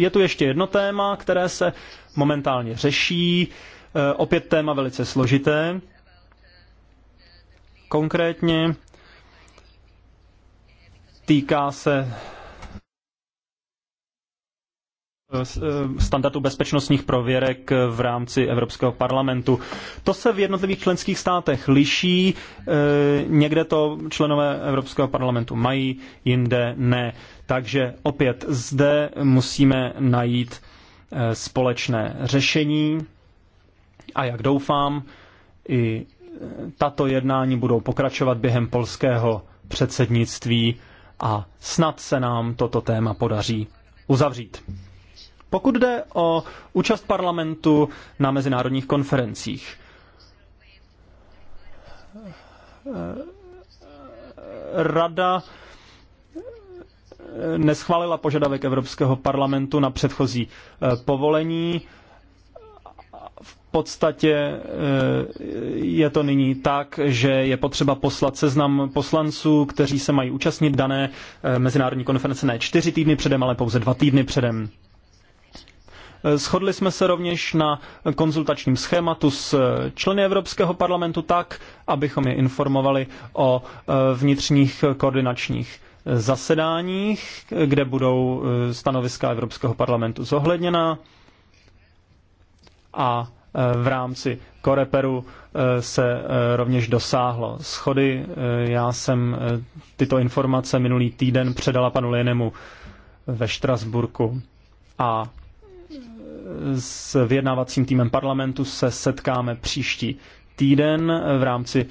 Je tu ještě jedno téma, které se momentálně řeší. E, opět téma velice složité. Konkrétně týká se e, e, standardu bezpečnostních prověrek v rámci Evropského parlamentu. To se v jednotlivých členských státech liší, někde to členové Evropského parlamentu mají, jinde ne. Takže opět zde musíme najít eh, společné řešení a jak doufám, i eh, tato jednání budou pokračovat během polského předsednictví a snad se nám toto téma podaří uzavřít. Pokud jde o účast parlamentu na mezinárodních konferencích, eh, Rada neschválila požadavek Evropského parlamentu na předchozí eh, povolení. V podstatě eh, je to nyní tak, že je potřeba poslat seznam poslanců, kteří se mají účastnit dané eh, mezinárodní konference ne čtyři týdny předem, ale pouze dva týdny předem. Shodli jsme se rovněž na konzultačním schématu s členy Evropského parlamentu tak, abychom je informovali o vnitřních koordinačních zasedáních, kde budou eh, stanoviska Evropského parlamentu zohledněna a eh, v rámci Koreperu eh, se rovněž dosáhlo schody. Já jsem tyto informace minulý týden předala panu Lénemu ve Štrasburku a s vyjednávacím týmem parlamentu se setkáme příští týden v rámci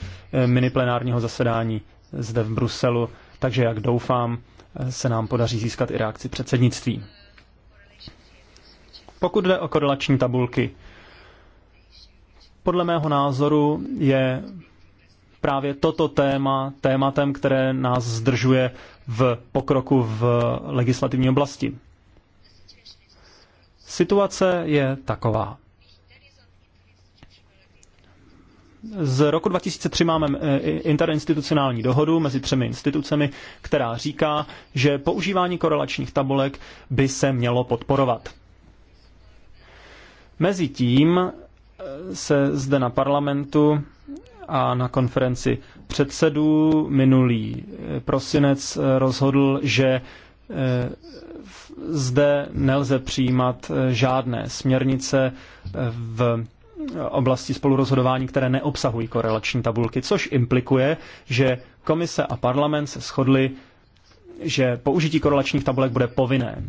miniplenárního zasedání zde v Bruselu takže jak doufám, se nám podaří získat i reakci předsednictví. Pokud jde o korelační tabulky, podle mého názoru je právě toto téma tématem, které nás zdržuje v pokroku v legislativní oblasti. Situace je taková. Z roku 2003 máme eh, interinstitucionální dohodu mezi třemi institucemi, která říká, že používání korelačních tabulek by se mělo podporovat. Mezitím eh, se zde na parlamentu a na konferenci předsedů minulý eh, prosinec rozhodl, že zde nelze přijímat žádné směrnice v oblasti spolurozhodování, které neobsahují korelační tabulky, což implikuje, že komise a parlament se shodli, že použití korelačních tabulek bude povinné.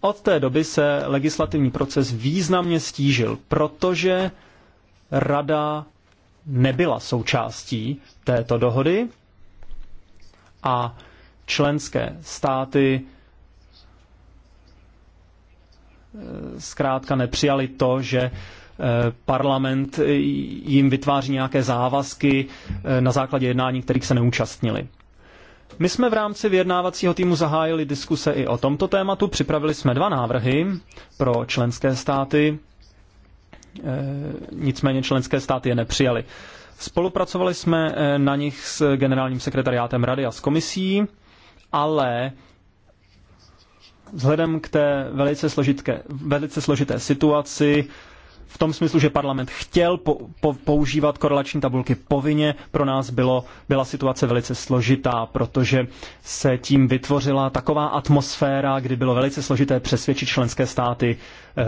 Od té doby se legislativní proces významně stížil, protože rada nebyla součástí této dohody a členské státy Eh, zkrátka nepřijali to, že eh, parlament eh, jim vytváří nějaké závazky na základě jednání, kterých se neúčastnili. My jsme v rámci vyjednávacího týmu zahájili diskuse i o tomto tématu. Připravili jsme dva návrhy pro členské státy. Nicméně členské státy je nepřijali. Spolupracovali jsme na nich s generálním sekretariátem rady a s komisí, ale Vzhledem k té velice složité, velice složité situaci, v tom smyslu, že parlament chtěl po, po, používat korelační tabulky povinně, pro nás bylo, byla situace velice složitá, protože se tím vytvořila taková atmosféra, kdy bylo velice složité přesvědčit členské státy eh,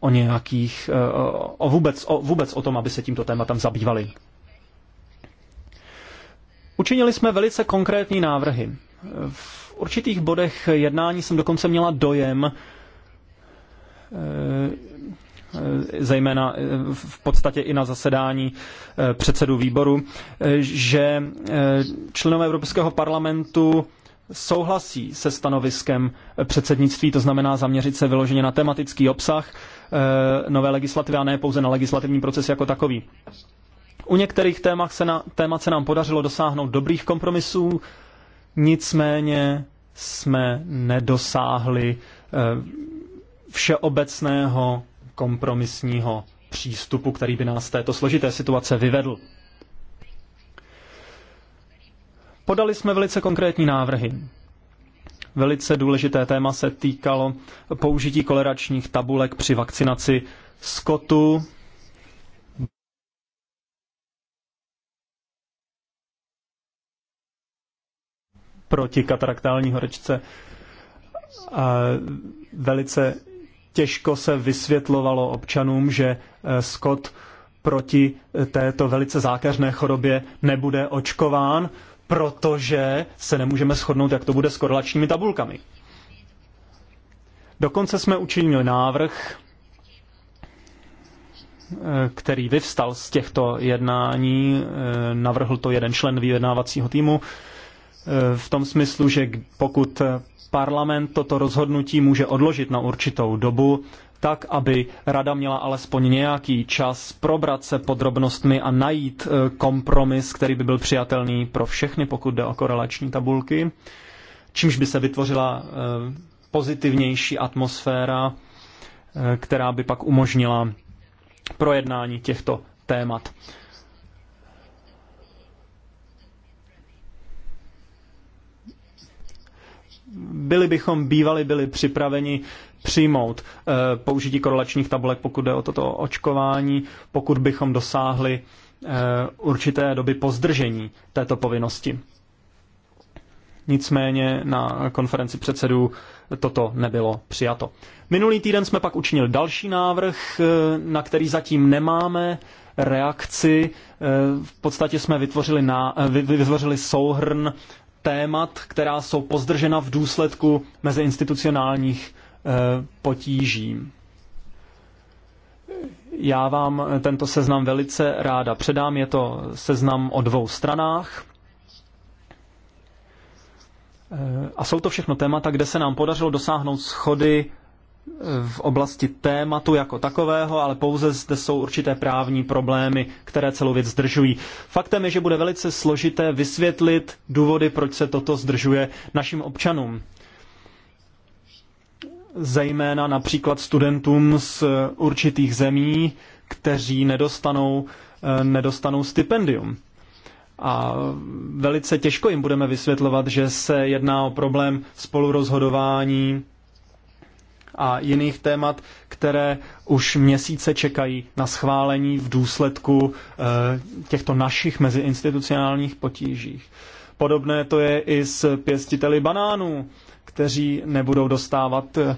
o nějakých, eh, o vůbec, o, vůbec o tom, aby se tímto tématem zabývali. Učinili jsme velice konkrétní návrhy. V v určitých bodech jednání jsem dokonce měla dojem, eh, eh, zejména eh, v podstatě i na zasedání předsedů výboru, že členové Evropského parlamentu souhlasí se stanoviskem předsednictví, to znamená zaměřit se vyloženě na tematický obsah nové legislativy a ne pouze na legislativní proces jako takový. U některých témat se, na, témat se nám podařilo dosáhnout dobrých kompromisů, Nicméně jsme nedosáhli eh, všeobecného kompromisního přístupu, který by nás z této složité situace vyvedl. Podali jsme velice konkrétní návrhy. Velice důležité téma se týkalo použití koleračních tabulek při vakcinaci skotu, proti kataraktální horečce. A velice těžko se vysvětlovalo občanům, že eh, Scott proti eh, této velice zákařné chorobě nebude očkován, protože se nemůžeme shodnout, jak to bude s korelačními tabulkami. Dokonce jsme učinili návrh, eh, který vyvstal z těchto jednání, navrhl to jeden člen vyjednávacího týmu, Eh, v tom smyslu, že pokud eh, parlament toto rozhodnutí může odložit na určitou dobu, tak, aby rada měla alespoň nějaký čas probrat se podrobnostmi a najít eh, kompromis, který by byl přijatelný pro všechny, pokud jde o korelační tabulky, čímž by se vytvořila pozitivnější atmosféra, která by pak umožnila projednání těchto témat. byli bychom bývali byli připraveni přijmout eh, použití korelačních tabulek, pokud jde o toto očkování, pokud bychom dosáhli eh, určité doby pozdržení této povinnosti. Nicméně na konferenci předsedů toto nebylo přijato. Minulý týden jsme pak učinili další návrh, eh, na který zatím nemáme reakci. V podstatě jsme vytvořili, na, vytvořili souhrn témat, která jsou pozdržena v důsledku meziinstitucionálních eh, potíží. Já vám tento seznam velice ráda předám. Je to seznam o dvou stranách. Eh, a jsou to všechno témata, kde se nám podařilo dosáhnout schody v oblasti tématu jako takového, ale pouze zde jsou určité právní problémy, které celou věc zdržují. Faktem je, že bude velice složité vysvětlit důvody, proč se toto zdržuje našim občanům. Zejména například studentům z určitých zemí, kteří nedostanou, eh, nedostanou stipendium. A velice těžko jim budeme vysvětlovat, že se jedná o problém spolurozhodování a jiných témat, které už měsíce čekají na schválení v důsledku eh, těchto našich meziinstitucionálních potížích. Podobné to je i s pěstiteli banánů, kteří nebudou dostávat eh,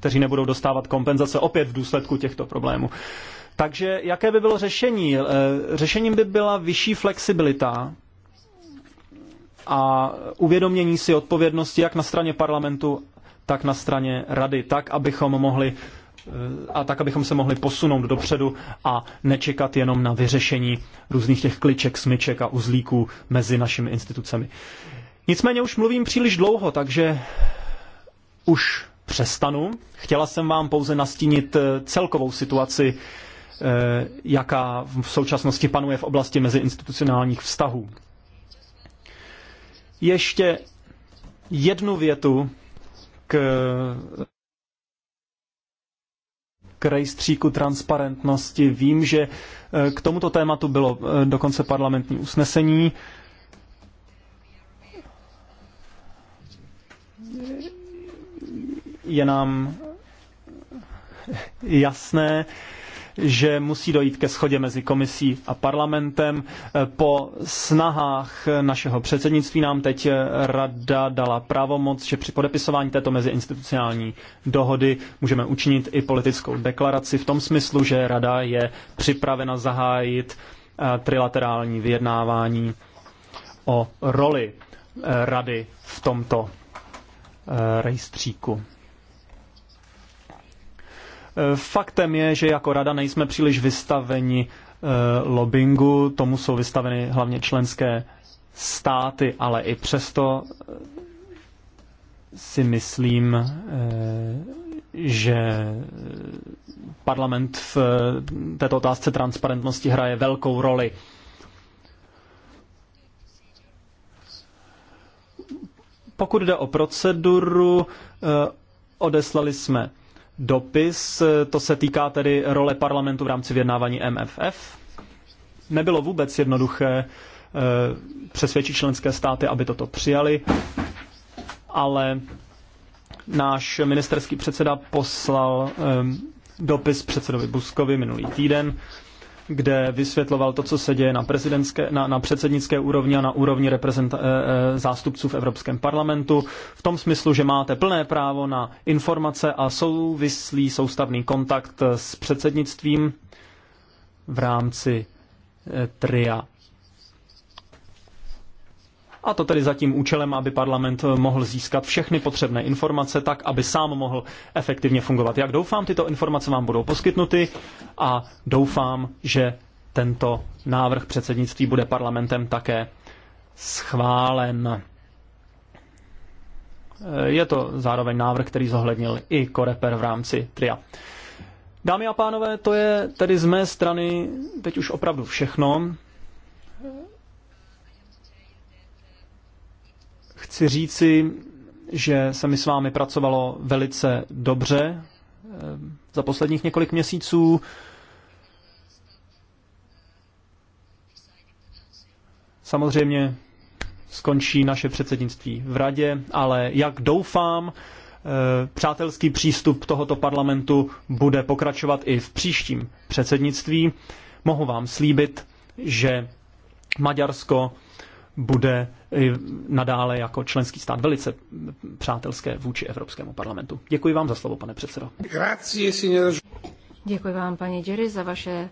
kteří nebudou dostávat kompenzace opět v důsledku těchto problémů. Takže jaké by bylo řešení? Eh, řešením by byla vyšší flexibilita a uvědomění si odpovědnosti jak na straně parlamentu, tak na straně rady, tak, abychom mohli eh, a tak, abychom se mohli posunout dopředu a nečekat jenom na vyřešení různých těch kliček, smyček a uzlíků mezi našimi institucemi. Nicméně už mluvím příliš dlouho, takže už přestanu. Chtěla jsem vám pouze nastínit eh, celkovou situaci, eh, jaká v současnosti panuje v oblasti meziinstitucionálních vztahů ještě jednu větu k, k rejstříku transparentnosti. Vím, že eh, k tomuto tématu bylo eh, dokonce parlamentní usnesení. Je nám jasné, že musí dojít ke schodě mezi komisí a parlamentem. Po snahách našeho předsednictví nám teď rada dala pravomoc, že při podepisování této meziinstitucionální dohody můžeme učinit i politickou deklaraci v tom smyslu, že rada je připravena zahájit eh, trilaterální vyjednávání o roli eh, rady v tomto eh, rejstříku. Faktem je, že jako rada nejsme příliš vystaveni eh, lobbingu, tomu jsou vystaveny hlavně členské státy, ale i přesto eh, si myslím, eh, že parlament v této otázce transparentnosti hraje velkou roli. Pokud jde o proceduru, odeslali jsme dopis, to se týká tedy role parlamentu v rámci vyjednávání MFF. Nebylo vůbec jednoduché eh, přesvědčit členské státy, aby toto přijali, ale náš ministerský předseda poslal eh, dopis předsedovi Buskovi minulý týden kde vysvětloval to, co se děje na, prezidentské, na, na předsednické úrovni a na úrovni reprezenta- eh, eh, zástupců v Evropském parlamentu, v tom smyslu, že máte plné právo na informace a souvislý soustavný kontakt s předsednictvím v rámci eh, tria a to tedy za tím účelem, aby parlament mohl získat všechny potřebné informace tak, aby sám mohl efektivně fungovat. Jak doufám, tyto informace vám budou poskytnuty a doufám, že tento návrh předsednictví bude parlamentem také schválen. Je to zároveň návrh, který zohlednil i Koreper v rámci TRIA. Dámy a pánové, to je tedy z mé strany teď už opravdu všechno. Chci říci, že se mi s vámi pracovalo velice dobře eh, za posledních několik měsíců. Samozřejmě skončí naše předsednictví v radě, ale jak doufám, eh, přátelský přístup tohoto parlamentu bude pokračovat i v příštím předsednictví. Mohu vám slíbit, že Maďarsko bude nadále jako členský stát velice přátelské vůči Evropskému parlamentu. Děkuji vám za slovo, pane předsedo. Děkuji vám, paní Děry, za vaše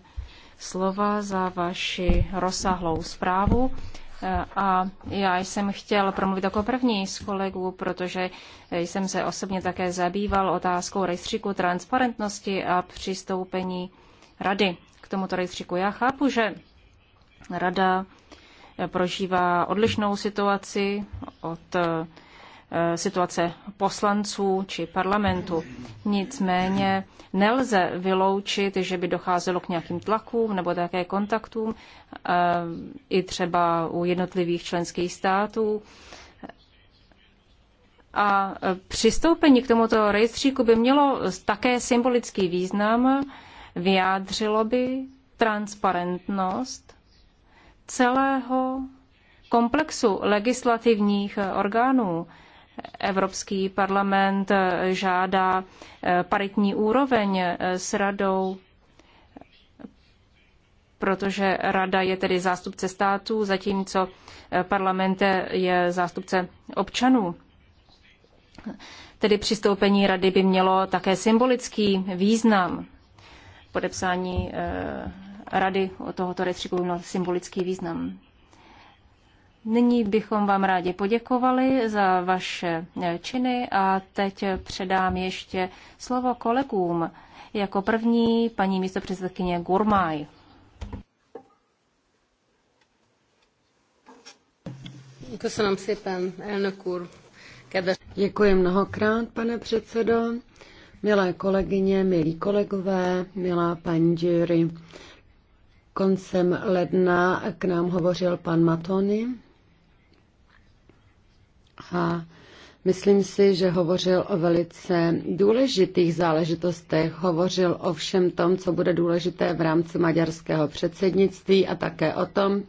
slova, za vaši rozsáhlou zprávu. Eh, a já jsem chtěl promluvit jako první z kolegů, protože jsem se osobně také zabýval otázkou rejstříku transparentnosti a přistoupení rady k tomuto rejstříku. Já chápu, že rada prožívá odlišnou situaci od eh, situace poslanců či parlamentu. Nicméně nelze vyloučit, že by docházelo k nějakým tlakům nebo také kontaktům eh, i třeba u jednotlivých členských států. A eh, přistoupení k tomuto rejstříku by mělo také symbolický význam, vyjádřilo by transparentnost celého komplexu legislativních eh, orgánů. Evropský parlament eh, žádá eh, paritní úroveň s radou, protože rada je tedy zástupce států, zatímco parlament je zástupce občanů. Tedy přistoupení rady by mělo také symbolický význam. Podepsání rady o tohoto rejstříku měl symbolický význam. Nyní bychom vám rádi poděkovali za vaše eh, činy a teď předám ještě slovo kolegům. Jako první paní místopředsedkyně Gurmaj. Děkuji mnohokrát, pane předsedo. Milé kolegyně, milí kolegové, milá paní Jury, Koncem ledna k nám hovořil pan Matony a Myslím si, že hovořil o velice důležitých záležitostech, hovořil o všem tom, co bude důležité v rámci maďarského předsednictví a také o tom,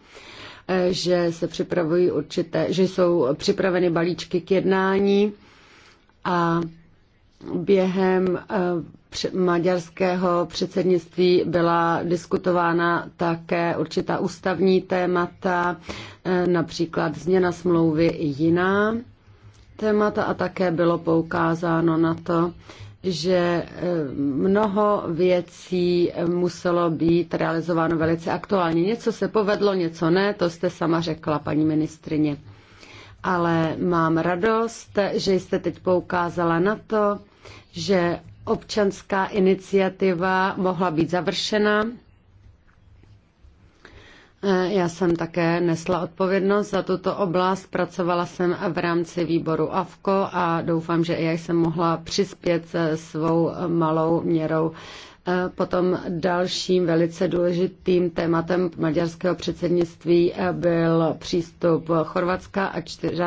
že se připravují určité, že jsou připraveny balíčky k jednání a během eh, maďarského předsednictví byla diskutována také určitá ústavní témata, eh, například změna smlouvy i jiná témata a také bylo poukázáno na to, že eh, mnoho věcí muselo být realizováno velice aktuálně. Něco se povedlo, něco ne, to jste sama řekla, paní ministrině ale mám radost, že jste teď poukázala na to, že občanská iniciativa mohla být završena. Já jsem také nesla odpovědnost za tuto oblast, pracovala jsem v rámci výboru AVKO a doufám, že i já jsem mohla přispět svou malou měrou E, potom dalším velice důležitým tématem maďarského předsednictví e, byl přístup Chorvatska a 24.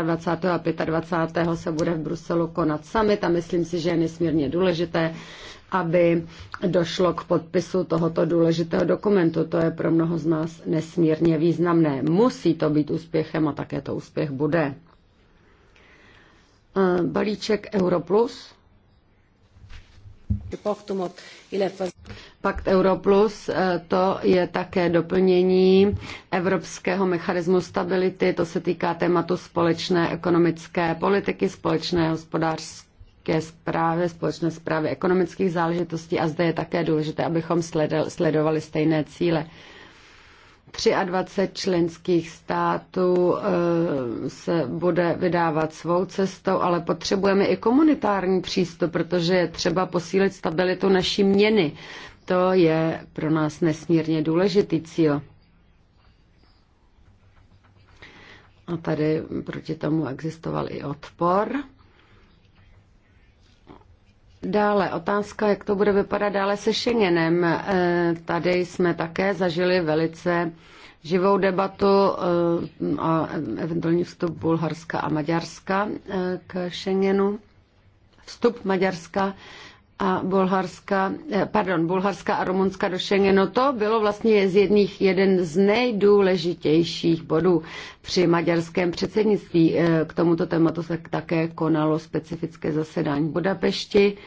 a 25. se bude v Bruselu konat summit a myslím si, že je nesmírně důležité, aby došlo k podpisu tohoto důležitého dokumentu. To je pro mnoho z nás nesmírně významné. Musí to být úspěchem a také to úspěch bude. E, balíček Europlus. Pakt Europlus eh, to je také doplnění evropského mechanismu stability, to se týká tématu společné ekonomické politiky, společné hospodářské zprávy, společné zprávy ekonomických záležitostí a zde je také důležité, abychom sledovali stejné cíle. 23 členských států eh, se bude vydávat svou cestou, ale potřebujeme i komunitární přístup, protože je třeba posílit stabilitu naší měny. To je pro nás nesmírně důležitý cíl. A tady proti tomu existoval i odpor. Dále otázka, jak to bude vypadat dále se Schengenem. Eh, tady jsme také zažili velice živou debatu o eh, eventuální vstup Bulharska a Maďarska eh, k Schengenu. Vstup Maďarska a Bulharska, eh, pardon, Bulharska a Rumunska do Schengenu. To bylo vlastně z jedných, jeden z nejdůležitějších bodů při maďarském předsednictví. Eh, k tomuto tématu se také konalo specifické zasedání v Budapešti.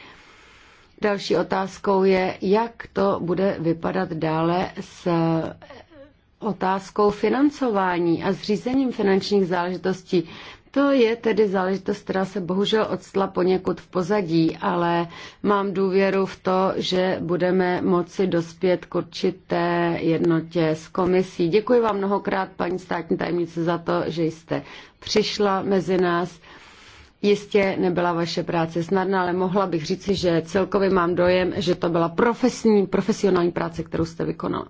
Další otázkou je, jak to bude vypadat dále s eh, otázkou financování a zřízením finančních záležitostí. To je tedy záležitost, která se bohužel odstla poněkud v pozadí, ale mám důvěru v to, že budeme moci dospět k určité jednotě s komisí. Děkuji vám mnohokrát, paní státní tajemnice, za to, že jste přišla mezi nás. Jistě nebyla vaše práce snadná, ale mohla bych říci, že celkově mám dojem, že to byla profesní, profesionální práce, kterou jste vykonala.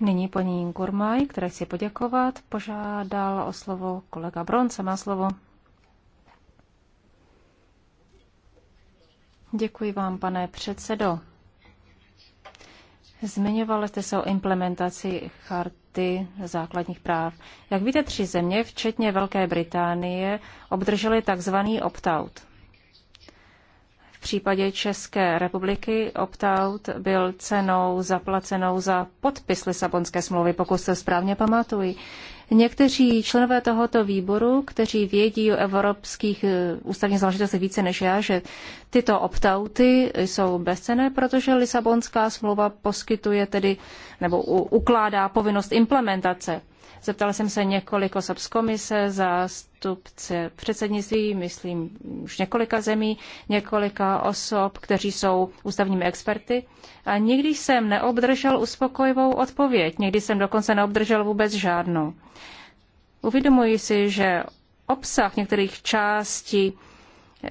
Nyní paní Gurmaj, které chci poděkovat, požádal o slovo kolega Bronce, má slovo. Děkuji vám, pane předsedo. Zmiňovali jste se o implementaci charty základních práv. Jak víte, tři země, včetně Velké Británie, obdržely takzvaný opt-out případě České republiky opt-out byl cenou zaplacenou za podpis Lisabonské smlouvy, pokud se správně pamatuji. Někteří členové tohoto výboru, kteří vědí o evropských eh, ústavních záležitostech více než já, že tyto optauty jsou bezcené, protože Lisabonská smlouva poskytuje tedy nebo ukládá povinnost implementace. Zeptala jsem se několik osob z komise, zástupce předsednictví, myslím už několika zemí, několika osob, kteří jsou ústavními experty. A nikdy jsem neobdržel uspokojivou odpověď, nikdy jsem dokonce neobdržel vůbec žádnou. Uvědomuji si, že obsah některých částí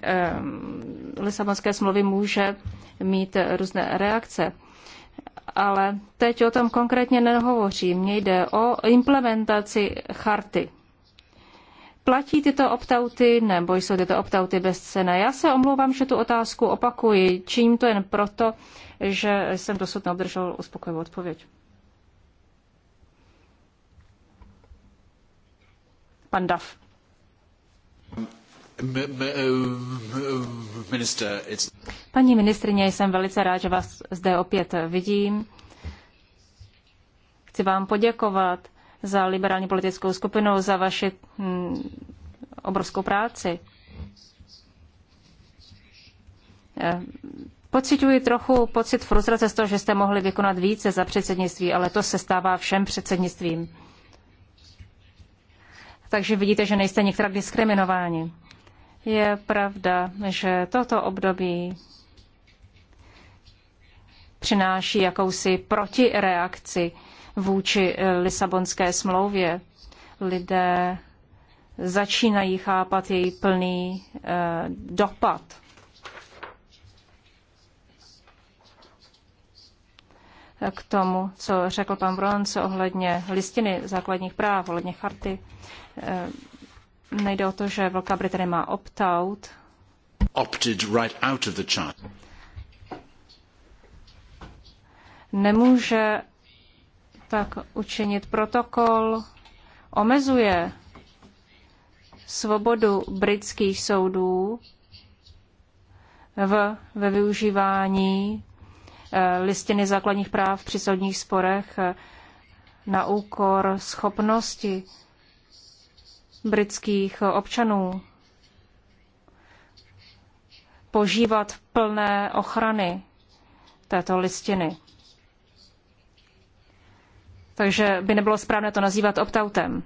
ehm, Lisabonské smlouvy může mít různé reakce ale teď o tom konkrétně nehovořím. Mně jde o implementaci charty. Platí tyto optauty nebo jsou tyto optauty bez cena? Já se omlouvám, že tu otázku opakuji. Činím to jen proto, že jsem dosud neobdržel uspokojivou odpověď. Pan Dav. Paní ministrině, jsem velice rád, že vás zde opět vidím. Chci vám poděkovat za liberální politickou skupinu, za vaši hm, obrovskou práci. Eh, Pocituji trochu pocit frustrace z toho, že jste mohli vykonat více za předsednictví, ale to se stává všem předsednictvím. Takže vidíte, že nejste některá diskriminováni. Je pravda, že toto období přináší jakousi protireakci vůči eh, Lisabonské smlouvě. Lidé začínají chápat její plný eh, dopad. K tomu, co řekl pan Bronc ohledně listiny základních práv, ohledně charty. Eh, nejde o to, že Velká Británie má opt-out. Opted right out of the chart. Nemůže tak učinit protokol, omezuje svobodu britských soudů v, ve využívání eh, listiny základních práv při soudních sporech eh, na úkor schopnosti britských občanů požívat plné ochrany této listiny. Takže by nebylo správné to nazývat optautem.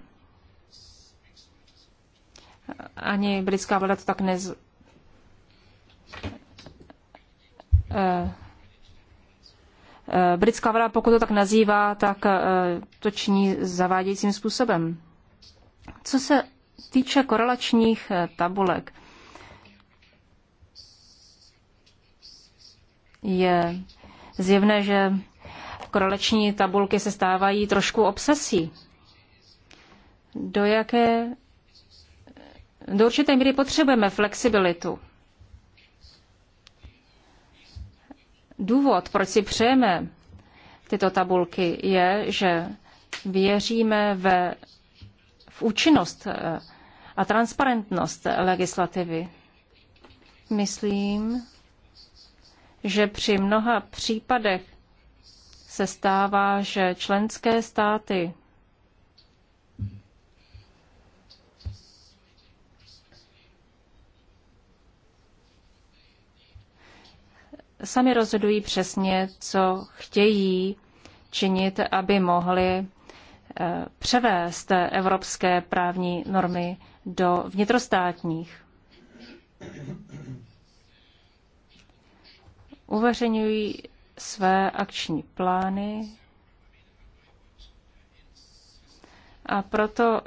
Ani britská vláda to tak nez... Eh, eh, britská vláda, pokud to tak nazývá, tak eh, to činí zavádějícím způsobem. Co se týče korelačních eh, tabulek, je zjevné, že korelační tabulky se stávají trošku obsesí. Do jaké do určité míry potřebujeme flexibilitu. Důvod, proč si přejeme tyto tabulky, je, že věříme ve v účinnost eh, a transparentnost legislativy. Myslím, že při mnoha případech se stává, že členské státy sami rozhodují přesně, co chtějí činit, aby mohli převést evropské právní normy do vnitrostátních. Uveřejňují své akční plány a proto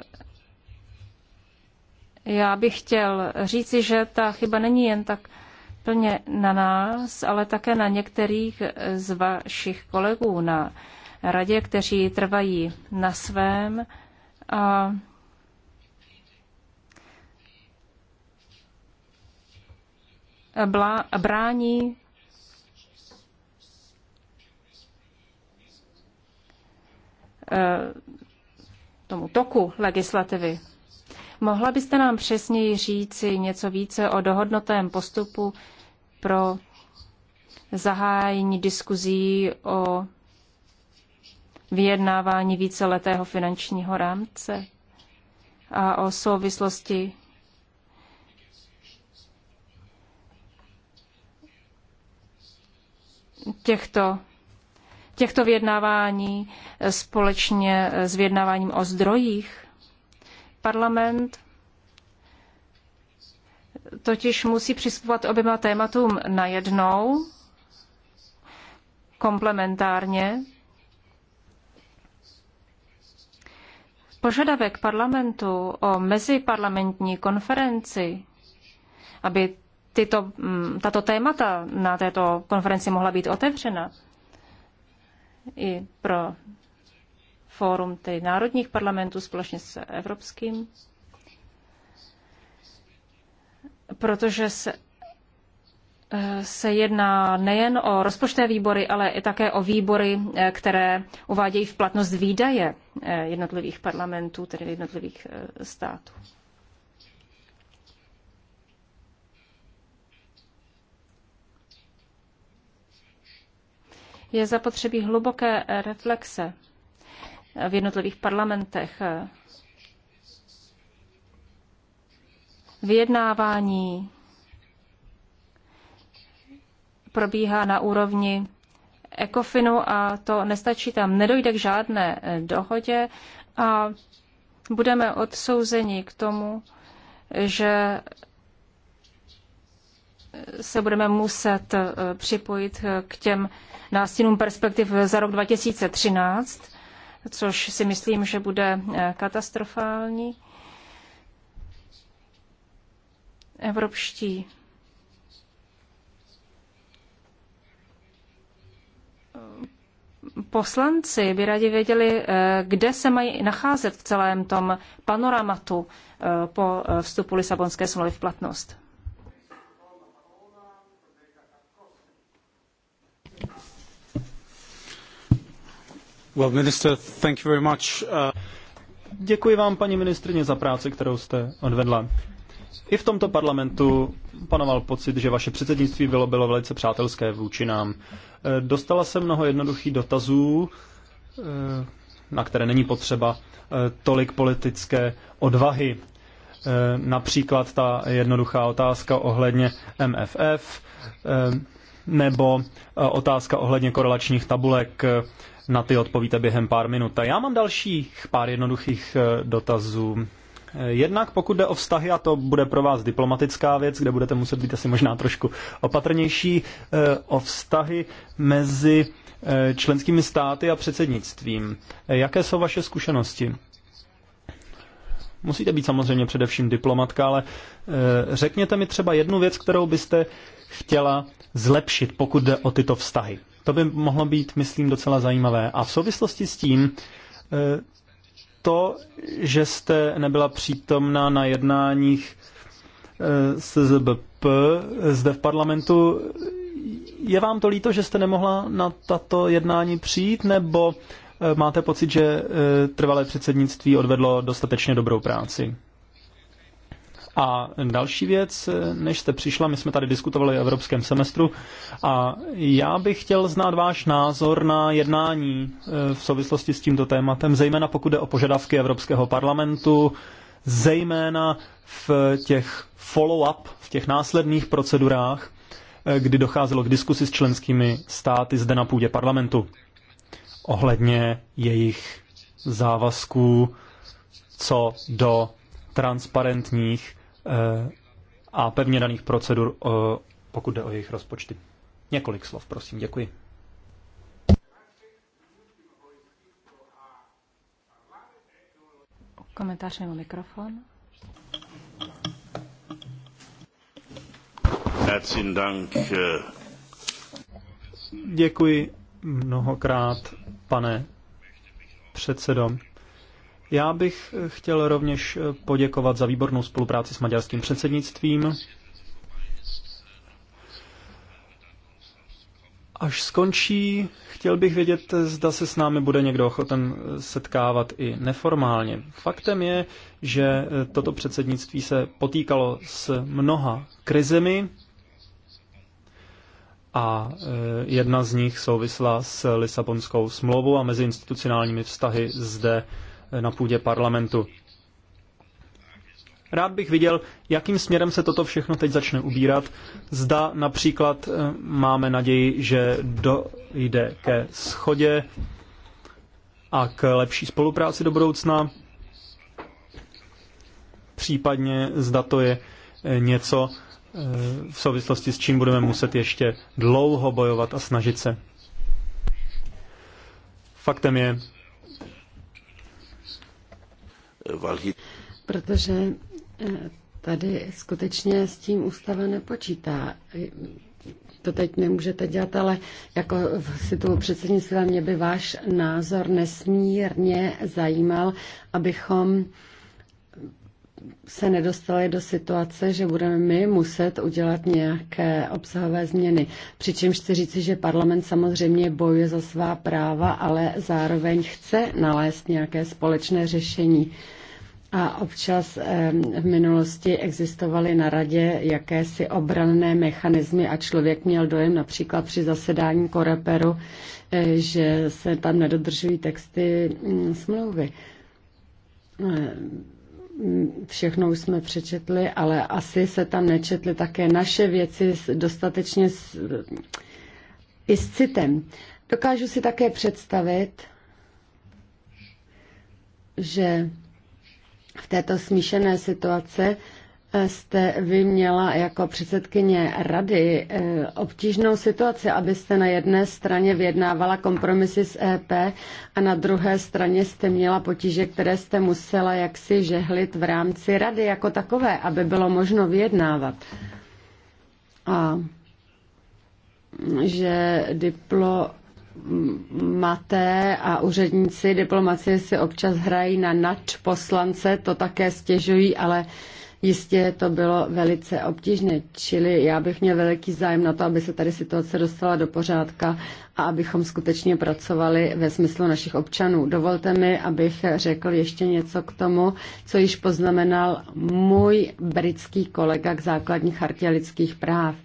já bych chtěl říci, že ta chyba není jen tak plně na nás, ale také na některých z vašich kolegů, na radě, kteří trvají na svém a brání eh, tomu toku legislativy. Mohla byste nám přesněji říci něco více o dohodnotém postupu pro zahájení diskuzí o vyjednávání víceletého finančního rámce a o souvislosti těchto, těchto vyjednávání společně s vyjednáváním o zdrojích. Parlament totiž musí přispívat oběma tématům najednou, komplementárně, Požadavek parlamentu o meziparlamentní konferenci, aby tyto, mm, tato témata na této konferenci mohla být otevřena i pro fórum tedy národních parlamentů společně s evropským, protože se se jedná nejen o rozpočtové výbory, ale i také o výbory, eh, které uvádějí v platnost výdaje eh, jednotlivých parlamentů, tedy jednotlivých eh, států. Je zapotřebí hluboké reflexe v jednotlivých parlamentech. Vyjednávání probíhá na úrovni ECOFINu a to nestačí tam. Nedojde k žádné eh, dohodě a budeme odsouzeni k tomu, že eh, se budeme muset eh, připojit k těm nástinům perspektiv za rok 2013, což si myslím, že bude katastrofální. Evropští poslanci by rádi věděli, eh, kde se mají nacházet v celém tom panoramatu eh, po eh, vstupu Lisabonské smlouvy v platnost. Well, minister, thank you very much. Uh... Děkuji vám, paní ministrině, za práci, kterou jste odvedla. I v tomto parlamentu panoval pocit, že vaše předsednictví bylo, bylo velice přátelské vůči nám. E, dostala se mnoho jednoduchých dotazů, e, na které není potřeba e, tolik politické odvahy. Například ta jednoduchá otázka ohledně MFF nebo otázka ohledně korelačních tabulek. Na ty odpovíte během pár minut. A já mám dalších pár jednoduchých dotazů. Eh, jednak pokud jde o vztahy, a to bude pro vás diplomatická věc, kde budete muset být asi možná trošku opatrnější, eh, o vztahy mezi eh, členskými státy a předsednictvím. Jaké jsou vaše zkušenosti? Musíte být samozřejmě především diplomatka, ale řekněte mi třeba jednu věc, kterou byste chtěla zlepšit, pokud jde o tyto vztahy. To by mohlo být, myslím, docela zajímavé. A v souvislosti s tím to, že jste nebyla přítomná na jednáních eh, SZBP zde v parlamentu, je vám to líto, že jste nemohla na tato jednání přijít, nebo eh, máte pocit, že eh, trvalé předsednictví odvedlo dostatečně dobrou práci? A další věc, než jste přišla, my jsme tady diskutovali o evropském semestru a já bych chtěl znát váš názor na jednání eh, v souvislosti s tímto tématem, zejména pokud jde o požadavky Evropského parlamentu, zejména v těch follow-up, v těch následných procedurách, eh, kdy docházelo k diskusi s členskými státy zde na půdě parlamentu ohledně jejich závazků co do transparentních Eh, a pevně daných procedur, eh, pokud jde o jejich rozpočty. Několik slov, prosím. Děkuji. Komentář nebo mikrofon. Eh. Děkuji mnohokrát, pane předsedo. Já bych chtěl rovněž poděkovat za výbornou spolupráci s maďarským předsednictvím. Až skončí, chtěl bych vědět, zda se s námi bude někdo ochoten setkávat i neformálně. Faktem je, že toto předsednictví se potýkalo s mnoha krizemi a e, jedna z nich souvisla s Lisabonskou smlouvou a meziinstitucionálními vztahy zde na půdě parlamentu. Rád bych viděl, jakým směrem se toto všechno teď začne ubírat. Zda například eh, máme naději, že dojde ke schodě a k lepší spolupráci do budoucna, případně zda to je eh, něco, eh, v souvislosti s čím budeme muset ještě dlouho bojovat a snažit se. Faktem je, Protože eh, tady skutečně s tím ústava nepočítá. To teď nemůžete dělat, ale jako si toho předsednictví mě by váš názor nesmírně zajímal, abychom se nedostali do situace, že budeme my muset udělat nějaké obsahové změny. Přičemž chci říci, že parlament samozřejmě bojuje za svá práva, ale zároveň chce nalézt nějaké společné řešení. A občas v minulosti existovaly na radě jakési obranné mechanismy a člověk měl dojem například při zasedání koreperu, eh, že se tam nedodržují texty mm, smlouvy eh, všechno už jsme přečetli, ale asi se tam nečetly také naše věci dostatečně s, i s citem. Dokážu si také představit, že v této smíšené situaci jste vy měla jako předsedkyně rady eh, obtížnou situaci, abyste na jedné straně vyjednávala kompromisy s EP a na druhé straně jste měla potíže, které jste musela jaksi žehlit v rámci rady jako takové, aby bylo možno vyjednávat. A že diplo maté a úředníci diplomacie si občas hrají na nač poslance, to také stěžují, ale uh, Jistě to bylo velice obtížné, čili já bych měl veliký zájem na to, aby se tady situace dostala do pořádka a abychom skutečně pracovali ve smyslu našich občanů. Dovolte mi, abych řekl ještě něco k tomu, co již poznamenal můj britský kolega k základní chartě lidských práv.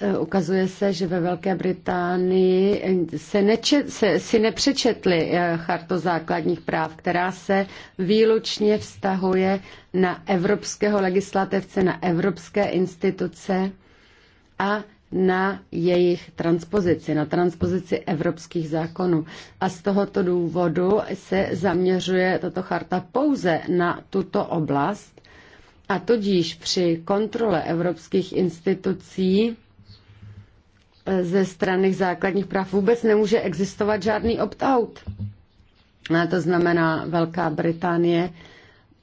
Eh, ukazuje se, že ve Velké Británii eh, se, nečet, se si nepřečetli eh, charto základních práv, která se výlučně vztahuje na evropského legislativce, na evropské instituce a na jejich transpozici, na transpozici evropských zákonů. A z tohoto důvodu se zaměřuje tato charta pouze na tuto oblast a tudíž při kontrole evropských institucí ze strany základních práv vůbec nemůže existovat žádný opt-out. A to znamená, Velká Británie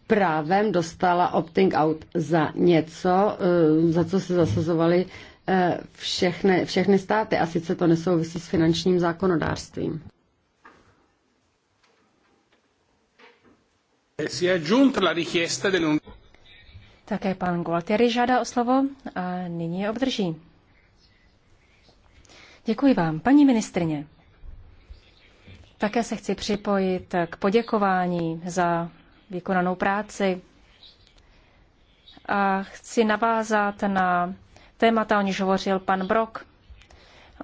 právem dostala opting out za něco, eh, za co se zasazovaly eh, všechny, všechny státy. A sice to nesouvisí s finančním zákonodárstvím. Také pan Gualtieri žádá o slovo a nyní je obdrží. Děkuji vám, paní ministrině. Také se chci připojit k poděkování za vykonanou práci a chci navázat na témata, o níž hovořil pan Brok,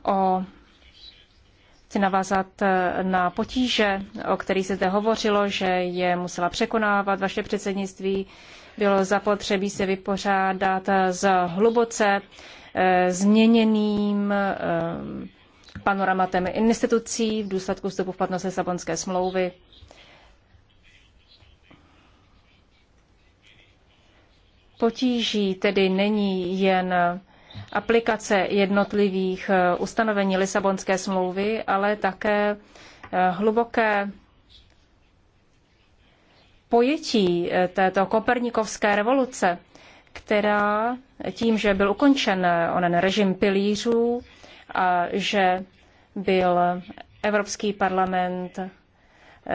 o chci navázat eh, na potíže, o kterých se zde hovořilo, že je musela překonávat vaše předsednictví, bylo zapotřebí se vypořádat s hluboce eh, změněným eh, panoramatem institucí v důsledku vstupu v platnost Lisabonské smlouvy. Potíží tedy není jen aplikace jednotlivých eh, ustanovení Lisabonské smlouvy, ale také hluboké pojetí eh, této kopernikovské revoluce, která tím, že byl ukončen eh, onen režim pilířů a že byl Evropský parlament eh,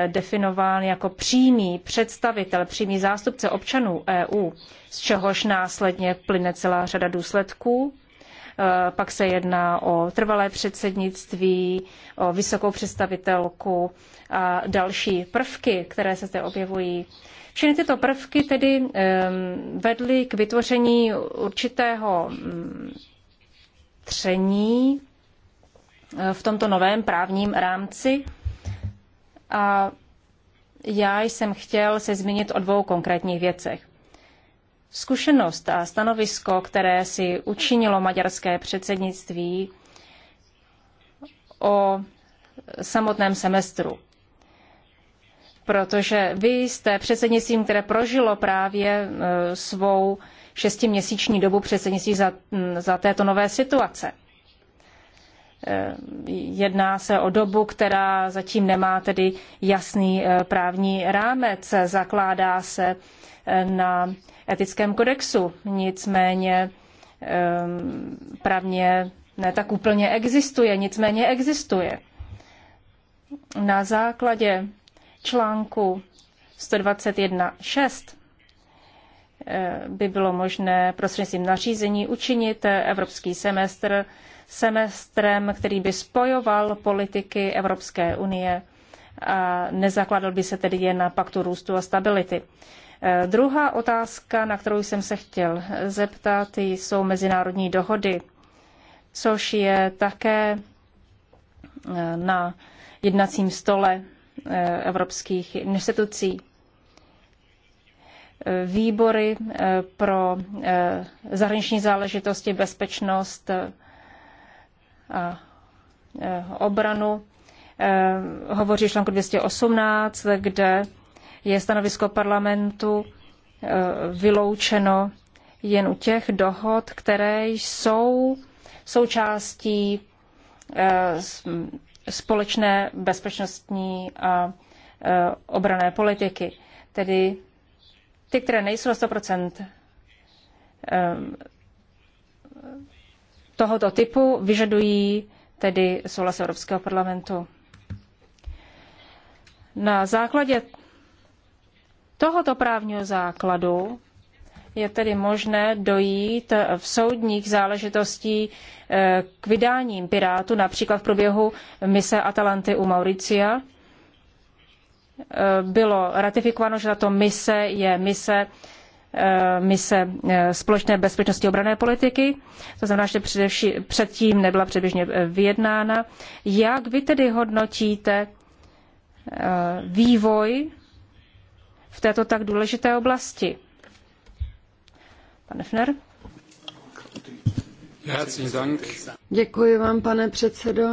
definován jako přímý představitel, přímý zástupce občanů EU, z čehož následně plyne celá řada důsledků, Eh, pak se jedná o trvalé předsednictví, o vysokou představitelku a další prvky, které se zde objevují. Všechny tyto prvky tedy vedly k vytvoření určitého mm, tření eh, v tomto novém právním rámci. A já jsem chtěl se zmínit o dvou konkrétních věcech. Zkušenost a stanovisko, které si učinilo maďarské předsednictví o samotném semestru. Protože vy jste předsednictvím, které prožilo právě e, svou šestiměsíční dobu předsednictví za, za této nové situace. E, jedná se o dobu, která zatím nemá tedy jasný e, právní rámec. Zakládá se na etickém kodexu. Nicméně ehm, právně ne tak úplně existuje, nicméně existuje. Na základě článku 121.6 eh, by bylo možné prostřednictvím nařízení učinit evropský semestr semestrem, který by spojoval politiky Evropské unie a nezakládal by se tedy jen na paktu růstu a stability. Eh, druhá otázka, na kterou jsem se chtěl zeptat, jsou mezinárodní dohody, což je také eh, na jednacím stole eh, evropských institucí. Výbory pro zahraniční záležitosti, bezpečnost a obranu hovoří článku 218, kde je stanovisko parlamentu eh, vyloučeno jen u těch dohod, které jsou součástí eh, společné bezpečnostní a eh, obrané politiky. Tedy ty, které nejsou na 100% tohoto typu, vyžadují tedy souhlas Evropského parlamentu. Na základě tohoto právního základu je tedy možné dojít v soudních záležitostí eh, k vydáním pirátů, například v průběhu mise Atalanty u Mauricia. Eh, bylo ratifikováno, že tato mise je mise eh, mise společné bezpečnosti obrané politiky, to znamená, že předtím nebyla předběžně vyjednána. Jak vy tedy hodnotíte vývoj v této tak důležité oblasti. Pane Fner? Děkuji vám, pane předsedo.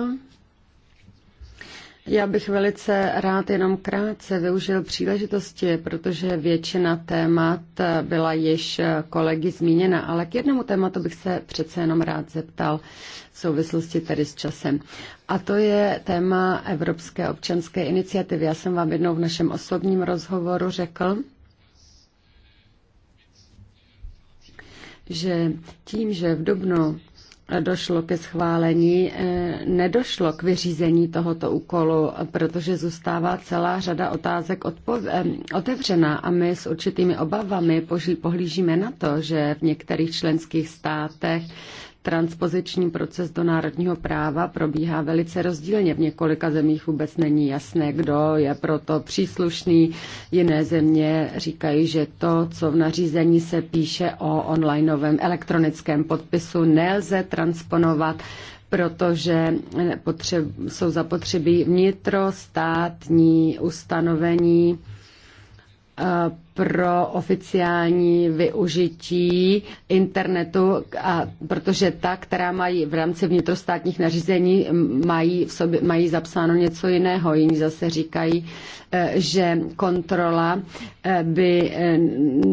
Já bych velice rád jenom krátce využil příležitosti, protože většina témat byla již kolegy zmíněna, ale k jednomu tématu bych se přece jenom rád zeptal v souvislosti tady s časem. A to je téma Evropské občanské iniciativy. Já jsem vám jednou v našem osobním rozhovoru řekl, že tím, že v Dubnu došlo ke schválení, eh, nedošlo k vyřízení tohoto úkolu, protože zůstává celá řada otázek eh, otevřená a my s určitými obavami pohlížíme na to, že v některých členských státech transpoziční proces do národního práva probíhá velice rozdílně. V několika zemích vůbec není jasné, kdo je proto příslušný. Jiné země říkají, že to, co v nařízení se píše o onlineovém elektronickém podpisu, nelze transponovat protože potřeb, jsou zapotřebí vnitrostátní ustanovení eh, pro oficiální využití internetu, a protože ta, která mají v rámci vnitrostátních nařízení, mají, v sobě, mají zapsáno něco jiného. Jiní zase říkají, e, že kontrola e, by e,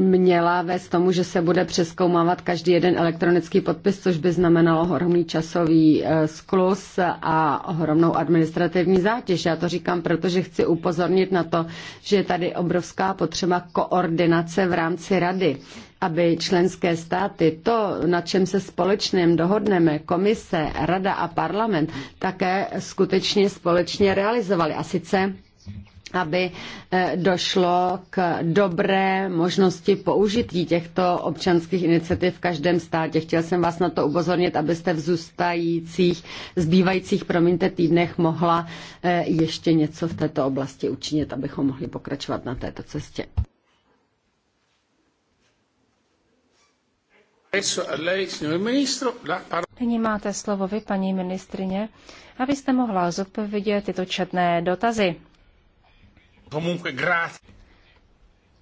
měla vést tomu, že se bude přeskoumávat každý jeden elektronický podpis, což by znamenalo ohromný časový sklus a ohromnou administrativní zátěž. Já to říkám, protože chci upozornit na to, že je tady obrovská potřeba ko koordinace v rámci rady, aby členské státy to, na čem se společným dohodneme, komise, rada a parlament, také skutečně společně realizovali. A sice aby eh, došlo k dobré možnosti použití těchto občanských iniciativ v každém státě. Chtěl jsem vás na to upozornit, abyste v zůstajících, zbývajících, promiňte, týdnech mohla eh, ještě něco v této oblasti učinit, abychom mohli pokračovat na této cestě. Nyní máte slovo vy, paní ministrině, abyste mohla zodpovědět tyto četné dotazy.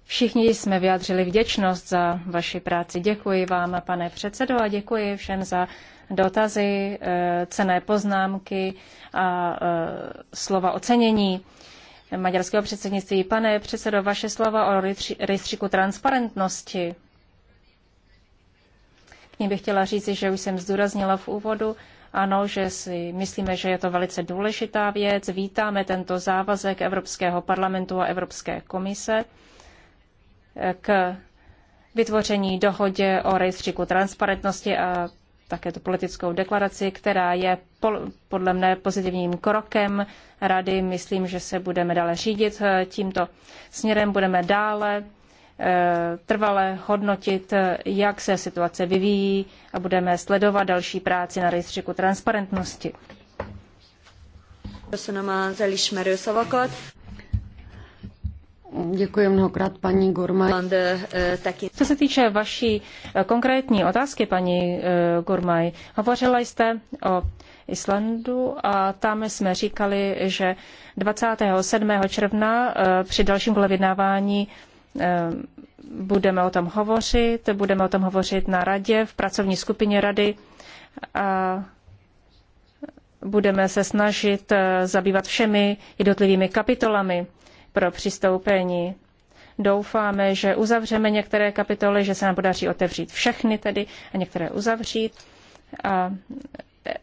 Všichni jsme vyjádřili vděčnost za vaši práci. Děkuji vám, pane předsedo, a děkuji všem za dotazy, eh, cené poznámky a eh, slova ocenění maďarského předsednictví. Pane předsedo, vaše slova o rejstříku transparentnosti tím bych chtěla říci, že už jsem zdůraznila v úvodu, ano, že si myslíme, že je to velice důležitá věc. Vítáme tento závazek Evropského parlamentu a Evropské komise k vytvoření dohodě o rejstříku transparentnosti a také tu politickou deklaraci, která je podle mne pozitivním krokem rady. Myslím, že se budeme dále řídit tímto směrem, budeme dále Eh, trvale hodnotit, jak se situace vyvíjí a budeme sledovat další práci na rejstříku transparentnosti. Děkuji mnohokrát paní Gormaj. Eh, Co se týče vaší eh, konkrétní otázky, paní Gormaj, hovořila jste o Islandu a tam jsme říkali, že 27. června při dalším kole vyjednávání Eh, budeme o tom hovořit, budeme o tom hovořit na radě, v pracovní skupině rady a budeme se snažit eh, zabývat všemi jednotlivými kapitolami pro přistoupení. Doufáme, že uzavřeme některé kapitoly, že se nám podaří otevřít všechny tedy a některé uzavřít. A Eh,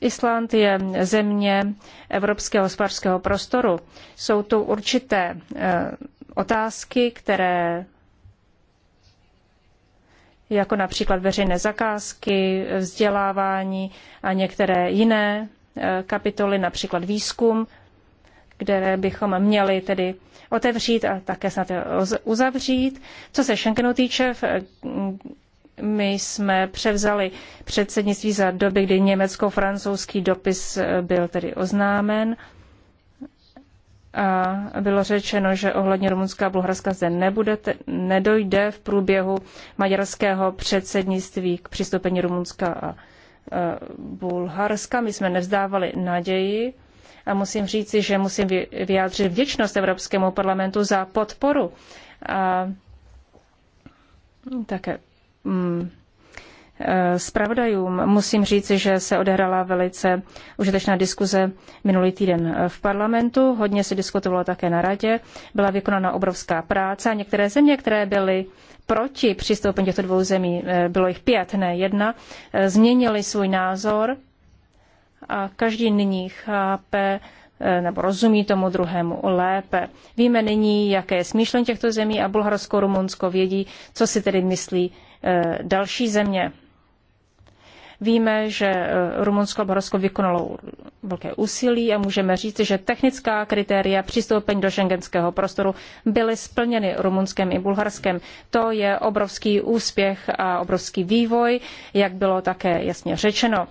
Island je země Evropského hospodářského prostoru. Jsou tu určité eh, otázky, které jako například veřejné zakázky, vzdělávání a některé jiné eh, kapitoly, například výzkum, které bychom měli tedy otevřít a také snad uzavřít. Co se Schengenu týče, my jsme převzali předsednictví za doby, kdy německo-francouzský dopis eh, byl tedy oznámen. A bylo řečeno, že ohledně Rumunská a Bulharska zde nebude, nedojde v průběhu maďarského předsednictví k přistoupení Rumunska a eh, Bulharska. My jsme nevzdávali naději a musím říci, že musím vyjádřit vděčnost Evropskému parlamentu za podporu a také Mm, eh, zpravodajům musím říci, že se odehrála velice užitečná diskuze minulý týden eh, v parlamentu. Hodně se diskutovalo také na radě. Byla vykonána obrovská práce a některé země, které byly proti přistoupení těchto dvou zemí, eh, bylo jich pět, ne jedna, změnili svůj názor a každý nyní chápe, nebo rozumí tomu druhému lépe. Víme nyní, jaké je smýšlení těchto zemí a Bulharsko, Rumunsko vědí, co si tedy myslí Eh, další země. Víme, že eh, Rumunsko a Bulharsko vykonalo velké úsilí a můžeme říct, že technická kritéria přistoupení do šengenského prostoru byly splněny Rumunskem i Bulharskem. To je obrovský úspěch a obrovský vývoj, jak bylo také jasně řečeno.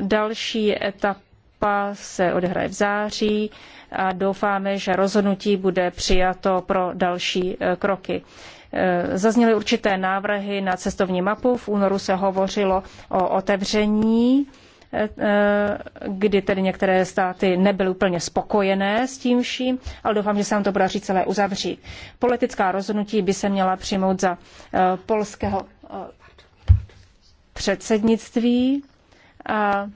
Další etapa se odehraje v září a doufáme, že rozhodnutí bude přijato pro další eh, kroky. Eh, zazněly určité návrhy na cestovní mapu. V únoru se hovořilo o otevření eh, kdy tedy některé státy nebyly úplně spokojené s tím vším, ale doufám, že se nám to podaří celé uzavřít. Politická rozhodnutí by se měla přijmout za eh, polského předsednictví. A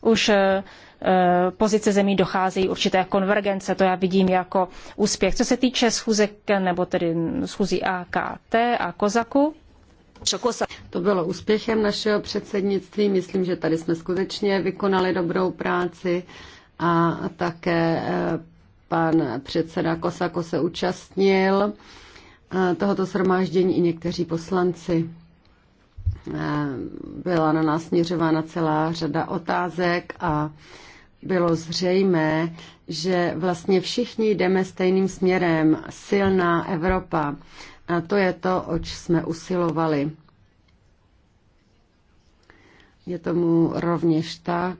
už Eh, pozice zemí docházejí určité konvergence. To já vidím jako úspěch. Co se týče schůzek, nebo tedy schůzí AKT a Kozaku, to bylo úspěchem našeho předsednictví. Myslím, že tady jsme skutečně vykonali dobrou práci a také eh, pan předseda Kosako se účastnil eh, tohoto shromáždění i někteří poslanci. Byla na nás směřována celá řada otázek a bylo zřejmé, že vlastně všichni jdeme stejným směrem. Silná Evropa. A to je to, oč jsme usilovali. Je tomu rovněž tak,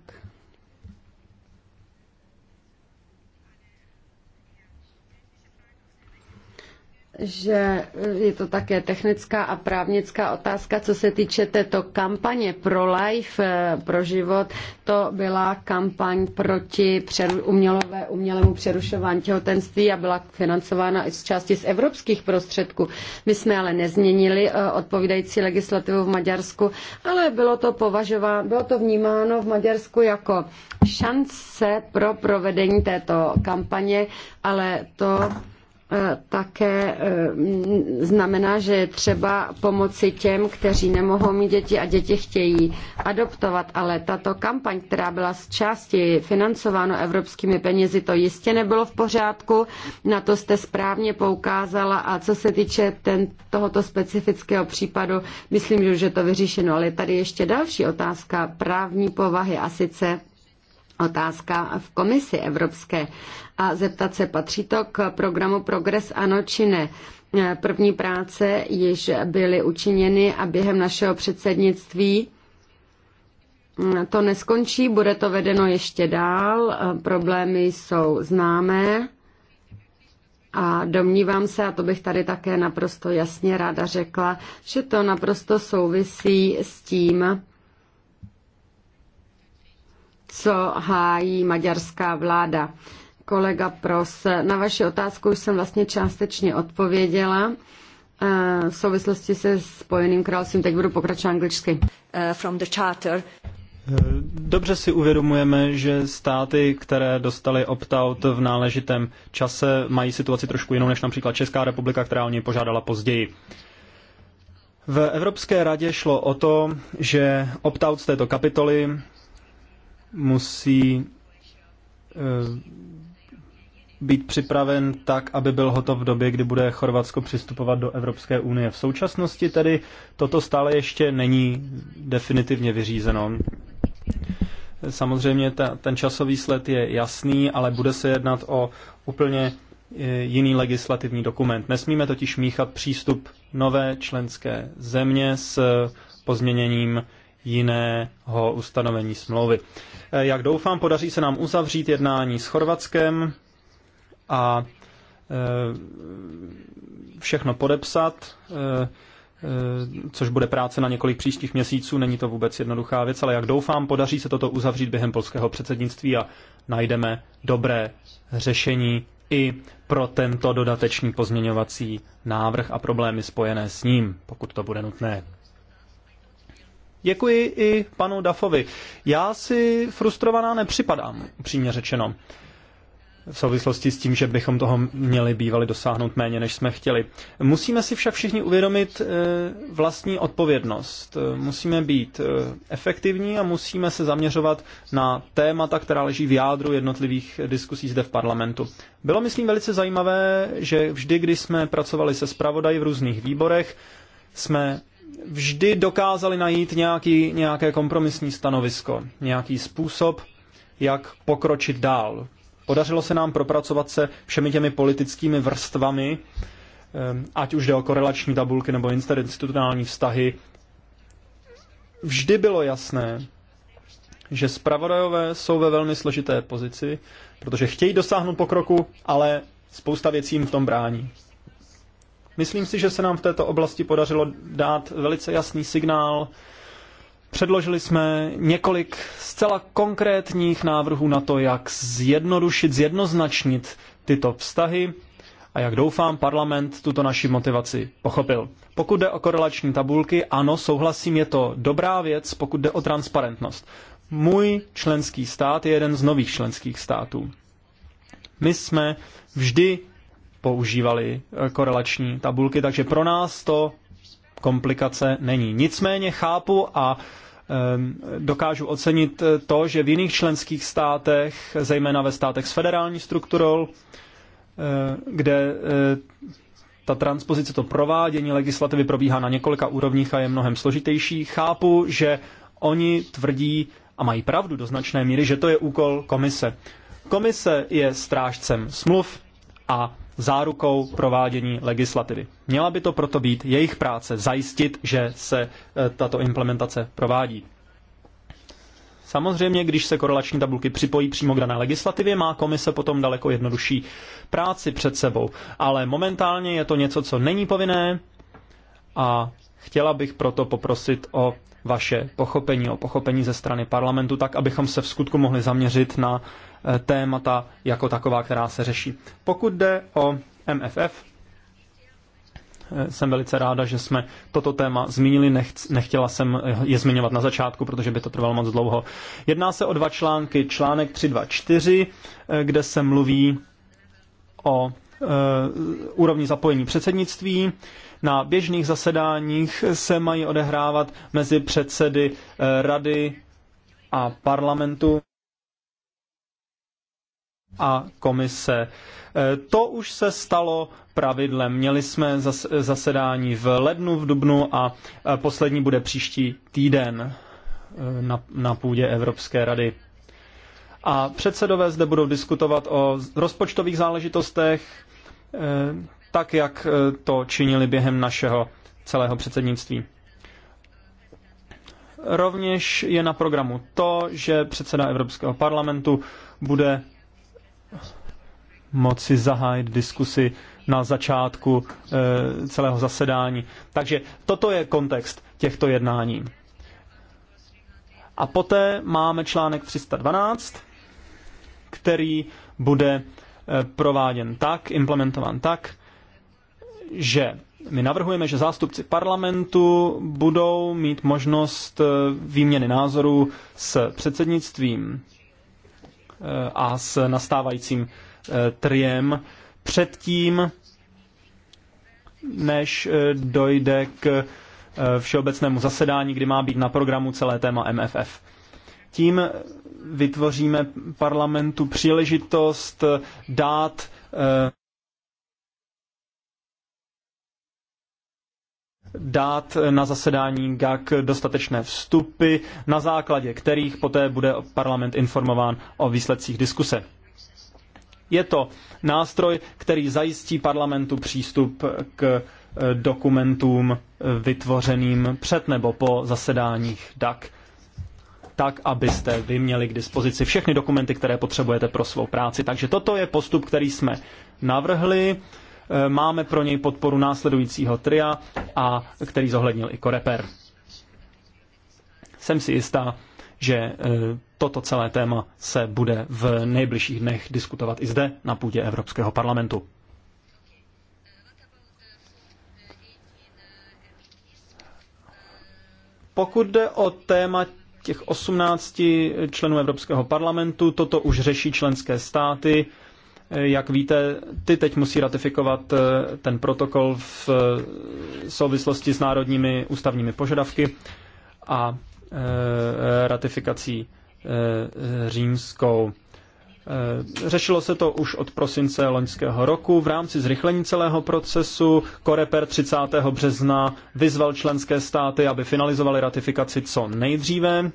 že je to také technická a právnická otázka, co se týče této kampaně pro life, eh, pro život. To byla kampaň proti přeru, umělové, umělému přerušování těhotenství a byla financována i z části z evropských prostředků. My jsme ale nezměnili eh, odpovídající legislativu v Maďarsku, ale bylo to považováno, bylo to vnímáno v Maďarsku jako šance pro provedení této kampaně, ale to E, také e, znamená, že je třeba pomoci těm, kteří nemohou mít děti a děti chtějí adoptovat, ale tato kampaň, která byla z části financována evropskými penězi, to jistě nebylo v pořádku, na to jste správně poukázala a co se týče ten, tohoto specifického případu, myslím, že už je to vyřešeno, ale tady ještě další otázka právní povahy a sice otázka v komisi evropské a zeptat se, patří to k programu Progres ano či ne. První práce již byly učiněny a během našeho předsednictví to neskončí, bude to vedeno ještě dál, problémy jsou známé a domnívám se, a to bych tady také naprosto jasně ráda řekla, že to naprosto souvisí s tím, co hájí maďarská vláda. Kolega Pros, na vaši otázku už jsem vlastně částečně odpověděla eh, v souvislosti se Spojeným královstvím. Teď budu pokračovat anglicky. Eh, from the charter. Eh, dobře si uvědomujeme, že státy, které dostaly opt-out v náležitém čase, mají situaci trošku jinou než například Česká republika, která o něj požádala později. V Evropské radě šlo o to, že opt-out z této kapitoly musí eh, být připraven tak, aby byl hotov v době, kdy bude Chorvatsko přistupovat do Evropské unie. V současnosti tedy toto stále ještě není definitivně vyřízeno. Samozřejmě ta, ten časový sled je jasný, ale bude se jednat o úplně eh, jiný legislativní dokument. Nesmíme totiž míchat přístup nové členské země s eh, pozměněním jiného ustanovení smlouvy. Eh, jak doufám, podaří se nám uzavřít jednání s Chorvatskem a eh, všechno podepsat, eh, což bude práce na několik příštích měsíců. Není to vůbec jednoduchá věc, ale jak doufám, podaří se toto uzavřít během polského předsednictví a najdeme dobré řešení i pro tento dodatečný pozměňovací návrh a problémy spojené s ním, pokud to bude nutné. Děkuji i panu Dafovi. Já si frustrovaná nepřipadám, upřímně řečeno. V souvislosti s tím, že bychom toho měli bývali dosáhnout méně, než jsme chtěli. Musíme si však všichni uvědomit eh, vlastní odpovědnost. Eh, musíme být eh, efektivní a musíme se zaměřovat na témata, která leží v jádru jednotlivých diskusí zde v parlamentu. Bylo, myslím, velice zajímavé, že vždy, když jsme pracovali se zpravodaji v různých výborech, jsme vždy dokázali najít nějaký, nějaké kompromisní stanovisko, nějaký způsob, jak pokročit dál. Podařilo se nám propracovat se všemi těmi politickými vrstvami, ehm, ať už jde o korelační tabulky nebo interinstitucionální vztahy. Vždy bylo jasné, že zpravodajové jsou ve velmi složité pozici, protože chtějí dosáhnout pokroku, ale spousta věcí jim v tom brání. Myslím si, že se nám v této oblasti podařilo dát velice jasný signál. Předložili jsme několik zcela konkrétních návrhů na to, jak zjednodušit, zjednoznačnit tyto vztahy a jak doufám, parlament tuto naši motivaci pochopil. Pokud jde o korelační tabulky, ano, souhlasím, je to dobrá věc, pokud jde o transparentnost. Můj členský stát je jeden z nových členských států. My jsme vždy používali eh, korelační tabulky, takže pro nás to komplikace není. Nicméně chápu a ehm, dokážu ocenit eh, to, že v jiných členských státech, zejména ve státech s federální strukturou, eh, kde ta transpozice, to provádění legislativy probíhá na několika úrovních a je mnohem složitější. Chápu, že oni tvrdí a mají pravdu do značné míry, že to je úkol komise. Komise je strážcem smluv a zárukou provádění legislativy. Měla by to proto být jejich práce zajistit, že se e, tato implementace provádí. Samozřejmě, když se korelační tabulky připojí přímo k dané legislativě, má komise potom daleko jednodušší práci před sebou. Ale momentálně je to něco, co není povinné a chtěla bych proto poprosit o vaše pochopení, o pochopení ze strany parlamentu, tak abychom se v skutku mohli zaměřit na Eh, témata jako taková, která se řeší. Pokud jde o MFF, eh, jsem velice ráda, že jsme toto téma zmínili, nechtěla jsem eh, je zmiňovat na začátku, protože by to trvalo moc dlouho. Jedná se o dva články, článek 324, kde se mluví o e, úrovni zapojení předsednictví. Na běžných zasedáních se mají odehrávat mezi předsedy e, rady a parlamentu a komise. E, to už se stalo pravidlem. Měli jsme zasedání v lednu, v dubnu a e, poslední bude příští týden e, na, na půdě Evropské rady. A předsedové zde budou diskutovat o rozpočtových záležitostech, tak jak to činili během našeho celého předsednictví. Rovněž je na programu to, že předseda Evropského parlamentu bude moci zahájit diskusi na začátku e, celého zasedání. Takže toto je kontext těchto jednání. A poté máme článek 312, který bude eh, prováděn tak, implementován tak, že my navrhujeme, že zástupci parlamentu budou mít možnost eh, výměny názorů s předsednictvím Eh, a s nastávajícím eh, triem předtím, než eh, dojde k všeobecnému zasedání, kdy má být na programu celé téma MFF. Tím vytvoříme parlamentu příležitost dát dát na zasedání GAK dostatečné vstupy, na základě kterých poté bude parlament informován o výsledcích diskuse. Je to nástroj, který zajistí parlamentu přístup k eh, dokumentům eh, vytvořeným před nebo po zasedáních DAC, tak, abyste vy měli k dispozici všechny dokumenty, které potřebujete pro svou práci. Takže toto je postup, který jsme navrhli. Eh, máme pro něj podporu následujícího tria, a který zohlednil i Koreper. Jsem si jistá, že eh, toto celé téma se bude v nejbližších dnech diskutovat i zde na půdě Evropského parlamentu. Pokud jde o téma těch 18 členů Evropského parlamentu, toto už řeší členské státy Eh, jak víte, ty teď musí ratifikovat eh, ten protokol v eh, souvislosti s národními ústavními požadavky a ratifikací římskou. Řešilo se to už od prosince loňského roku. V rámci zrychlení celého procesu Koreper 30. března vyzval členské státy, aby finalizovali ratifikaci co nejdříve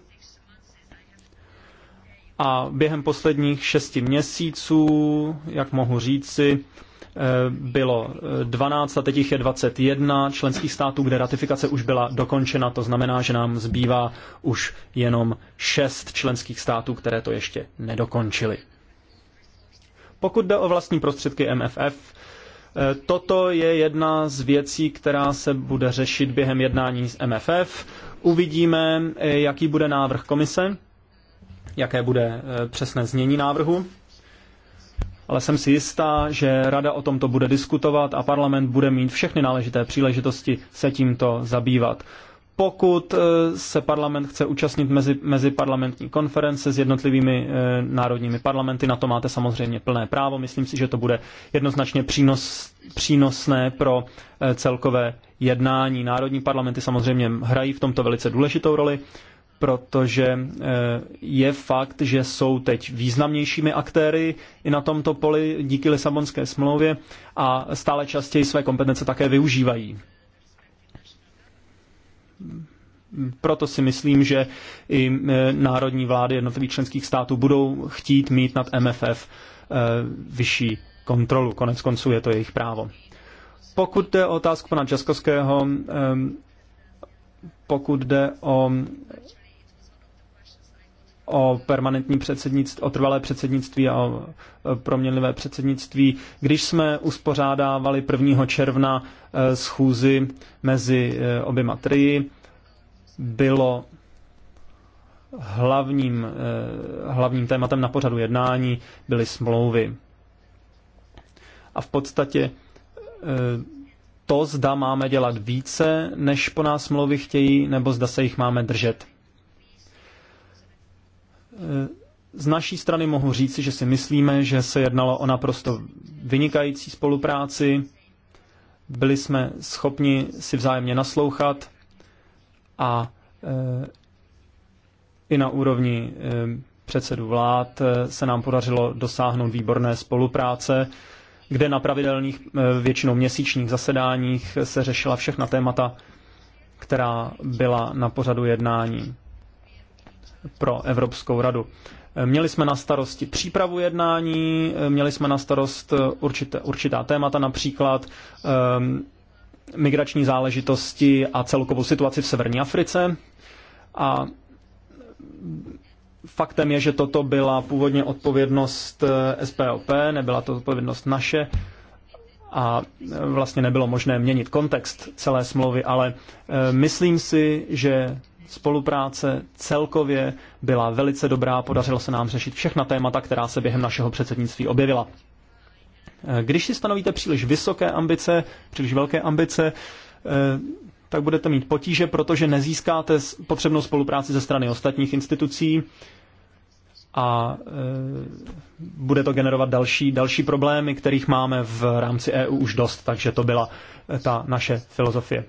a během posledních šesti měsíců, jak mohu říci, eh, bylo 12 eh, a teď jich je 21 členských států, kde ratifikace už byla dokončena. To znamená, že nám zbývá už jenom 6 členských států, které to ještě nedokončily. Pokud jde o vlastní prostředky MFF, eh, toto je jedna z věcí, která se bude řešit během jednání s MFF. Uvidíme, jaký bude návrh komise jaké bude eh, přesné znění návrhu. Ale jsem si jistá, že Rada o tomto bude diskutovat a parlament bude mít všechny náležité příležitosti se tímto zabývat. Pokud eh, se parlament chce účastnit mezi, mezi parlamentní konference s jednotlivými e, národními parlamenty, na to máte samozřejmě plné právo. Myslím si, že to bude jednoznačně přínos, přínosné pro e, celkové jednání. Národní parlamenty samozřejmě hrají v tomto velice důležitou roli protože eh, je fakt, že jsou teď významnějšími aktéry i na tomto poli díky Lisabonské smlouvě a stále častěji své kompetence také využívají. Proto si myslím, že i eh, národní vlády jednotlivých členských států budou chtít mít nad MFF eh, vyšší kontrolu. Konec konců je to jejich právo. Pokud jde o otázku pana Českovského, pokud jde o o permanentní předsednictví, o trvalé předsednictví a o e, proměnlivé předsednictví. Když jsme uspořádávali 1. června e, schůzi mezi e, oběma trii, bylo hlavním, hlavním tématem na pořadu jednání byly smlouvy. A v podstatě to, zda máme dělat více, než po nás smlouvy chtějí, nebo zda se jich máme držet. Z naší strany mohu říci, že si myslíme, že se jednalo o naprosto vynikající spolupráci. Byli jsme schopni si vzájemně naslouchat a e, i na úrovni e, předsedu vlád e, se nám podařilo dosáhnout výborné spolupráce, kde na pravidelných, většinou měsíčních zasedáních se řešila všechna témata, která byla na pořadu jednání pro Evropskou radu. Eh, měli jsme na starosti přípravu jednání, eh, měli jsme na starost eh, určité, určitá témata, například um, migrační záležitosti a celkovou situaci v severní Africe. A faktem je, že toto byla původně odpovědnost SPOP, nebyla to odpovědnost naše a vlastně nebylo možné měnit kontext celé smlouvy, ale myslím si, že spolupráce celkově byla velice dobrá, podařilo se nám řešit všechna témata, která se během našeho předsednictví objevila. Eh, když si stanovíte příliš vysoké ambice, příliš velké ambice, eh, tak budete mít potíže, protože nezískáte potřebnou spolupráci ze strany ostatních institucí a eh, bude to generovat další, další problémy, kterých máme v rámci EU už dost, takže to byla ta naše filozofie.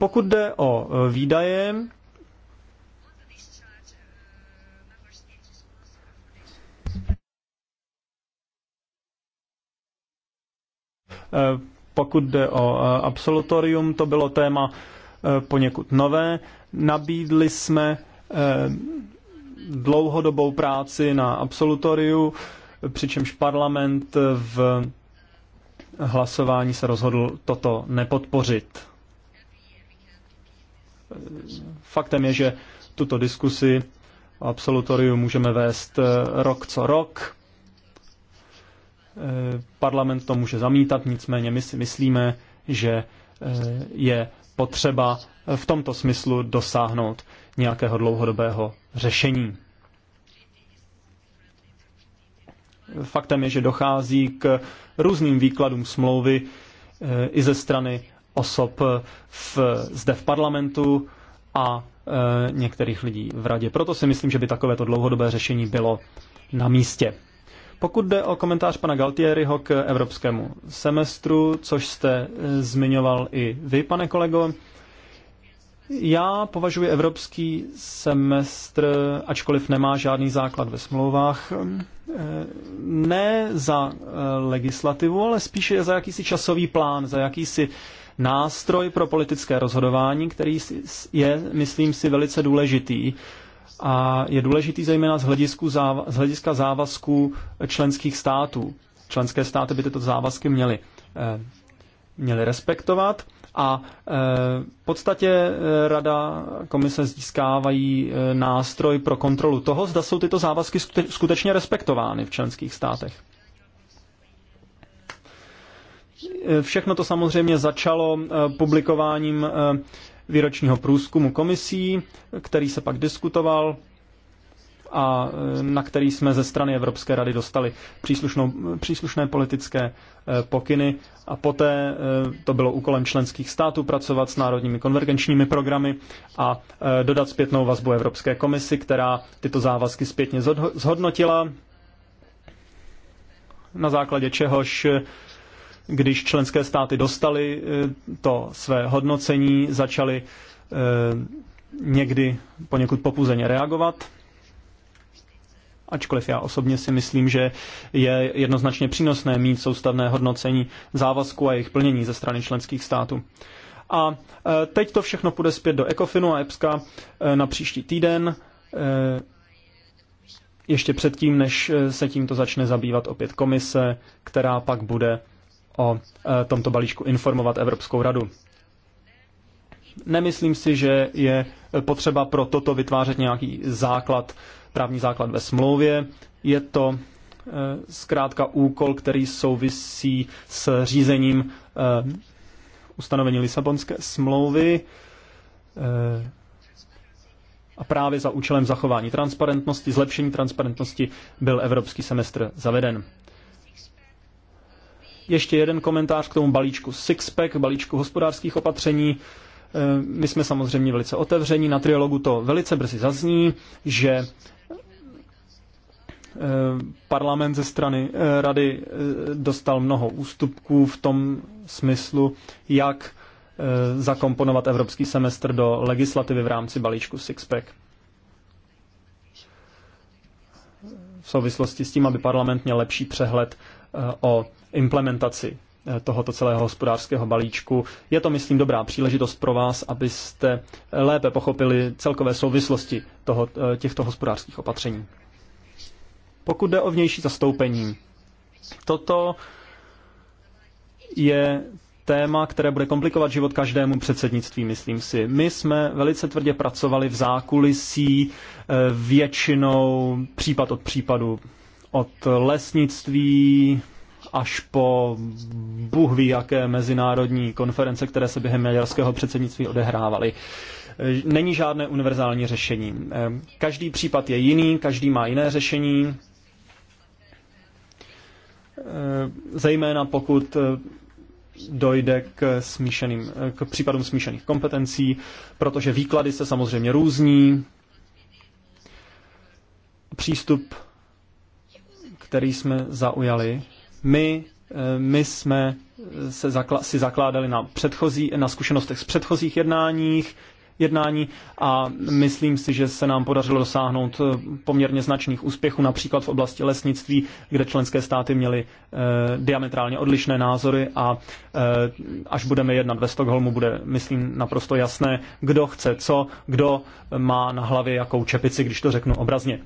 Pokud jde o e, výdaje, e, pokud jde o e, absolutorium, to bylo téma poněkud nové. Nabídli jsme dlouhodobou práci na absolutoriu, přičemž parlament v hlasování se rozhodl toto nepodpořit faktem je, že tuto diskusi o absolutoriu můžeme vést eh, rok co rok. Eh, parlament to může zamítat, nicméně my si myslíme, že eh, je potřeba v tomto smyslu dosáhnout nějakého dlouhodobého řešení. Faktem je, že dochází k různým výkladům smlouvy i ze strany osob eh, v, zde v parlamentu a e, některých lidí v radě. Proto si myslím, že by takovéto dlouhodobé řešení bylo na místě. Pokud jde o komentář pana Galtieriho k evropskému semestru, což jste eh, zmiňoval i vy, pane kolego, já považuji evropský semestr, ačkoliv nemá žádný základ ve smlouvách, ne za legislativu, ale spíše za jakýsi časový plán, za jakýsi nástroj pro politické rozhodování, který je, myslím si, velice důležitý. A je důležitý zejména z, hledisku z hlediska závazků členských států. Členské státy by tyto závazky měly, eh, měly respektovat. A eh, v podstatě eh, rada komise získávají eh, nástroj pro kontrolu toho, zda jsou tyto závazky skutečně respektovány v členských státech. Všechno to samozřejmě začalo eh, publikováním eh, výročního průzkumu komisí, který se pak diskutoval a eh, na který jsme ze strany Evropské rady dostali příslušnou, příslušné politické pokyny a poté to bylo úkolem členských států pracovat s národními konvergenčními programy a dodat zpětnou vazbu Evropské komisi, která tyto závazky zpětně zhodnotila, na základě čehož když členské státy dostaly eh, to své hodnocení, začaly eh, někdy poněkud popuzeně reagovat. Ačkoliv já osobně si myslím, že je jednoznačně přínosné mít soustavné hodnocení závazku a jejich plnění ze strany členských států. A eh, teď to všechno půjde zpět do Ecofinu a EPSCA na příští týden, ještě předtím, než se tímto začne zabývat opět komise, která pak bude o e, tomto balíčku informovat Evropskou radu. Nemyslím si, že je potřeba pro toto vytvářet nějaký základ, právní základ ve smlouvě. Je to e, zkrátka úkol, který souvisí s řízením e, ustanovení Lisabonské smlouvy a právě za účelem zachování transparentnosti, zlepšení transparentnosti byl evropský semestr zaveden. Ještě jeden komentář k tomu balíčku Sixpack, balíčku hospodářských opatření. E, my jsme samozřejmě velice otevření, na trialogu to velice brzy zazní, že e, parlament ze strany e, rady dostal mnoho ústupků v tom smyslu, jak zakomponovat evropský semestr do legislativy v rámci balíčku Sixpack. V souvislosti s tím, aby parlament měl lepší přehled o implementaci eh, tohoto celého hospodářského balíčku. Je to, myslím, dobrá příležitost pro vás, abyste eh, lépe pochopili celkové souvislosti toho, eh, těchto hospodářských opatření. Pokud jde o vnější zastoupení, toto je téma, které bude komplikovat život každému předsednictví, myslím si. My jsme velice tvrdě pracovali v zákulisí většinou případ od případu. Od lesnictví až po Bůh ví, jaké mezinárodní konference, které se během maďarského předsednictví odehrávaly. Není žádné univerzální řešení. Každý případ je jiný, každý má jiné řešení. Zejména pokud dojde k, smíšeným, k případům smíšených kompetencí, protože výklady se samozřejmě různí. Přístup, který jsme zaujali, my, eh, my jsme se zakla- si zakládali na, předchozí, na zkušenostech z předchozích jednáních, jednání a myslím si, že se nám podařilo dosáhnout eh, poměrně značných úspěchů, například v oblasti lesnictví, kde členské státy měly eh, diametrálně odlišné názory a eh, až budeme jednat ve Stockholmu, bude, myslím, naprosto jasné, kdo chce co, kdo má na hlavě jakou čepici, když to řeknu obrazně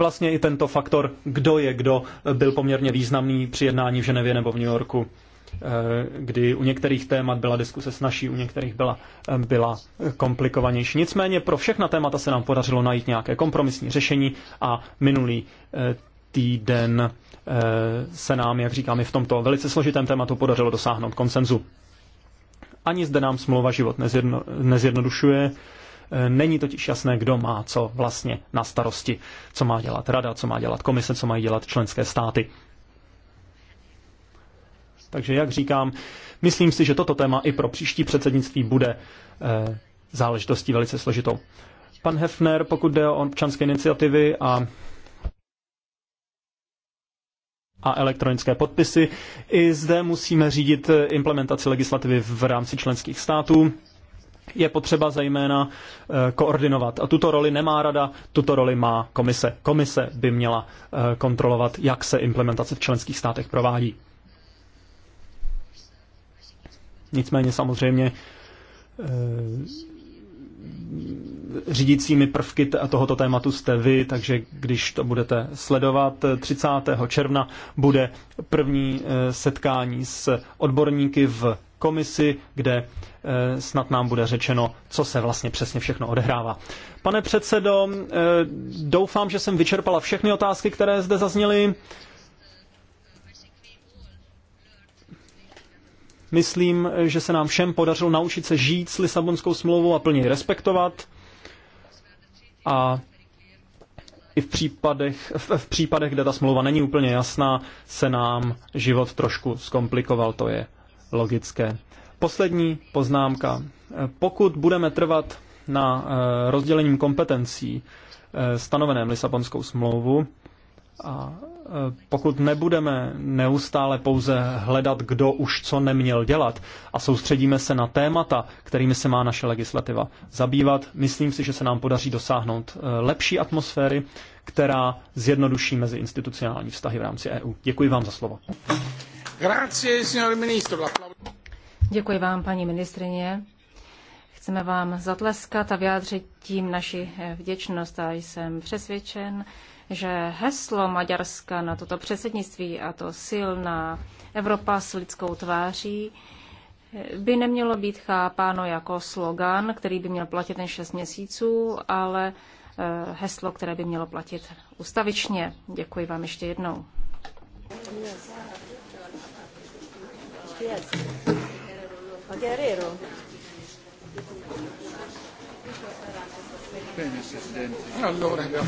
vlastně i tento faktor, kdo je kdo, byl poměrně významný při jednání v Ženevě nebo v New Yorku, eh, kdy u některých témat byla diskuse snažší, u některých byla, eh, byla komplikovanější. Nicméně pro všechna témata se nám podařilo najít nějaké kompromisní řešení a minulý eh, týden se nám, jak říkám, i v tomto velice složitém tématu podařilo dosáhnout konsenzu. Ani zde nám smlouva život nezjedno, nezjednodušuje, Není totiž jasné, kdo má co vlastně na starosti, co má dělat rada, co má dělat komise, co mají dělat členské státy. Takže jak říkám, myslím si, že toto téma i pro příští předsednictví bude eh, záležitostí velice složitou. Pan Hefner, pokud jde o občanské iniciativy a a elektronické podpisy. I zde musíme řídit implementaci legislativy v rámci členských států je potřeba zejména eh, koordinovat. A tuto roli nemá rada, tuto roli má komise. Komise by měla eh, kontrolovat, jak se implementace v členských státech provádí. Nicméně samozřejmě eh, řídícími prvky tohoto tématu jste vy, takže když to budete sledovat, 30. června bude první eh, setkání s odborníky v komisi, kde eh, snad nám bude řečeno, co se vlastně přesně všechno odehrává. Pane předsedo, eh, doufám, že jsem vyčerpala všechny otázky, které zde zazněly. Myslím, že se nám všem podařilo naučit se žít s Lisabonskou smlouvou a plně ji respektovat a i v případech, v, v případech, kde ta smlouva není úplně jasná, se nám život trošku zkomplikoval, to je logické. Poslední poznámka. Pokud budeme trvat na eh, rozdělením kompetencí eh, stanoveném Lisabonskou smlouvu a pokud nebudeme neustále pouze hledat, kdo už co neměl dělat a soustředíme se na témata, kterými se má naše legislativa zabývat, myslím si, že se nám podaří dosáhnout eh, lepší atmosféry, která zjednoduší mezi institucionální vztahy v rámci EU. Děkuji vám za slovo. Děkuji vám, paní ministrině. Chceme vám zatleskat a vyjádřit tím naši eh, vděčnost a jsem přesvědčen, že heslo Maďarska na toto předsednictví, a to silná Evropa s lidskou tváří, by nemělo být chápáno jako slogan, který by měl platit jen 6 měsíců, ale eh, heslo, které by mělo platit ustavičně. Děkuji vám ještě jednou. Yes. Yes.